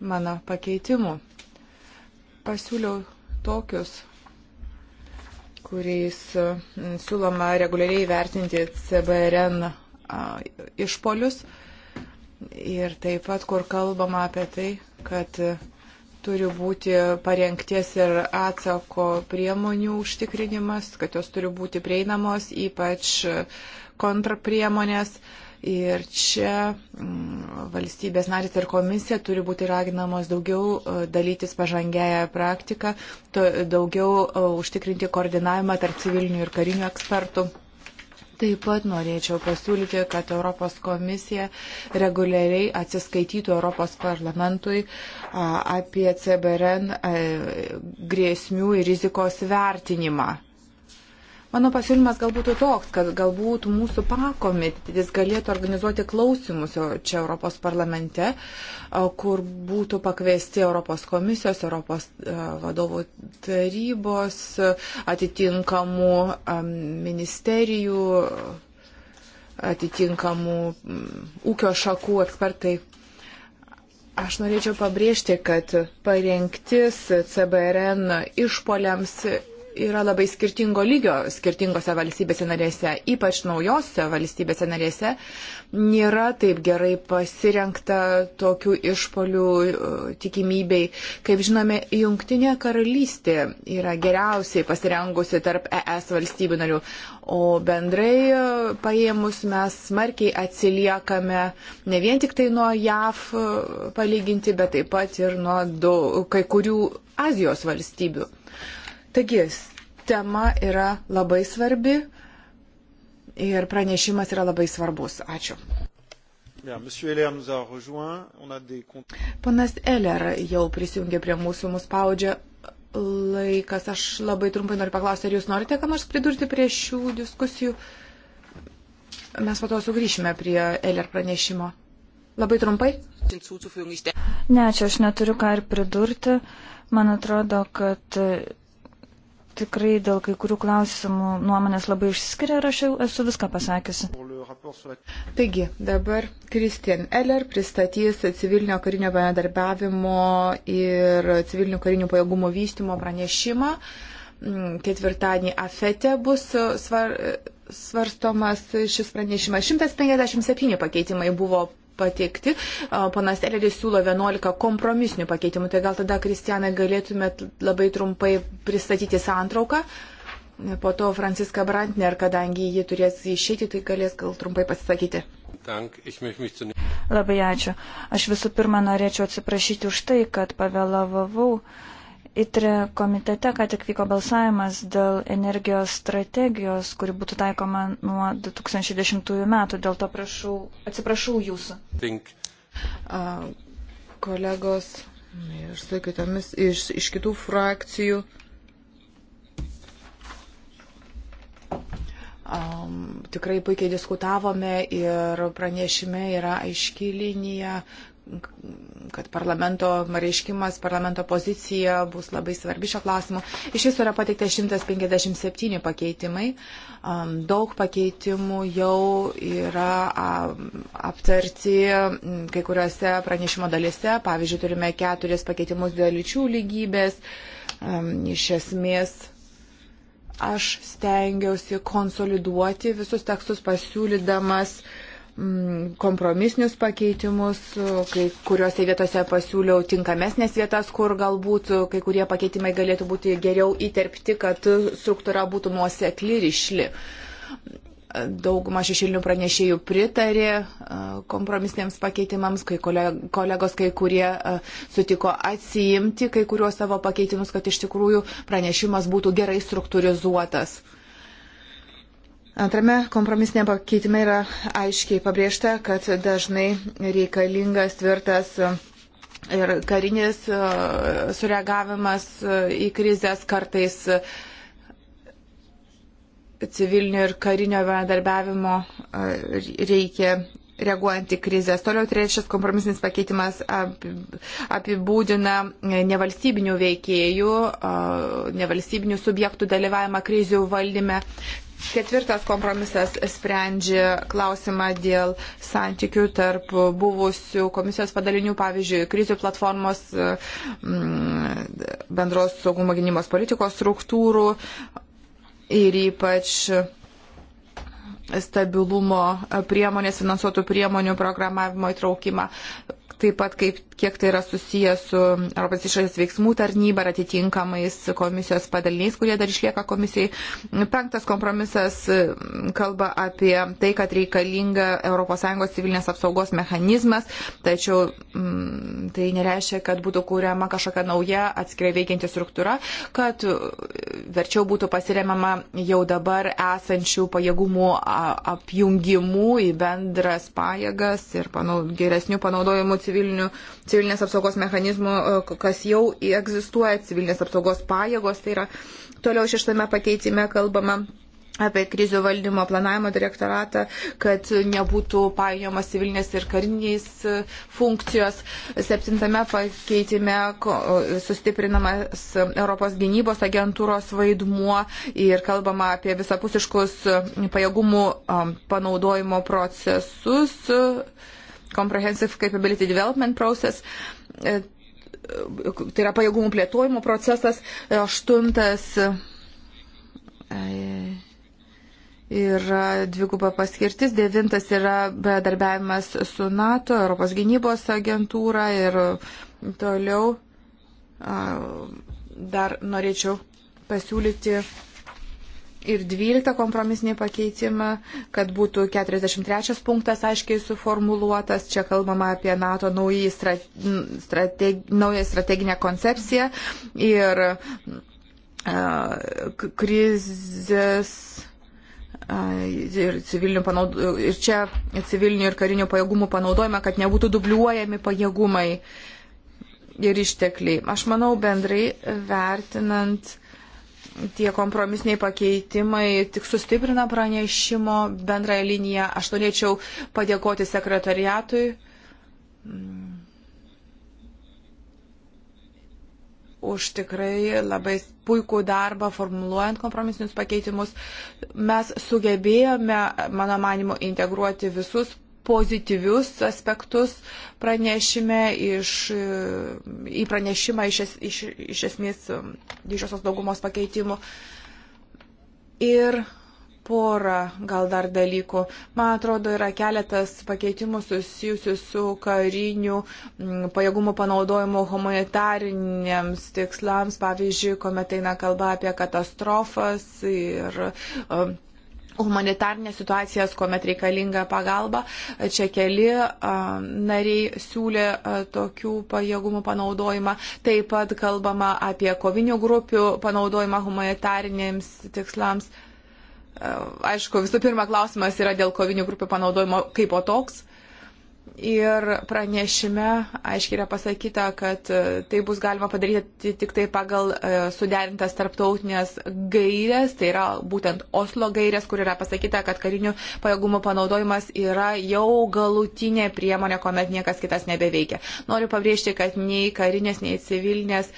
mano pakeitimų pasiūliau tokius kuriais mm, siūloma reguliariai vertinti CBRN išpolius ir taip pat, kur kalbama apie tai, kad turi būti parengties ir atsako priemonių užtikrinimas, kad jos turi būti prieinamos, ypač kontrapriemonės. priemonės Ir čia mm, valstybės narys ir komisija turi būti raginamos daugiau e, dalytis pažangiają praktiką, daugiau e, užtikrinti koordinavimą tarp civilinių ir karinių ekspertų. Taip pat norėčiau pasiūlyti, kad Europos komisija reguliariai atsiskaitytų Europos parlamentui apie CBRN grėsmių ir rizikos vertinimą. Mano pasiūlymas galbūt būtų toks, kad galbūt mūsų pakomitetis galėtų organizuoti klausimus čia Europos parlamente, kur būtų pakviesti Europos komisijos, Europos e, vadovų tarybos, atitinkamų e, ministerijų, atitinkamų ūkio šakų ekspertai Aš norėčiau pabrėžti, kad parengtis CBRN išpoliams yra labai skirtingo lygio skirtingose valstybėse narėse, ypač naujose valstybėse narėse, nėra taip gerai pasirenkta tokių išpolių e, tikimybei. Kaip žinome, Junktinė karalystė yra geriausiai pasirengusi tarp ES valstybių narių, o bendrai e, paėmus mes smarkiai atsiliekame ne vien tik tai nuo JAV e, palyginti, bet taip pat ir nuo daug, kai kurių Azijos valstybių. Taigi, tema yra labai svarbi ir pranešimas yra labai svarbus. Ačiū. Panas Eller jau prisijungė prie mūsų, mus spaudžia laikas. Aš labai trumpai noriu paklausti, ar jūs norite ką nors pridurti prie šių diskusijų? Mes po to sugrįšime prie Eller pranešimo. Labai trumpai? Ne, čia aš neturiu ką ir pridurti. Man atrodo, kad tikrai dėl kai kurių klausimų nuomonės labai išsiskiria ir aš jau esu viską pasakiusi. Taigi, dabar Kristian Eller pristatys civilinio karinio bendarbiavimo ir civilinių karinių pajėgumų vystymo pranešimą. Mm, ketvirtadienį afete bus svar, svarstomas šis pranešimas. 157 pakeitimai buvo pateikti. Panas Teleris siūlo 11 kompromisinių pakeitimų. Tai gal tada, Kristianai, galėtumėt labai trumpai pristatyti santrauką. Po to Franciska Brantner, kadangi ji turės išėti, tai galės gal trumpai pasisakyti. Labai ačiū. Aš visų pirma norėčiau atsiprašyti už tai, kad pavėlavau. ITRE komitete ką tik vyko balsavimas dėl energijos strategijos, kuri būtų taikoma nuo 2010 metų. Dėl to prašau, atsiprašau jūsų. Think. Uh, kolegos ir su kitomis iš, iš kitų frakcijų. Um, tikrai puikiai diskutavome ir pranešime yra aiški linija, kad parlamento reiškimas, parlamento pozicija bus labai svarbi šio klausimu. Iš viso yra pateikta 157 pakeitimai. Daug pakeitimų jau yra aptarti kai kuriuose pranešimo dalise. Pavyzdžiui, turime keturis pakeitimus dėl lyčių lygybės. Iš esmės aš stengiausi konsoliduoti visus tekstus pasiūlydamas uh, Mm, kompromisinius pakeitimus, kai kuriuose vietose pasiūliau tinkamesnės vietas, kur galbūt kai kurie pakeitimai galėtų būti geriau įterpti, kad struktūra būtų nuosekli ir išli. Dauguma šešilinių pranešėjų pritarė kompromisiniams pakeitimams, kai kolegos kai kurie sutiko atsiimti kai kuriuos savo pakeitimus, kad iš tikrųjų pranešimas būtų gerai struktūrizuotas. Antrame kompromisinėme pakeitime yra aiškiai pabrėžta, kad dažnai reikalingas tvirtas e, ir karinis e, sureagavimas e, į krizės kartais civilinio ir karinio bendarbiavimo reikia reaguojant į krizės. Toliau trečias kompromisinis pakeitimas apibūdina nevalstybinių veikėjų, nevalstybinių subjektų dalyvavimą krizių valdyme. Ketvirtas kompromisas sprendžia klausimą dėl santykių tarp buvusių komisijos padalinių, pavyzdžiui, krizių platformos, mm, bendros saugumo gynybos politikos struktūrų ir ypač stabilumo priemonės, finansuotų priemonių programavimo įtraukimą taip pat kaip, kiek tai yra susiję su Europos išorės veiksmų tarnyba ir atitinkamais komisijos padaliniais, kurie dar išlieka komisijai. Penktas kompromisas e, kalba apie tai, kad reikalinga ES civilinės apsaugos mechanizmas, tačiau m, mm, tai nereiškia, kad būtų kūriama kažkokia nauja atskirai veikianti struktūra, kad e, verčiau būtų pasiremama jau dabar esančių pajėgumų apjungimų į bendras pajėgas ir panau, geresnių panaudojimų civilinės apsaugos mechanizmų, e, kas jau egzistuoja, civilinės apsaugos pajėgos. Tai yra toliau šeštame pakeitime kalbama apie krizių valdymo planavimo direktoratą, kad nebūtų paėjamas civilinės ir karinės e, funkcijos. Septintame pakeitime e, sustiprinamas Europos gynybos agentūros vaidmuo ir kalbama apie visapusiškus pajėgumų panaudojimo procesus Comprehensive Capability Development Process. E, tai yra pajėgumų plėtojimo procesas. E, aštuntas e, yra dviguba paskirtis, devintas yra bedarbiavimas su NATO, Europos gynybos agentūra ir toliau dar norėčiau pasiūlyti ir 12 kompromisinį pakeitimą, kad būtų 43 punktas aiškiai suformuluotas. Čia kalbama apie NATO naują strateg, strateginę koncepciją ir krizės ir, panaud... ir čia civilinių ir karinių pajėgumų panaudojimą, kad nebūtų dubliuojami pajėgumai ir ištekliai. Aš manau bendrai vertinant tie kompromisiniai pakeitimai tik sustiprina pranešimo bendrąją liniją. Aš norėčiau padėkoti sekretariatui mm. už tikrai labai puikų darbą formuluojant kompromisinius pakeitimus. Mes sugebėjome, mano manimo, integruoti visus pozityvius aspektus pranešime iš, į pranešimą iš, es, iš, iš esmės um, didžiosios daugumos pakeitimų. Ir porą gal dar dalykų. Man atrodo, yra keletas pakeitimų susijusių su kariniu mm, pajėgumu panaudojimu humanitariniams tikslams, pavyzdžiui, kuomet eina kalba apie katastrofas ir um, humanitarnės situacijas, kuomet reikalinga pagalba. Čia keli nariai siūlė tokių pajėgumų panaudojimą. Taip pat kalbama apie kovinių grupių panaudojimą humanitarnėms tikslams. Aišku, visų pirma klausimas yra dėl kovinių grupių panaudojimo kaip o toks. Ir pranešime aiškiai yra pasakyta, kad e, tai bus galima padaryti tik tai pagal e, suderintas tarptautinės gairės, tai yra būtent Oslo gairės, kur yra pasakyta, kad karinių pajėgumų panaudojimas yra jau galutinė priemonė, kuomet niekas kitas nebeveikia. Noriu pabrėžti, kad nei karinės, nei civilinės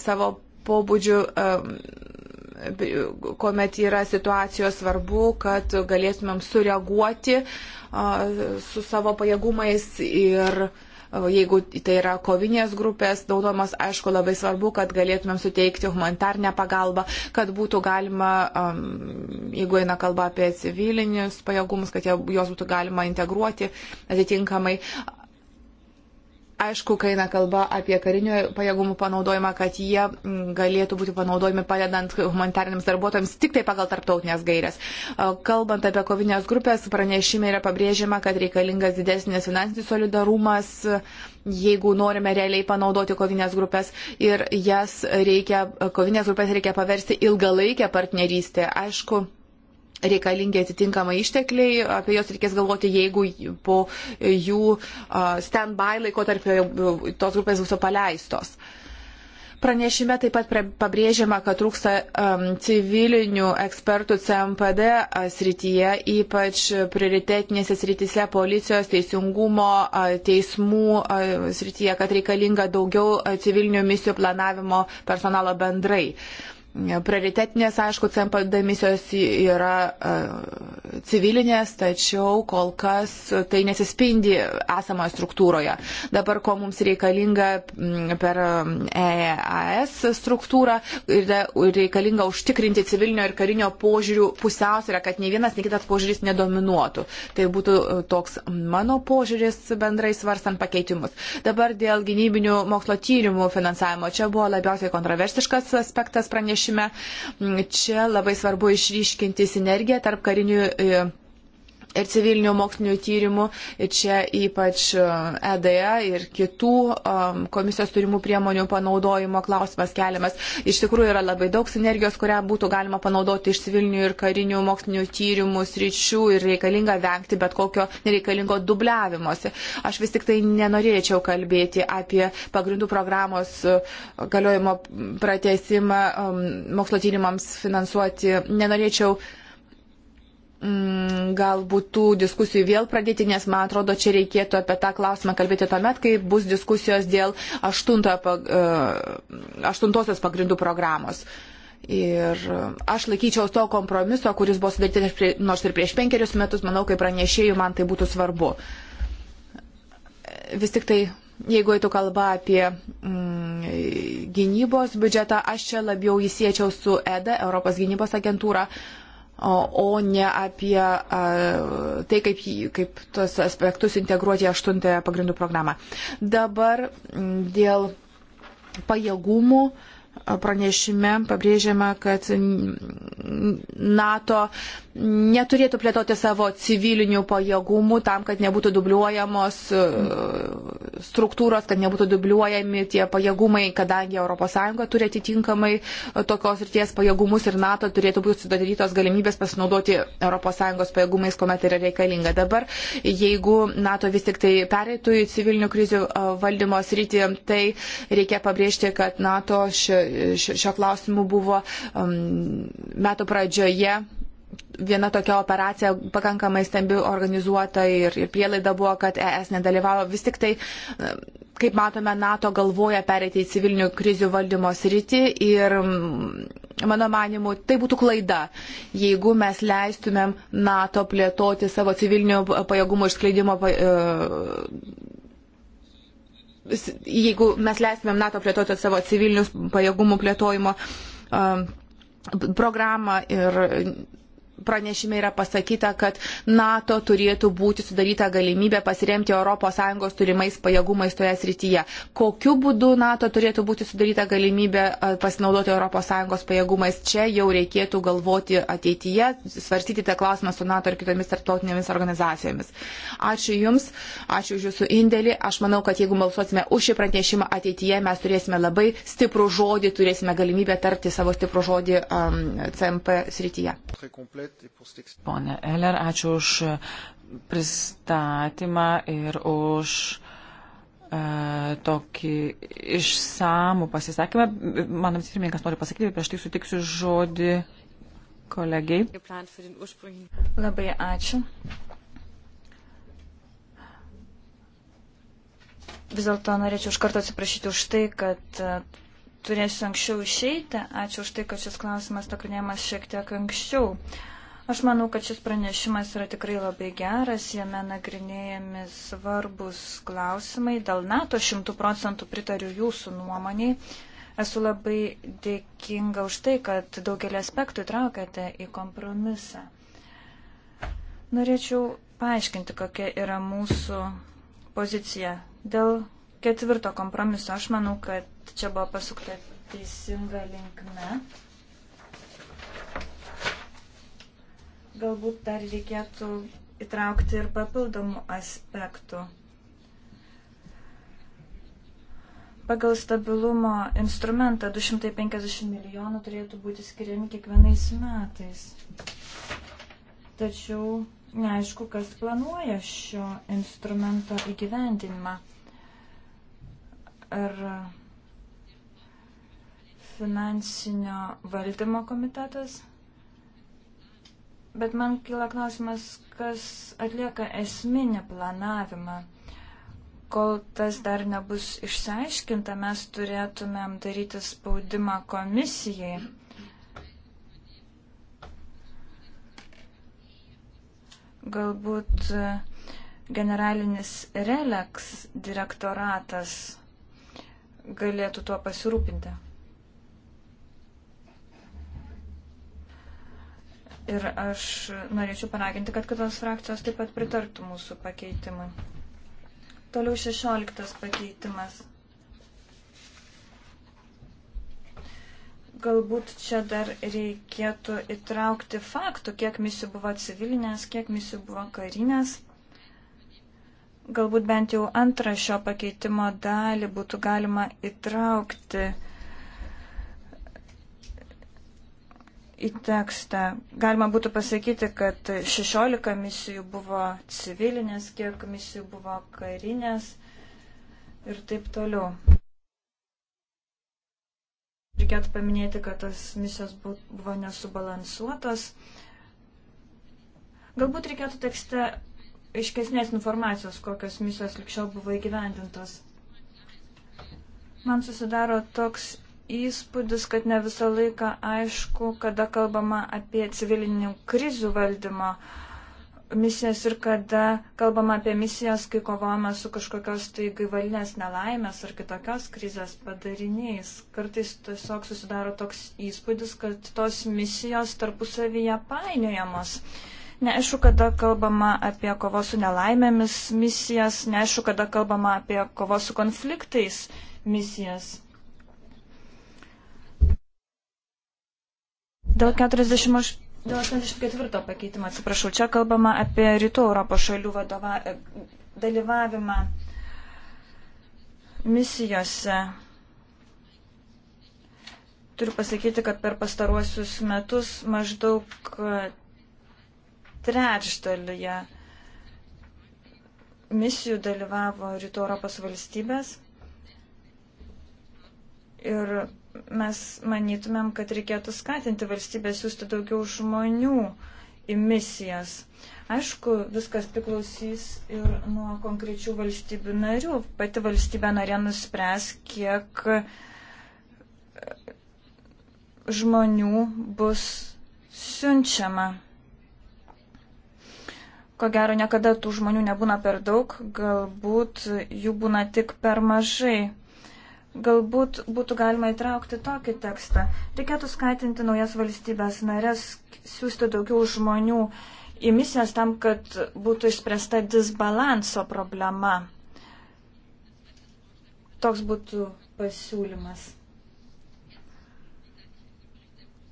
savo pobūdžių kuomet yra situacijos svarbu, kad galėtumėm sureaguoti su savo pajėgumais ir jeigu tai yra kovinės grupės naudojamos, aišku, labai svarbu, kad galėtumėm suteikti humanitarnę pagalbą, kad būtų galima, jeigu eina kalba apie civilinius pajėgumus, kad jos būtų galima integruoti atitinkamai aišku, kai eina kalba apie karinių pajėgumų panaudojimą, kad jie galėtų būti panaudojami padedant humanitariniams darbuotojams tik tai pagal tarptautinės gairias. Kalbant apie kovinės grupės, pranešime yra pabrėžiama, kad reikalingas didesnis finansinis solidarumas, jeigu norime realiai panaudoti kovinės grupės ir jas reikia, kovinės grupės reikia paversti ilgalaikę partnerystę. Aišku, reikalingi atitinkamai ištekliai, apie juos reikės galvoti, jeigu po jų stand-by laiko tarp e, tos grupės bus paleistos. Pranešime taip pat pabrėžiama, kad trūksta um, civilinių ekspertų CMPD srityje, ypač prioritetinėse srityse policijos, teisingumo, teismų srityje, kad reikalinga daugiau civilinių misijų planavimo personalo bendrai. Um, Prioritetinės, aišku, CMPD misijos yra e, civilinės, tačiau kol kas tai nesispindi esamoje struktūroje. Dabar, ko mums reikalinga per EAS e struktūrą, reikalinga užtikrinti civilinio ir karinio požiūrių pusiausvyrą, kad nei vienas, nei kitas požiūris nedominuotų. Tai būtų e, toks mano požiūris bendrai svarstant pakeitimus. Dabar dėl gynybinių mokslo tyrimų finansavimo. Čia buvo labiausiai kontroversiškas aspektas pranešimas pranešime. Mm, čia labai svarbu išryškinti sinergiją tarp karinių e, ir civilinių mokslinių tyrimų, ir čia ypač EDA e ir kitų e, komisijos turimų priemonių panaudojimo klausimas keliamas. Iš tikrųjų yra labai daug sinergijos, kurią būtų galima panaudoti iš civilinių ir karinių mokslinių tyrimų sričių ir reikalinga vengti bet kokio nereikalingo dubliavimuose. Aš vis tik tai nenorėčiau kalbėti apie pagrindų programos e, galiojimo pratesimą mokslo tyrimams finansuoti. Nenorėčiau Mm, galbūt tų diskusijų vėl pradėti, nes man atrodo, čia reikėtų apie tą klausimą kalbėti tuomet, kai bus diskusijos dėl e, aštuntosios pagrindų programos. Ir aš laikyčiau to kompromiso, kuris buvo sudarytas nors ir prieš penkerius metus, manau, kaip pranešėjų man tai būtų svarbu. Vis tik tai, jeigu eitų kalba apie mm, gynybos biudžetą, aš čia labiau įsiečiau su EDA, Europos gynybos agentūra. Mm, o ne apie a, tai, kaip, kaip tuos aspektus integruoti į aštuntąją pagrindų programą. Dabar dėl pajėgumų. A, pranešime pabrėžiama, kad NATO neturėtų plėtoti savo civilinių pajėgumų tam, kad nebūtų dubliuojamos e, struktūros, kad nebūtų dubliuojami tie pajėgumai, kadangi ES turi atitinkamai e, tokios ryties pajėgumus ir NATO turėtų būti sudarytos galimybės pasinaudoti ES pajėgumais, kuomet yra reikalinga. Dabar, jeigu NATO vis tik tai pereitų į civilinių krizių e, valdymo sritį, tai reikia pabrėžti, kad NATO ši šio klausimu buvo um, metų pradžioje viena tokia operacija pakankamai stambi organizuota ir, ir prielaida buvo, kad ES nedalyvavo. Vis tik tai, um, kaip matome, NATO galvoja perėti į civilinių krizių valdymo sritį ir um, mano manimu, tai būtų klaida, jeigu mes leistumėm NATO plėtoti savo civilinių pajėgumų išskleidimo e, jeigu mes leistumėm NATO plėtoti savo civilinius pajėgumų plėtojimo um, programą ir pranešime yra pasakyta, kad NATO turėtų būti sudaryta galimybė pasiremti ES turimais pajėgumais toje srityje. Kokiu būdu NATO turėtų būti sudaryta galimybė pasinaudoti ES pajėgumais, čia jau reikėtų galvoti ateityje, svarstyti tą klausimą su NATO ir kitomis tarptautinėmis organizacijomis. Ačiū Jums, ačiū už Jūsų indėlį. Aš manau, kad jeigu balsuosime už šį pranešimą ateityje, mes turėsime labai stiprų žodį, turėsime galimybę tarti savo stiprų žodį um, CMP srityje. Pone Eller, ačiū už pristatymą ir už e, tokį išsamų pasisakymą. Mano pirmininkas nori pasakyti, prieš tai sutiksiu žodį kolegiai. Labai ačiū. Vis dėlto norėčiau iš karto atsiprašyti už tai, kad e, turėsiu anksčiau išeiti. Ačiū už tai, kad šis klausimas nagrinėjamas šiek tiek anksčiau. Uh, Aš manau, kad šis pranešimas yra tikrai labai geras, jame nagrinėjami svarbus klausimai. Dėl NATO šimtų procentų pritariu jūsų nuomoniai. Esu labai dėkinga už tai, kad daugelį aspektų įtraukėte į kompromisą. Norėčiau paaiškinti, kokia yra mūsų pozicija. Dėl ketvirto kompromiso aš manau, kad čia buvo pasukta teisinga linkme. galbūt dar reikėtų įtraukti ir papildomų aspektų. Pagal stabilumo instrumentą 250 milijonų turėtų būti skiriami kiekvienais metais. Tačiau neaišku, kas planuoja šio instrumento įgyvendinimą. Ar finansinio valdymo komitetas? Bet man kyla klausimas, kas atlieka esminį planavimą. Kol tas dar nebus išsiaiškinta, mes turėtumėm daryti spaudimą komisijai. Galbūt e, generalinis Relex direktoratas galėtų tuo pasirūpinti. Ir aš norėčiau paraginti, kad kitos frakcijos taip pat pritartų mūsų pakeitimui. Toliau 16 pakeitimas. Galbūt čia dar reikėtų įtraukti faktų, kiek misijų buvo civilinės, kiek misijų buvo karinės. Galbūt bent jau antrą šio pakeitimo dalį būtų galima įtraukti į tekstą. Galima būtų pasakyti, kad 16 misijų buvo civilinės, kiek misijų buvo karinės ir taip toliau. Reikėtų paminėti, kad tas misijos buvo nesubalansuotos. Galbūt reikėtų tekste aiškesnės informacijos, kokios misijos likščiau buvo įgyvendintos. Man susidaro toks įspūdis, kad ne visą laiką aišku, kada kalbama apie civilinių krizių valdymo misijas ir kada kalbama apie misijas, kai kovojame su kažkokios tai gaivalinės nelaimės ar kitokios krizės padariniais. Kartais tiesiog susidaro toks įspūdis, kad tos misijos tarpusavyje painiojamos. Neaišku, kada kalbama apie kovos su nelaimėmis misijas, neaišku, kada kalbama apie kovos su konfliktais misijas. Dėl 48. Dėl 84 pakeitimo, atsiprašau, čia kalbama apie rytų Europos šalių vadova, dalyvavimą misijose. Turiu pasakyti, kad per pastaruosius metus maždaug e, trečdalyje misijų dalyvavo rytų Europos valstybės. Ir mes manytumėm, kad reikėtų skatinti valstybę siūsti daugiau žmonių į misijas. Aišku, viskas priklausys ir nuo konkrečių valstybių narių. Pati valstybė narė nuspręs, kiek e, žmonių bus siunčiama. Ko gero, niekada tų žmonių nebūna per daug, galbūt jų būna tik per mažai. Galbūt būtų galima įtraukti tokį tekstą. Reikėtų skatinti naujas valstybės narės, siūsti daugiau žmonių į misijas tam, kad būtų išspręsta disbalanso problema. Toks būtų pasiūlymas.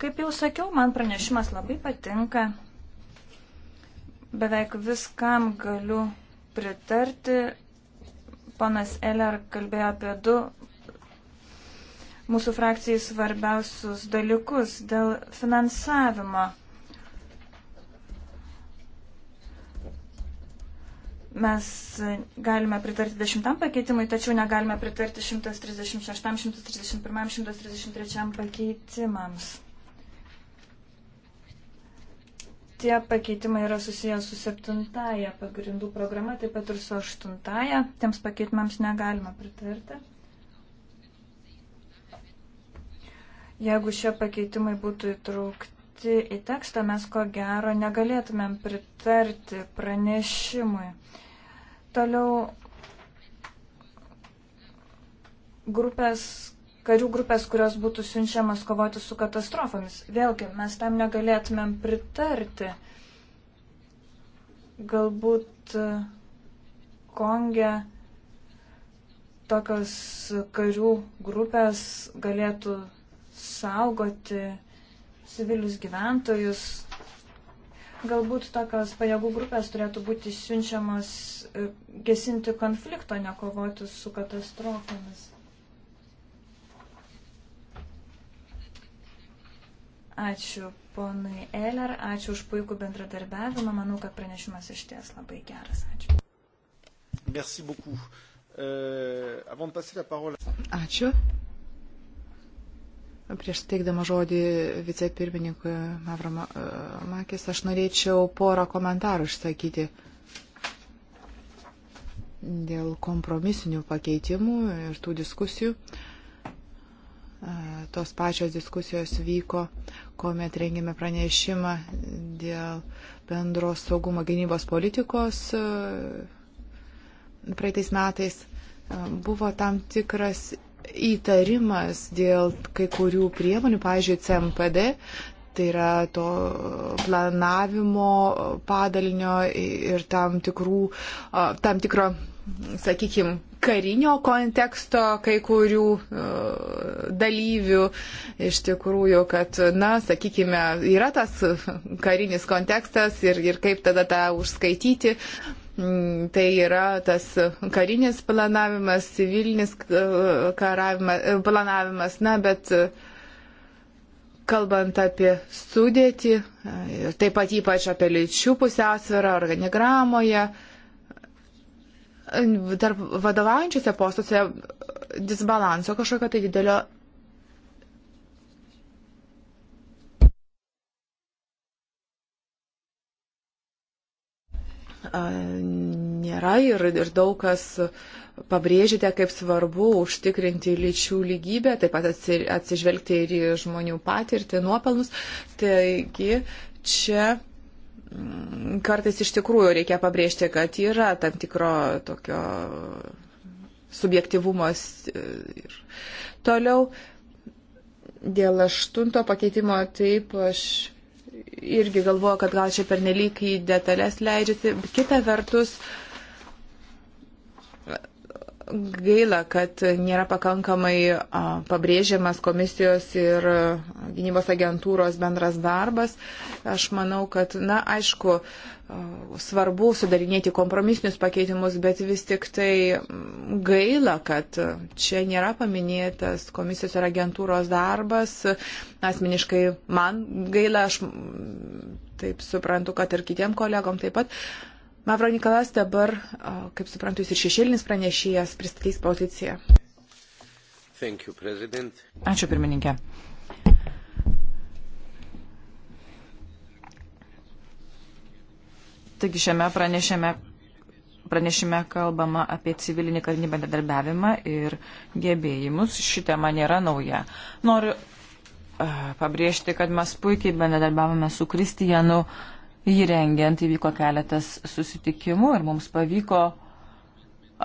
Kaip jau sakiau, man pranešimas labai patinka. Beveik viskam galiu pritarti. Ponas Eller kalbėjo apie du mūsų frakcijai svarbiausius dalykus dėl finansavimo. Mes galime pritarti 10 pakeitimui, tačiau negalime pritarti 136, 131, 133 pakeitimams. Tie pakeitimai yra susijęs su septintaja pagrindų programa, taip pat ir su aštuntaja. Tiems pakeitimams negalima pritarti. Jeigu šie pakeitimai būtų įtraukti į tekstą, mes ko gero negalėtumėm pritarti pranešimui. Toliau grupės, karių grupės, kurios būtų siunčiamas kovoti su katastrofomis. Vėlgi, mes tam negalėtumėm pritarti. Galbūt e, Konge tokios karių grupės galėtų saugoti civilius gyventojus. Galbūt tokios pajėgų grupės turėtų būti siunčiamas e, gesinti konflikto, nekovoti su katastrofomis. Ačiū ponui Eller, ačiū už puikų bendradarbiavimą. Manau, kad pranešimas iš ties labai geras. Ačiū. Merci beaucoup. Euh, avant de passer la parole. Ačiū. Prieš teikdama žodį vicepirmininkui Mavromakis, e, aš norėčiau porą komentarų išsakyti dėl kompromisinių pakeitimų ir tų diskusijų. E, tos pačios diskusijos vyko, kuomet rengėme pranešimą dėl bendros saugumo gynybos politikos e, praeitais metais. Buvo tam tikras įtarimas dėl kai kurių priemonių, pavyzdžiui, CMPD, tai yra to planavimo padalinio ir tam, tikrų, tam tikro, sakykime, karinio konteksto kai kurių dalyvių, iš tikrųjų, kad, na, sakykime, yra tas karinis kontekstas ir, ir kaip tada tą užskaityti. Mm, tai yra tas karinis planavimas, civilinis e, planavimas, na, bet e, kalbant apie sudėtį, e, taip pat ypač apie lyčių pusiausvyrą organigramoje, tarp vadovaujančiose postuose disbalanso kažkokio tai didelio nėra ir, ir daug kas pabrėžite, kaip svarbu užtikrinti lyčių lygybę, taip pat atsižvelgti ir į žmonių patirtį, nuopelnus. Taigi čia mm, kartais iš tikrųjų reikia pabrėžti, kad yra tam tikro tokio subjektivumas. Ir toliau dėl aštunto pakeitimo taip aš irgi galvoju, kad gal čia pernelyg į detalės leidžiasi. Kita vertus, gaila, kad nėra pakankamai pabrėžiamas komisijos ir gynybos agentūros bendras darbas. Aš manau, kad, na, aišku, svarbu sudarinėti kompromisinius pakeitimus, bet vis tik tai gaila, kad čia nėra paminėtas komisijos ir agentūros darbas. Asmeniškai man gaila, aš taip suprantu, kad ir kitiem kolegom taip pat. Mavro Nikolas dabar, kaip suprantu, jis ir šešėlinis pranešėjas pristatys poziciją. You, Ačiū pirmininkė. Taigi šiame pranešime, pranešime kalbama apie civilinį karinį bendradarbiavimą ir gebėjimus. Ši tema nėra nauja. Noriu uh, pabrėžti, kad mes puikiai bendradarbiavome su Kristijanu. Jį rengiant įvyko keletas susitikimų ir mums pavyko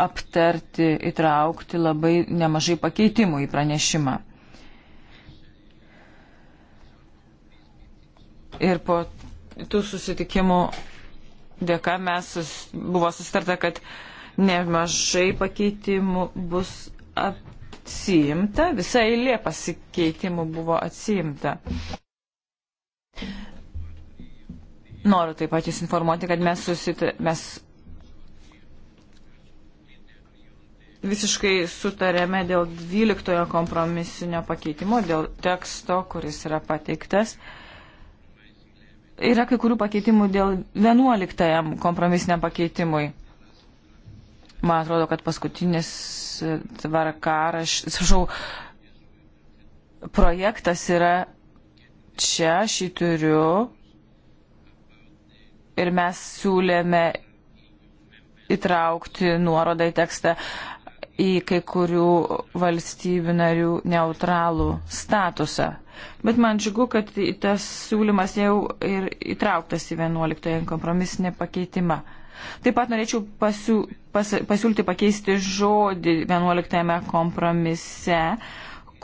aptarti, įtraukti labai nemažai pakeitimų į pranešimą. Ir po tų susitikimų dėka mes sus, buvo sustarta, kad nemažai pakeitimų bus atsiimta, visa eilė pasikeitimų buvo atsiimta. Noriu taip pat jūs informuoti, kad mes, susita, mes visiškai sutarėme dėl 12 kompromisinio pakeitimo, dėl teksto, kuris yra pateiktas. Uh, Yra kai kurių pakeitimų dėl 11 kompromisiniam pakeitimui. Man atrodo, kad paskutinis e, tvarkaraš, sažau, projektas yra čia, aš jį turiu. Ir mes siūlėme įtraukti nuorodą į tekstą į kai kurių valstybių narių neutralų statusą. Bet man džiugu, kad tas siūlymas jau ir įtrauktas į 11 kompromisinį pakeitimą. Taip pat norėčiau pasiū, pas, pasiūlyti pakeisti žodį 11 kompromise,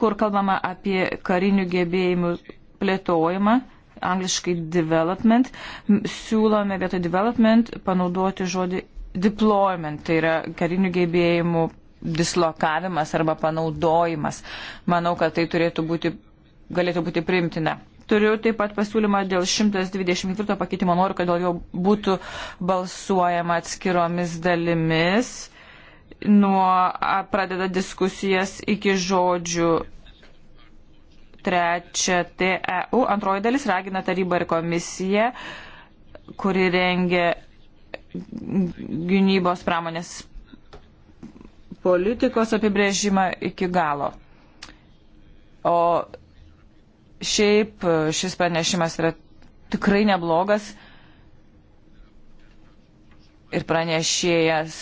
kur kalbama apie karinių gebėjimų plėtojimą, angliškai development. Siūlome vietoj development panaudoti žodį deployment, tai yra karinių gebėjimų dislokavimas arba panaudojimas. Manau, kad tai turėtų būti galėtų būti primtina. Turiu taip pat pasiūlymą dėl 124 pakeitimo, noriu, kad dėl jo būtų balsuojama atskiromis dalimis, nuo pradeda diskusijas iki žodžių trečia TEU, antroji dalis ragina tarybą ir komisiją, kuri rengia gynybos pramonės politikos apibrėžimą iki galo. O Šiaip e, šis pranešimas yra tikrai neblogas ir pranešėjas.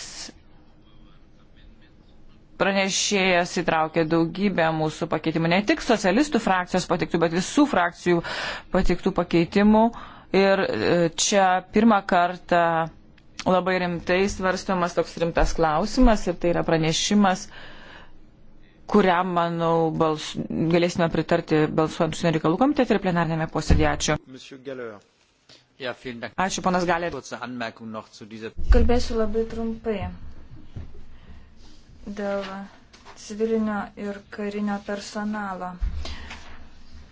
Pranešėjas įtraukė daugybę mūsų pakeitimų, ne tik socialistų frakcijos patiktų, bet visų frakcijų patiktų pakeitimų. Ir e, čia pirmą kartą labai rimtai svarstomas toks rimtas klausimas ir tai yra pranešimas, uh, kuriam, manau, bals, galėsime pritarti balsuojant užsienio reikalų komitete ir plenarnėme posėdėje. Ačiū. Ačiū, panas Galė. Kalbėsiu labai trumpai dėl civilinio ir karinio personalo.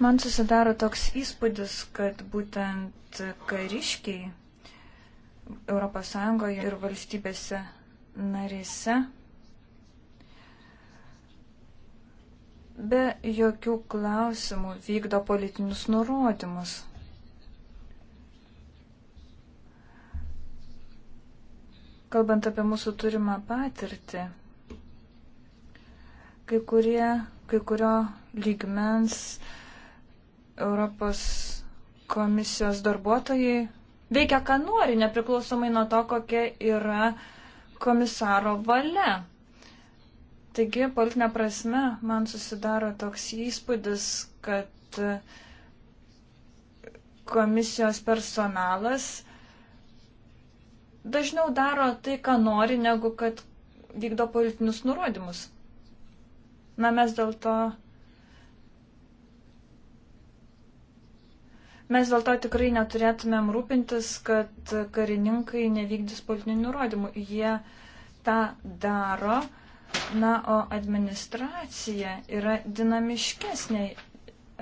Man susidaro toks įspūdis, kad būtent kariškiai ES ir valstybėse narėse be jokių klausimų vykdo politinius nurodymus. Kalbant apie mūsų turimą patirtį, kai, kurie, kai kurio lygmens Europos komisijos darbuotojai veikia, ką nori, nepriklausomai nuo to, kokia yra komisaro valia. Taigi, politinė prasme, man susidaro toks įspūdis, kad e, komisijos personalas dažniau daro tai, ką nori, negu kad vykdo politinius nurodymus. Na, mes dėl to. Mes dėl to tikrai neturėtumėm rūpintis, kad karininkai nevykdys politinių nurodymų. Jie tą daro. Uh, Na, o administracija yra dinamiškesnė.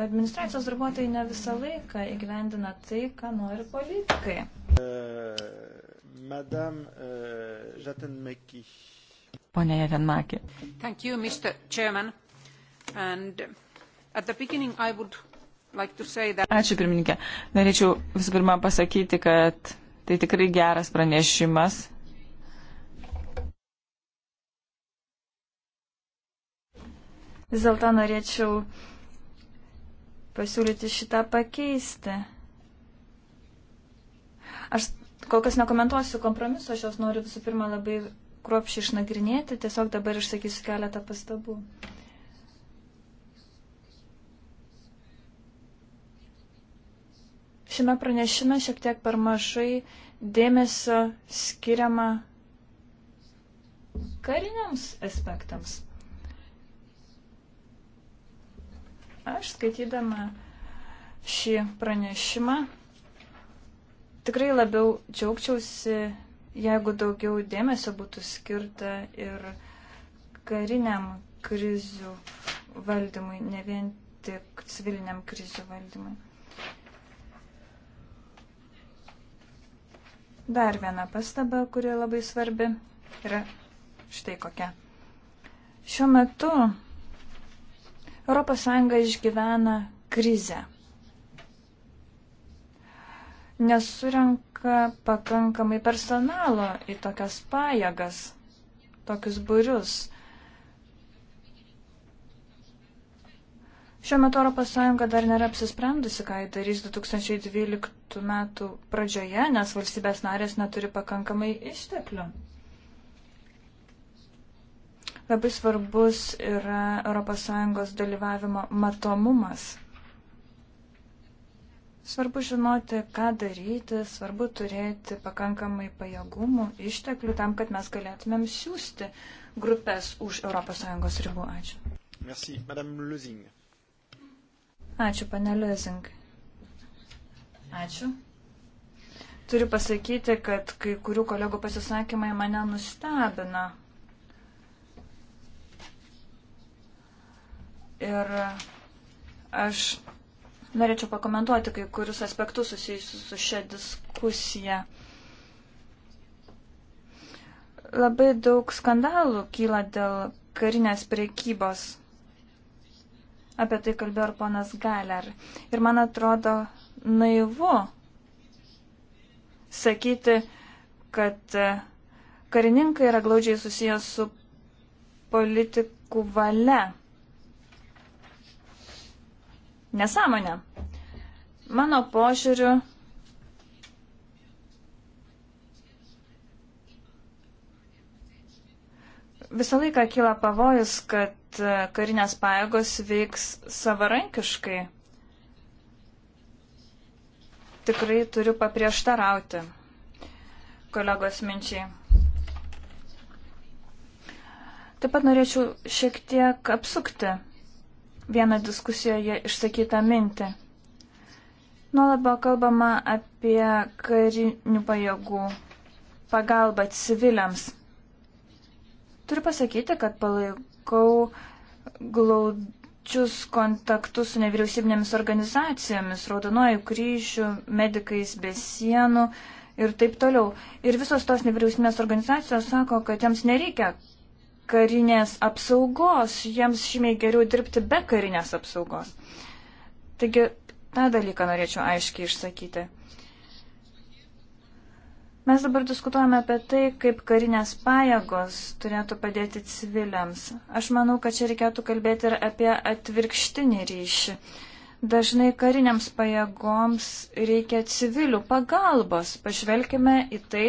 Administracijos darbuotojai ne visą laiką įgyvendina tai, ką nori politikai. Uh, Madame uh, Jatenmeki. Pone Jatenmeki. Thank you, Mr. Chairman. And at the beginning I would like to say that... Ačiū pirmininkė. Norėčiau visų pirma pasakyti, kad tai tikrai geras pranešimas Vis dėlto norėčiau pasiūlyti šitą pakeisti. Aš kol kas nekomentuosiu kompromiso, aš jos noriu visų pirma labai kruopšiai išnagrinėti, tiesiog dabar išsakysiu keletą pastabų. Šiame pranešime šiek tiek per mažai dėmesio skiriama kariniams aspektams. Aš skaitydama šį pranešimą tikrai labiau džiaugčiausi, jeigu daugiau dėmesio būtų skirta ir kariniam krizių valdymui, ne vien tik civiliniam krizių valdymui. Dar viena pastaba, kuri labai svarbi, yra štai kokia. Šiuo metu ES išgyvena krizę. Nesurenka pakankamai personalo į tokias pajėgas, tokius būrius. Šiuo metu ES dar nėra apsisprendusi, ką jį darys 2012 metų pradžioje, nes valstybės narės neturi pakankamai išteklių. Labai svarbus yra ES dalyvavimo matomumas. Svarbu žinoti, ką daryti, svarbu turėti pakankamai pajėgumų, išteklių tam, kad mes galėtumėm siūsti grupės už ES ribų. Ačiū. Merci, Madame Lezing. Ačiū, pane Lezing. Ačiū. Turiu pasakyti, kad kai kurių kolegų pasisakymai mane nustebina. Ir aš norėčiau pakomentuoti kai kurius aspektus susijusius su šia diskusija. Labai daug skandalų kyla dėl karinės priekybos. Apie tai kalbėjo ir ponas Galer. Ir man atrodo naivu sakyti, kad e, karininkai yra glaudžiai susijęs su politikų valia nesąmonė. Mano požiūriu, visą laiką kyla pavojus, kad e, karinės pajėgos veiks savarankiškai. Tikrai turiu paprieštarauti kolegos minčiai. Taip pat norėčiau šiek tiek apsukti vieną diskusijoje išsakytą mintį. Nuolat buvo kalbama apie karinių pajėgų pagalbą civiliams. Turiu pasakyti, kad palaikau glaudžius kontaktus su nevyriausybinėmis organizacijomis, Raudonuoju kryžiu, medikais be sienų ir taip toliau. Ir visos tos nevyriausybinės organizacijos sako, kad jiems nereikia karinės apsaugos, jiems žymiai geriau dirbti be karinės apsaugos. Taigi tą dalyką norėčiau aiškiai išsakyti. Mes dabar diskutuojame apie tai, kaip karinės pajėgos turėtų padėti civiliams. Aš manau, kad čia reikėtų kalbėti ir apie atvirkštinį ryšį. Dažnai kariniams pajėgoms reikia civilių pagalbos. Pažvelkime į tai,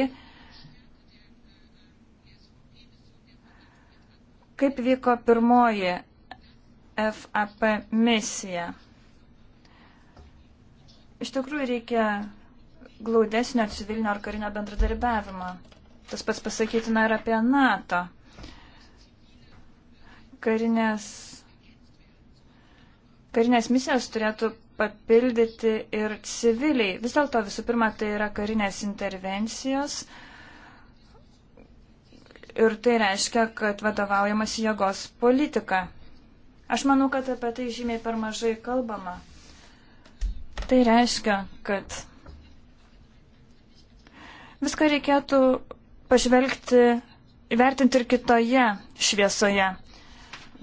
Kaip vyko pirmoji FAP misija? Iš tikrųjų reikia glaudesnio civilinio ar karinio bendradarbiavimo. Tas pats pasakytina ir apie NATO. Karinės, karinės misijos turėtų papildyti ir civiliai. Vis dėlto visų pirma tai yra karinės intervencijos. Uh, ir tai reiškia, kad vadovaujamas jėgos politika. Aš manau, kad apie tai žymiai per mažai kalbama. Tai reiškia, kad viską reikėtų pažvelgti, įvertinti ir kitoje šviesoje.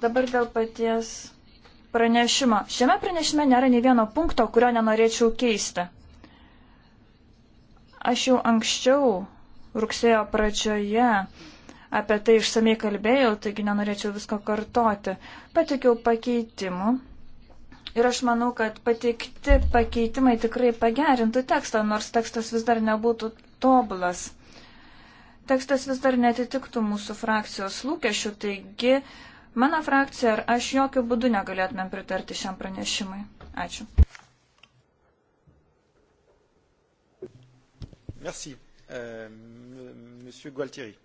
Dabar dėl paties pranešimo. Šiame pranešime nėra nei vieno punkto, kurio nenorėčiau keisti. Aš jau anksčiau rugsėjo pradžioje apie tai išsamei kalbėjau, taigi nenorėčiau visko kartoti. Patikiau pakeitimų. Ir aš manau, kad pateikti pakeitimai tikrai pagerintų tekstą, nors tekstas vis dar nebūtų tobulas. Tekstas vis dar netitiktų mūsų frakcijos lūkesčių, taigi mano frakcija ar aš jokių būdų negalėtumėm pritarti šiam pranešimui. Ačiū. Merci. Euh, monsieur Gualtieri.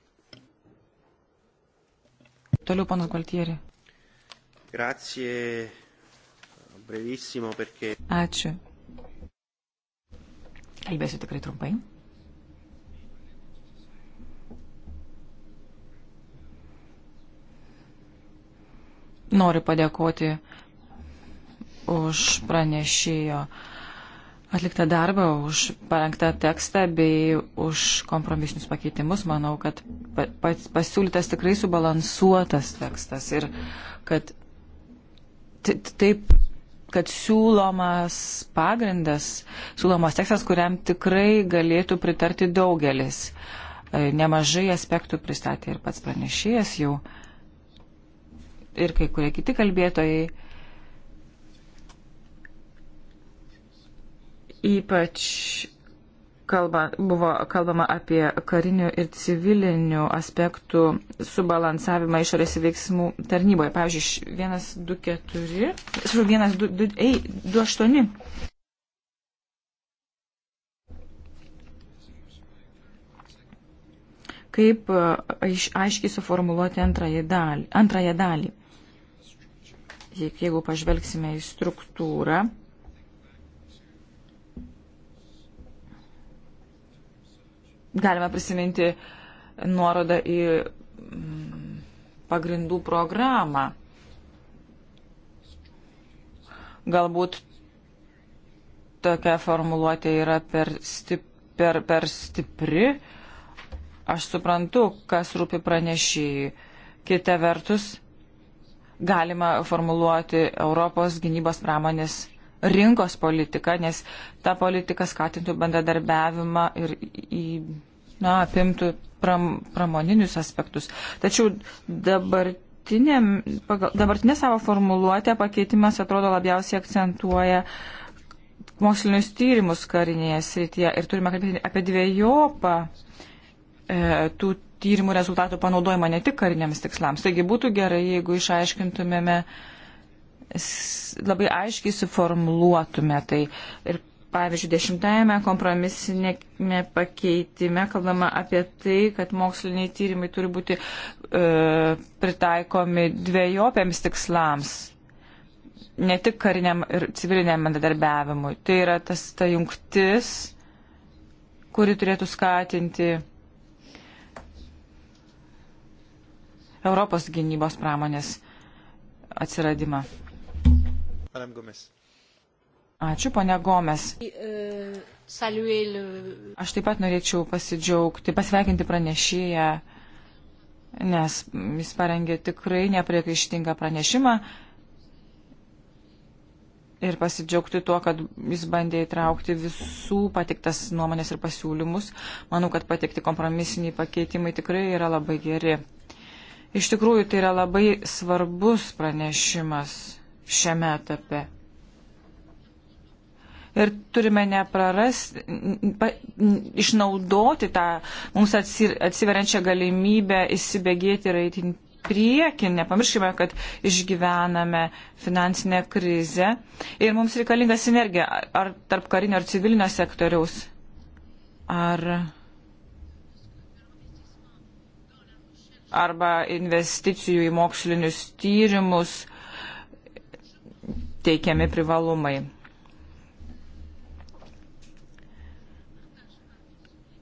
Toliau panas Galtieri. Grazie. Brevissimo, perché... Ačiū. Kalbėsiu tikrai trumpai. Noriu padėkoti už pranešėjo uh, atliktą darbą, už parengtą tekstą bei už kompromisinius pakeitimus. Manau, kad pasiūlytas tikrai subalansuotas tekstas ir kad taip, kad siūlomas pagrindas, siūlomas tekstas, kuriam tikrai galėtų pritarti daugelis. E, nemažai aspektų pristatė ir pats pranešėjas jau ir kai kurie kiti kalbėtojai Ypač kalba, buvo kalbama apie karinių ir civilinių aspektų subalansavimą išorės veiksmų tarnyboje. Pavyzdžiui, 124, 128. Kaip e, aiš, aiškiai suformuluoti antrąją dalį. Antrąją dalį. Jeigu pažvelgsime į struktūrą, Galime prisiminti nuorodą į mm, pagrindų programą. Galbūt tokia formuluotė yra per, stip, per, per stipri. Aš suprantu, kas rūpi pranešėjai. Kita vertus, galima formuluoti Europos gynybos pramonės rinkos politiką, nes ta politika skatintų bendradarbiavimą ir į na, apimtų pram, pramoninius aspektus. Tačiau dabar dabartinė savo formuluotė pakeitimas atrodo labiausiai akcentuoja mokslinius tyrimus karinėje srityje ir turime kalbėti apie dviejopą e, tų tyrimų rezultatų panaudojimą ne tik kariniams tikslams. Taigi būtų gerai, jeigu išaiškintumėme, labai aiškiai suformuluotume tai ir Pavyzdžiui, dešimtajame kompromisinėme pakeitime kalbama apie tai, kad moksliniai tyrimai turi būti e, pritaikomi dviejopiems tikslams, ne tik kariniam ir civiliniam bendradarbiavimui. Tai yra tas ta jungtis, kuri turėtų skatinti Europos gynybos pramonės atsiradimą. Madame Gomes. Ačiū, ponia Gomes. E, Aš taip pat norėčiau pasidžiaugti, pasveikinti pranešėją, nes jis parengė tikrai nepriekaištingą pranešimą ir pasidžiaugti tuo, kad jis bandė įtraukti visų patiktas nuomonės ir pasiūlymus. Manau, kad patikti kompromisiniai pakeitimai tikrai yra labai geri. Iš tikrųjų, tai yra labai svarbus pranešimas šiame etape ir turime neprarasti, išnaudoti tą mums atsiveriančią galimybę įsibėgėti ir eiti priekin. Nepamirškime, kad išgyvename finansinę krizę ir mums reikalinga sinergija ar tarp karinio ar civilinio sektoriaus. Ar arba investicijų į mokslinius tyrimus teikiami privalumai.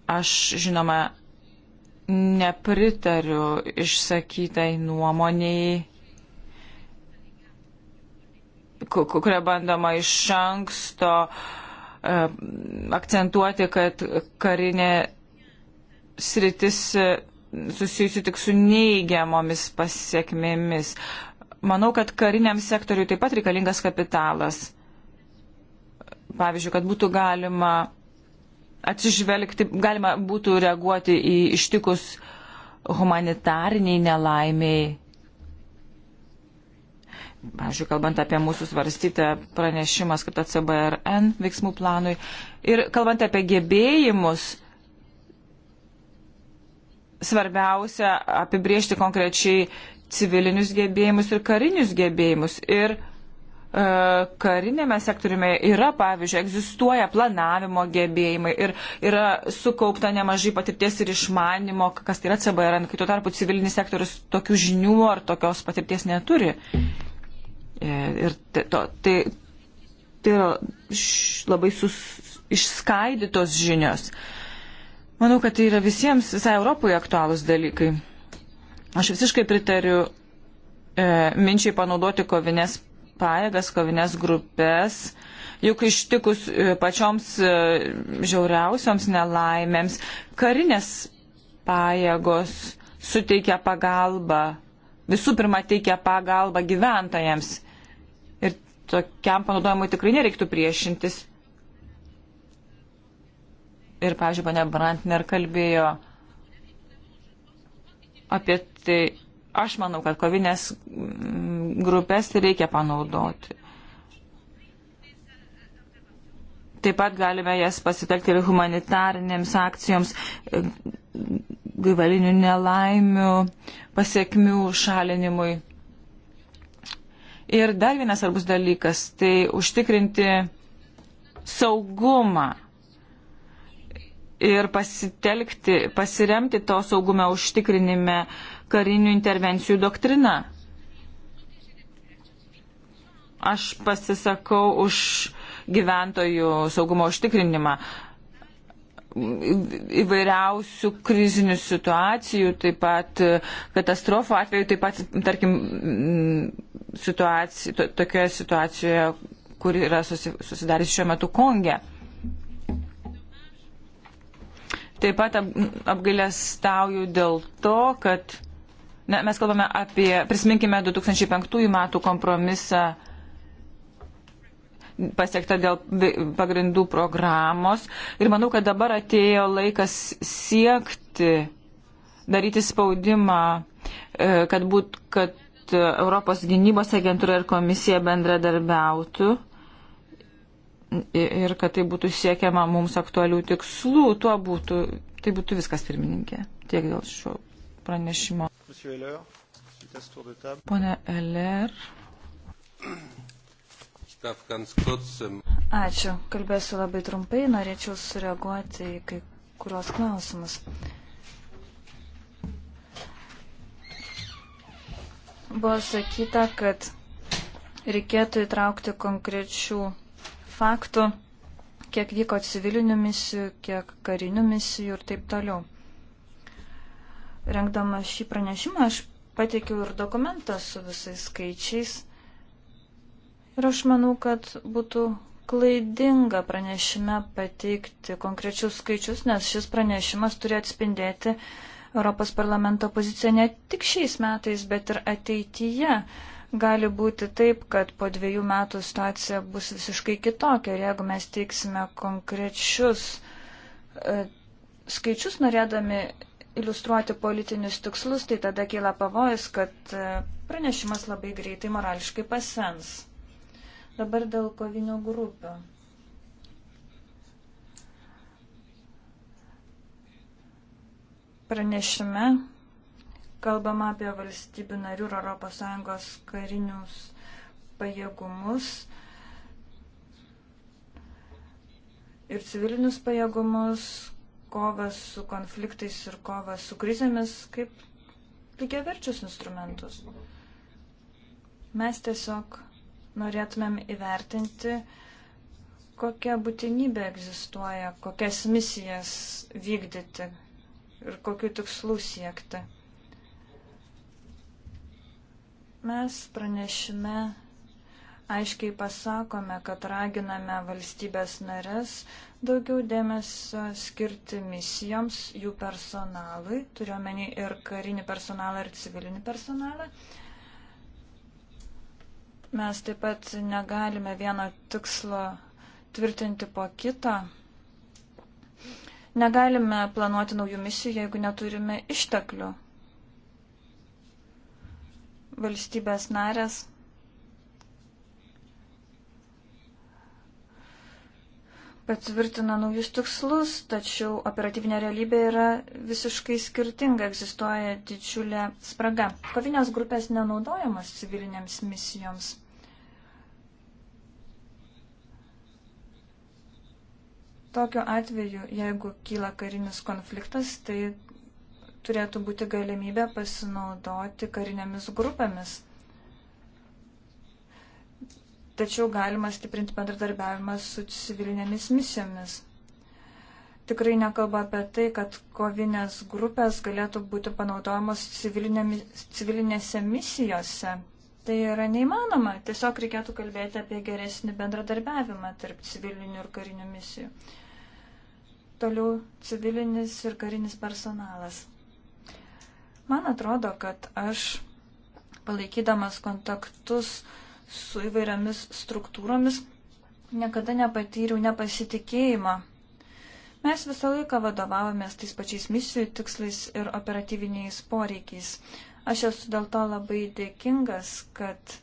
Aš, žinoma, nepritariu išsakytai nuomoniai, kuria bandoma iš anksto e, akcentuoti, kad karinė sritis susijusi tik su neigiamomis pasiekmėmis. Manau, kad kariniam sektoriui taip pat reikalingas kapitalas. Pavyzdžiui, kad būtų galima atsižvelgti, galima būtų reaguoti į ištikus humanitariniai nelaimiai. Pavyzdžiui, kalbant apie mūsų svarstytą pranešimą skirtą CBRN veiksmų planui ir kalbant apie gebėjimus, svarbiausia apibriežti konkrečiai civilinius gebėjimus ir karinius gebėjimus. Ir E, karinėme sektoriume yra, pavyzdžiui, egzistuoja planavimo gebėjimai ir yra sukaupta nemažai patirties ir išmanimo, kas tai yra CBRN, kai tuo tarpu civilinis sektorius tokių žinių ar tokios patirties neturi. E, ir tai, to, tai, tai yra labai sus, išskaidytos žinios. Manau, kad tai yra visiems, visai Europoje aktualūs dalykai. Aš visiškai pritariu e, minčiai panaudoti kovinės pajėgas, kovinės grupės, juk ištikus e, pačioms e, žiauriausioms nelaimėms, karinės pajėgos suteikia pagalbą, visų pirma teikia pagalbą gyventojams. Ir tokiam panaudojimui tikrai nereiktų priešintis. Ir, pavyzdžiui, ponia Brantner kalbėjo apie tai, Aš manau, kad kovinės mm, grupės tai reikia panaudoti. Taip pat galime jas pasitekti ir humanitarinėms akcijoms, gyvalinių nelaimių, pasiekmių šalinimui. Ir dar vienas svarbus dalykas - tai užtikrinti saugumą ir pasitelkti, pasiremti to saugume užtikrinime karinių intervencijų doktrina. Aš pasisakau už gyventojų saugumo užtikrinimą įvairiausių krizinių situacijų, taip pat katastrofų atveju, taip pat, tarkim, situacijų, to, tokioje situacijoje, kur yra susidariusi šiuo metu Konge. Taip pat apgailestauju dėl to, kad na, mes kalbame apie, prisiminkime 2005 metų kompromisą pasiekta dėl pagrindų programos ir manau, kad dabar atėjo laikas siekti, daryti spaudimą, e, kad, būt, kad Europos gynybos agentūra ir komisija bendradarbiautų ir kad tai būtų siekiama mums aktualių tikslų, tuo būtų, tai būtų viskas pirmininkė. Tiek dėl šio pranešimo. Pone Eller. Ähm, Ačiū. Kalbėsiu labai trumpai, norėčiau sureaguoti į kai kurios klausimus. Buvo sakyta, kad reikėtų įtraukti konkrečių faktų, kiek vyko civilinių misijų, kiek karinių misijų ir taip toliau. Rengdama šį pranešimą aš pateikiau ir dokumentą su visais skaičiais. Ir aš manau, kad būtų klaidinga pranešime pateikti konkrečius skaičius, nes šis pranešimas turi atspindėti Europos parlamento poziciją ne tik šiais metais, bet ir ateityje. Gali būti taip, kad po dviejų metų situacija bus visiškai kitokia ir jeigu mes teiksime konkrečius e, skaičius norėdami iliustruoti politinius tikslus, tai tada kyla pavojus, kad e, pranešimas labai greitai morališkai pasens. Dabar dėl kovinio grupių. Pranešime kalbama apie valstybių narių ir ES karinius pajėgumus ir civilinius pajėgumus, kovas su konfliktais ir kovas su krizėmis kaip lygiaverčius instrumentus. Mes tiesiog norėtumėm įvertinti, kokia būtinybė egzistuoja, kokias misijas vykdyti ir kokiu tikslu siekti. Mes pranešime aiškiai pasakome, kad raginame valstybės narės daugiau dėmesio skirti misijoms, jų personalui, turiuomenį ir karinį personalą, ir civilinį personalą. Mes taip pat negalime vieno tikslo tvirtinti po kito. Negalime planuoti naujų misijų, jeigu neturime išteklių valstybės narės patvirtina naujus tikslus, tačiau operatyvinė realybė yra visiškai skirtinga, egzistuoja didžiulė spraga. Kovinės grupės nenaudojamos civilinėms misijoms. Tokiu atveju, jeigu kyla karinis konfliktas, tai turėtų būti galimybė pasinaudoti karinėmis grupėmis. Tačiau galima stiprinti bendradarbiavimą su civilinėmis misijomis. Tikrai nekalba apie tai, kad kovinės grupės galėtų būti panaudojamos civilinėse misijose. Tai yra neįmanoma. Tiesiog reikėtų kalbėti apie geresnį bendradarbiavimą tarp civilinių ir karinių misijų toliau civilinis ir karinis personalas. Man atrodo, kad aš palaikydamas kontaktus su įvairiamis struktūromis niekada nepatyriau nepasitikėjimą. Mes visą laiką vadovavomės tais pačiais misijų tikslais ir operatyviniais poreikiais. Aš esu dėl to labai dėkingas, kad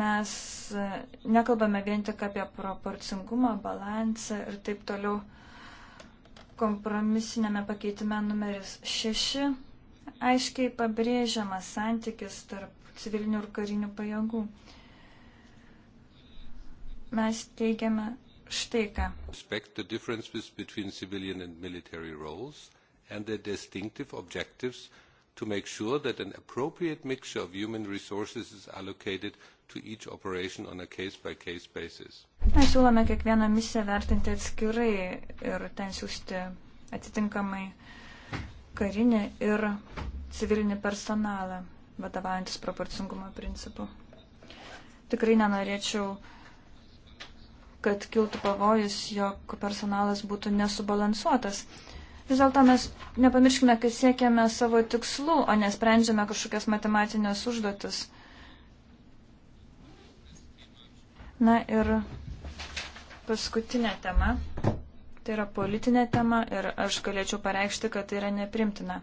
mes nekalbame vien tik apie proporcingumą, balansą ir taip toliau. Kompromisinėme pakeitime numeris 6 aiškiai pabrėžiamas santykis tarp civilinių ir karinių pajėgų. Mes teigiame štai ką. Respect the differences between civilian and military roles and their distinctive objectives to make sure that an appropriate mixture of human resources is allocated to each operation on a case-by-case -case basis. Mes siūlome kiekvieną misiją vertinti atskirai ir ten siūsti atitinkamai karinį ir civilinį personalą, vadovaujantis proporcingumo principu. Tikrai nenorėčiau, kad kiltų pavojus, jog personalas būtų nesubalansuotas. Vis dėlto mes nepamirškime, kad siekiame savo tikslų, o nesprendžiame kažkokias matematinės užduotis. Na ir Paskutinė tema. Tai yra politinė tema ir aš galėčiau pareikšti, kad tai yra neprimtina.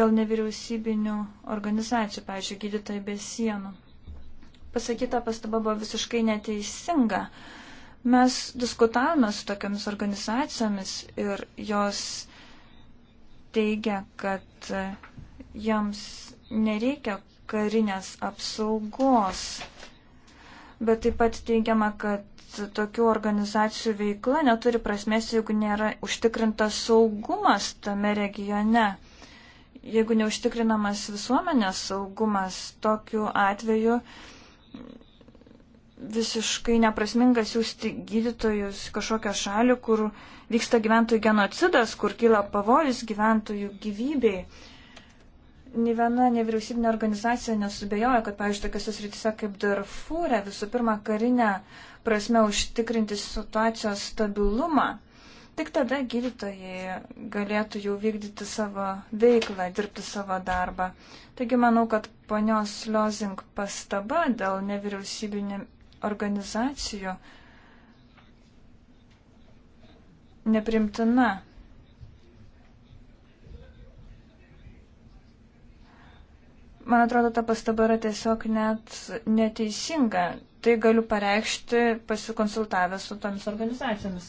Dėl nevyriausybinių organizacijų, pavyzdžiui, gydytojai be sienų. Pasakyta pastaba buvo visiškai neteisinga. Mes diskutavome su tokiamis organizacijomis ir jos teigia, kad jiems nereikia karinės apsaugos bet taip pat teigiama, kad tokių organizacijų veikla neturi prasmės, jeigu nėra užtikrintas saugumas tame regione. Jeigu neužtikrinamas visuomenės saugumas, tokiu atveju visiškai neprasminga siūsti gydytojus kažkokią šalį, kur vyksta gyventojų genocidas, kur kyla pavojus gyventojų gyvybei ne viena nevyriausybinė organizacija nesubejoja, kad, pavyzdžiui, tokiuose srityse kaip Darfūrė visų pirma karinę prasme užtikrinti situacijos stabilumą. Tik tada gydytojai galėtų jau vykdyti savo veiklą, dirbti savo darbą. Taigi manau, kad ponios Liozing pastaba dėl nevyriausybinė organizacijų neprimtina. Man atrodo, ta pastaba yra tiesiog net neteisinga. Tai galiu pareikšti pasikonsultavęs su tomis organizacijomis.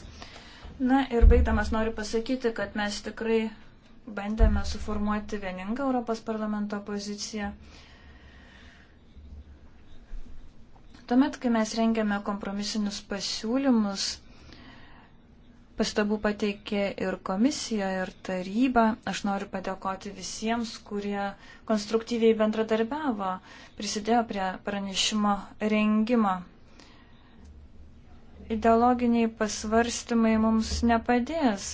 Na ir baigdamas noriu pasakyti, kad mes tikrai bandėme suformuoti vieningą Europos parlamento poziciją. Tuomet, kai mes rengėme kompromisinius pasiūlymus, Pastabų pateikė ir komisija, ir taryba. Aš noriu padėkoti visiems, kurie konstruktyviai bendradarbiavo, prisidėjo prie pranešimo rengimo. Ideologiniai pasvarstymai mums nepadės.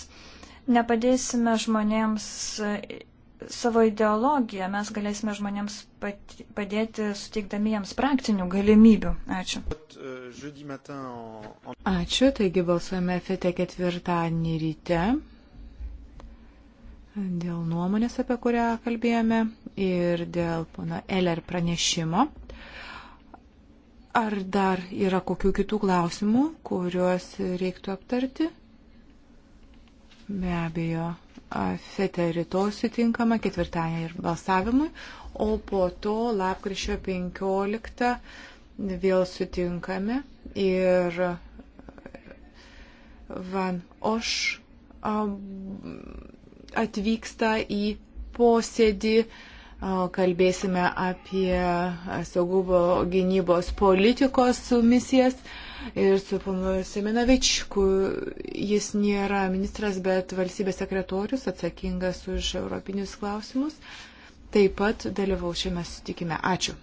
Nepadėsime žmonėms savo ideologiją, mes galėsime žmonėms padėti suteikdami jiems praktinių galimybių. Ačiū. E, Ačiū, taigi balsuojame FETE ketvirtadienį ryte dėl nuomonės, apie kurią kalbėjome ir dėl pono Eller pranešimo. Ar dar yra kokių kitų klausimų, kuriuos reiktų aptarti? Be abejo fete rytoj sutinkama ketvirtąją ir balsavimui, o po to lapkričio 15 vėl sutinkame ir Van Oš atvyksta į posėdį kalbėsime apie saugumo gynybos politikos misijas ir su ponu Seminavičku. Jis nėra ministras, bet valstybės sekretorius atsakingas už europinius klausimus. Taip pat dalyvau šiame sutikime. Ačiū.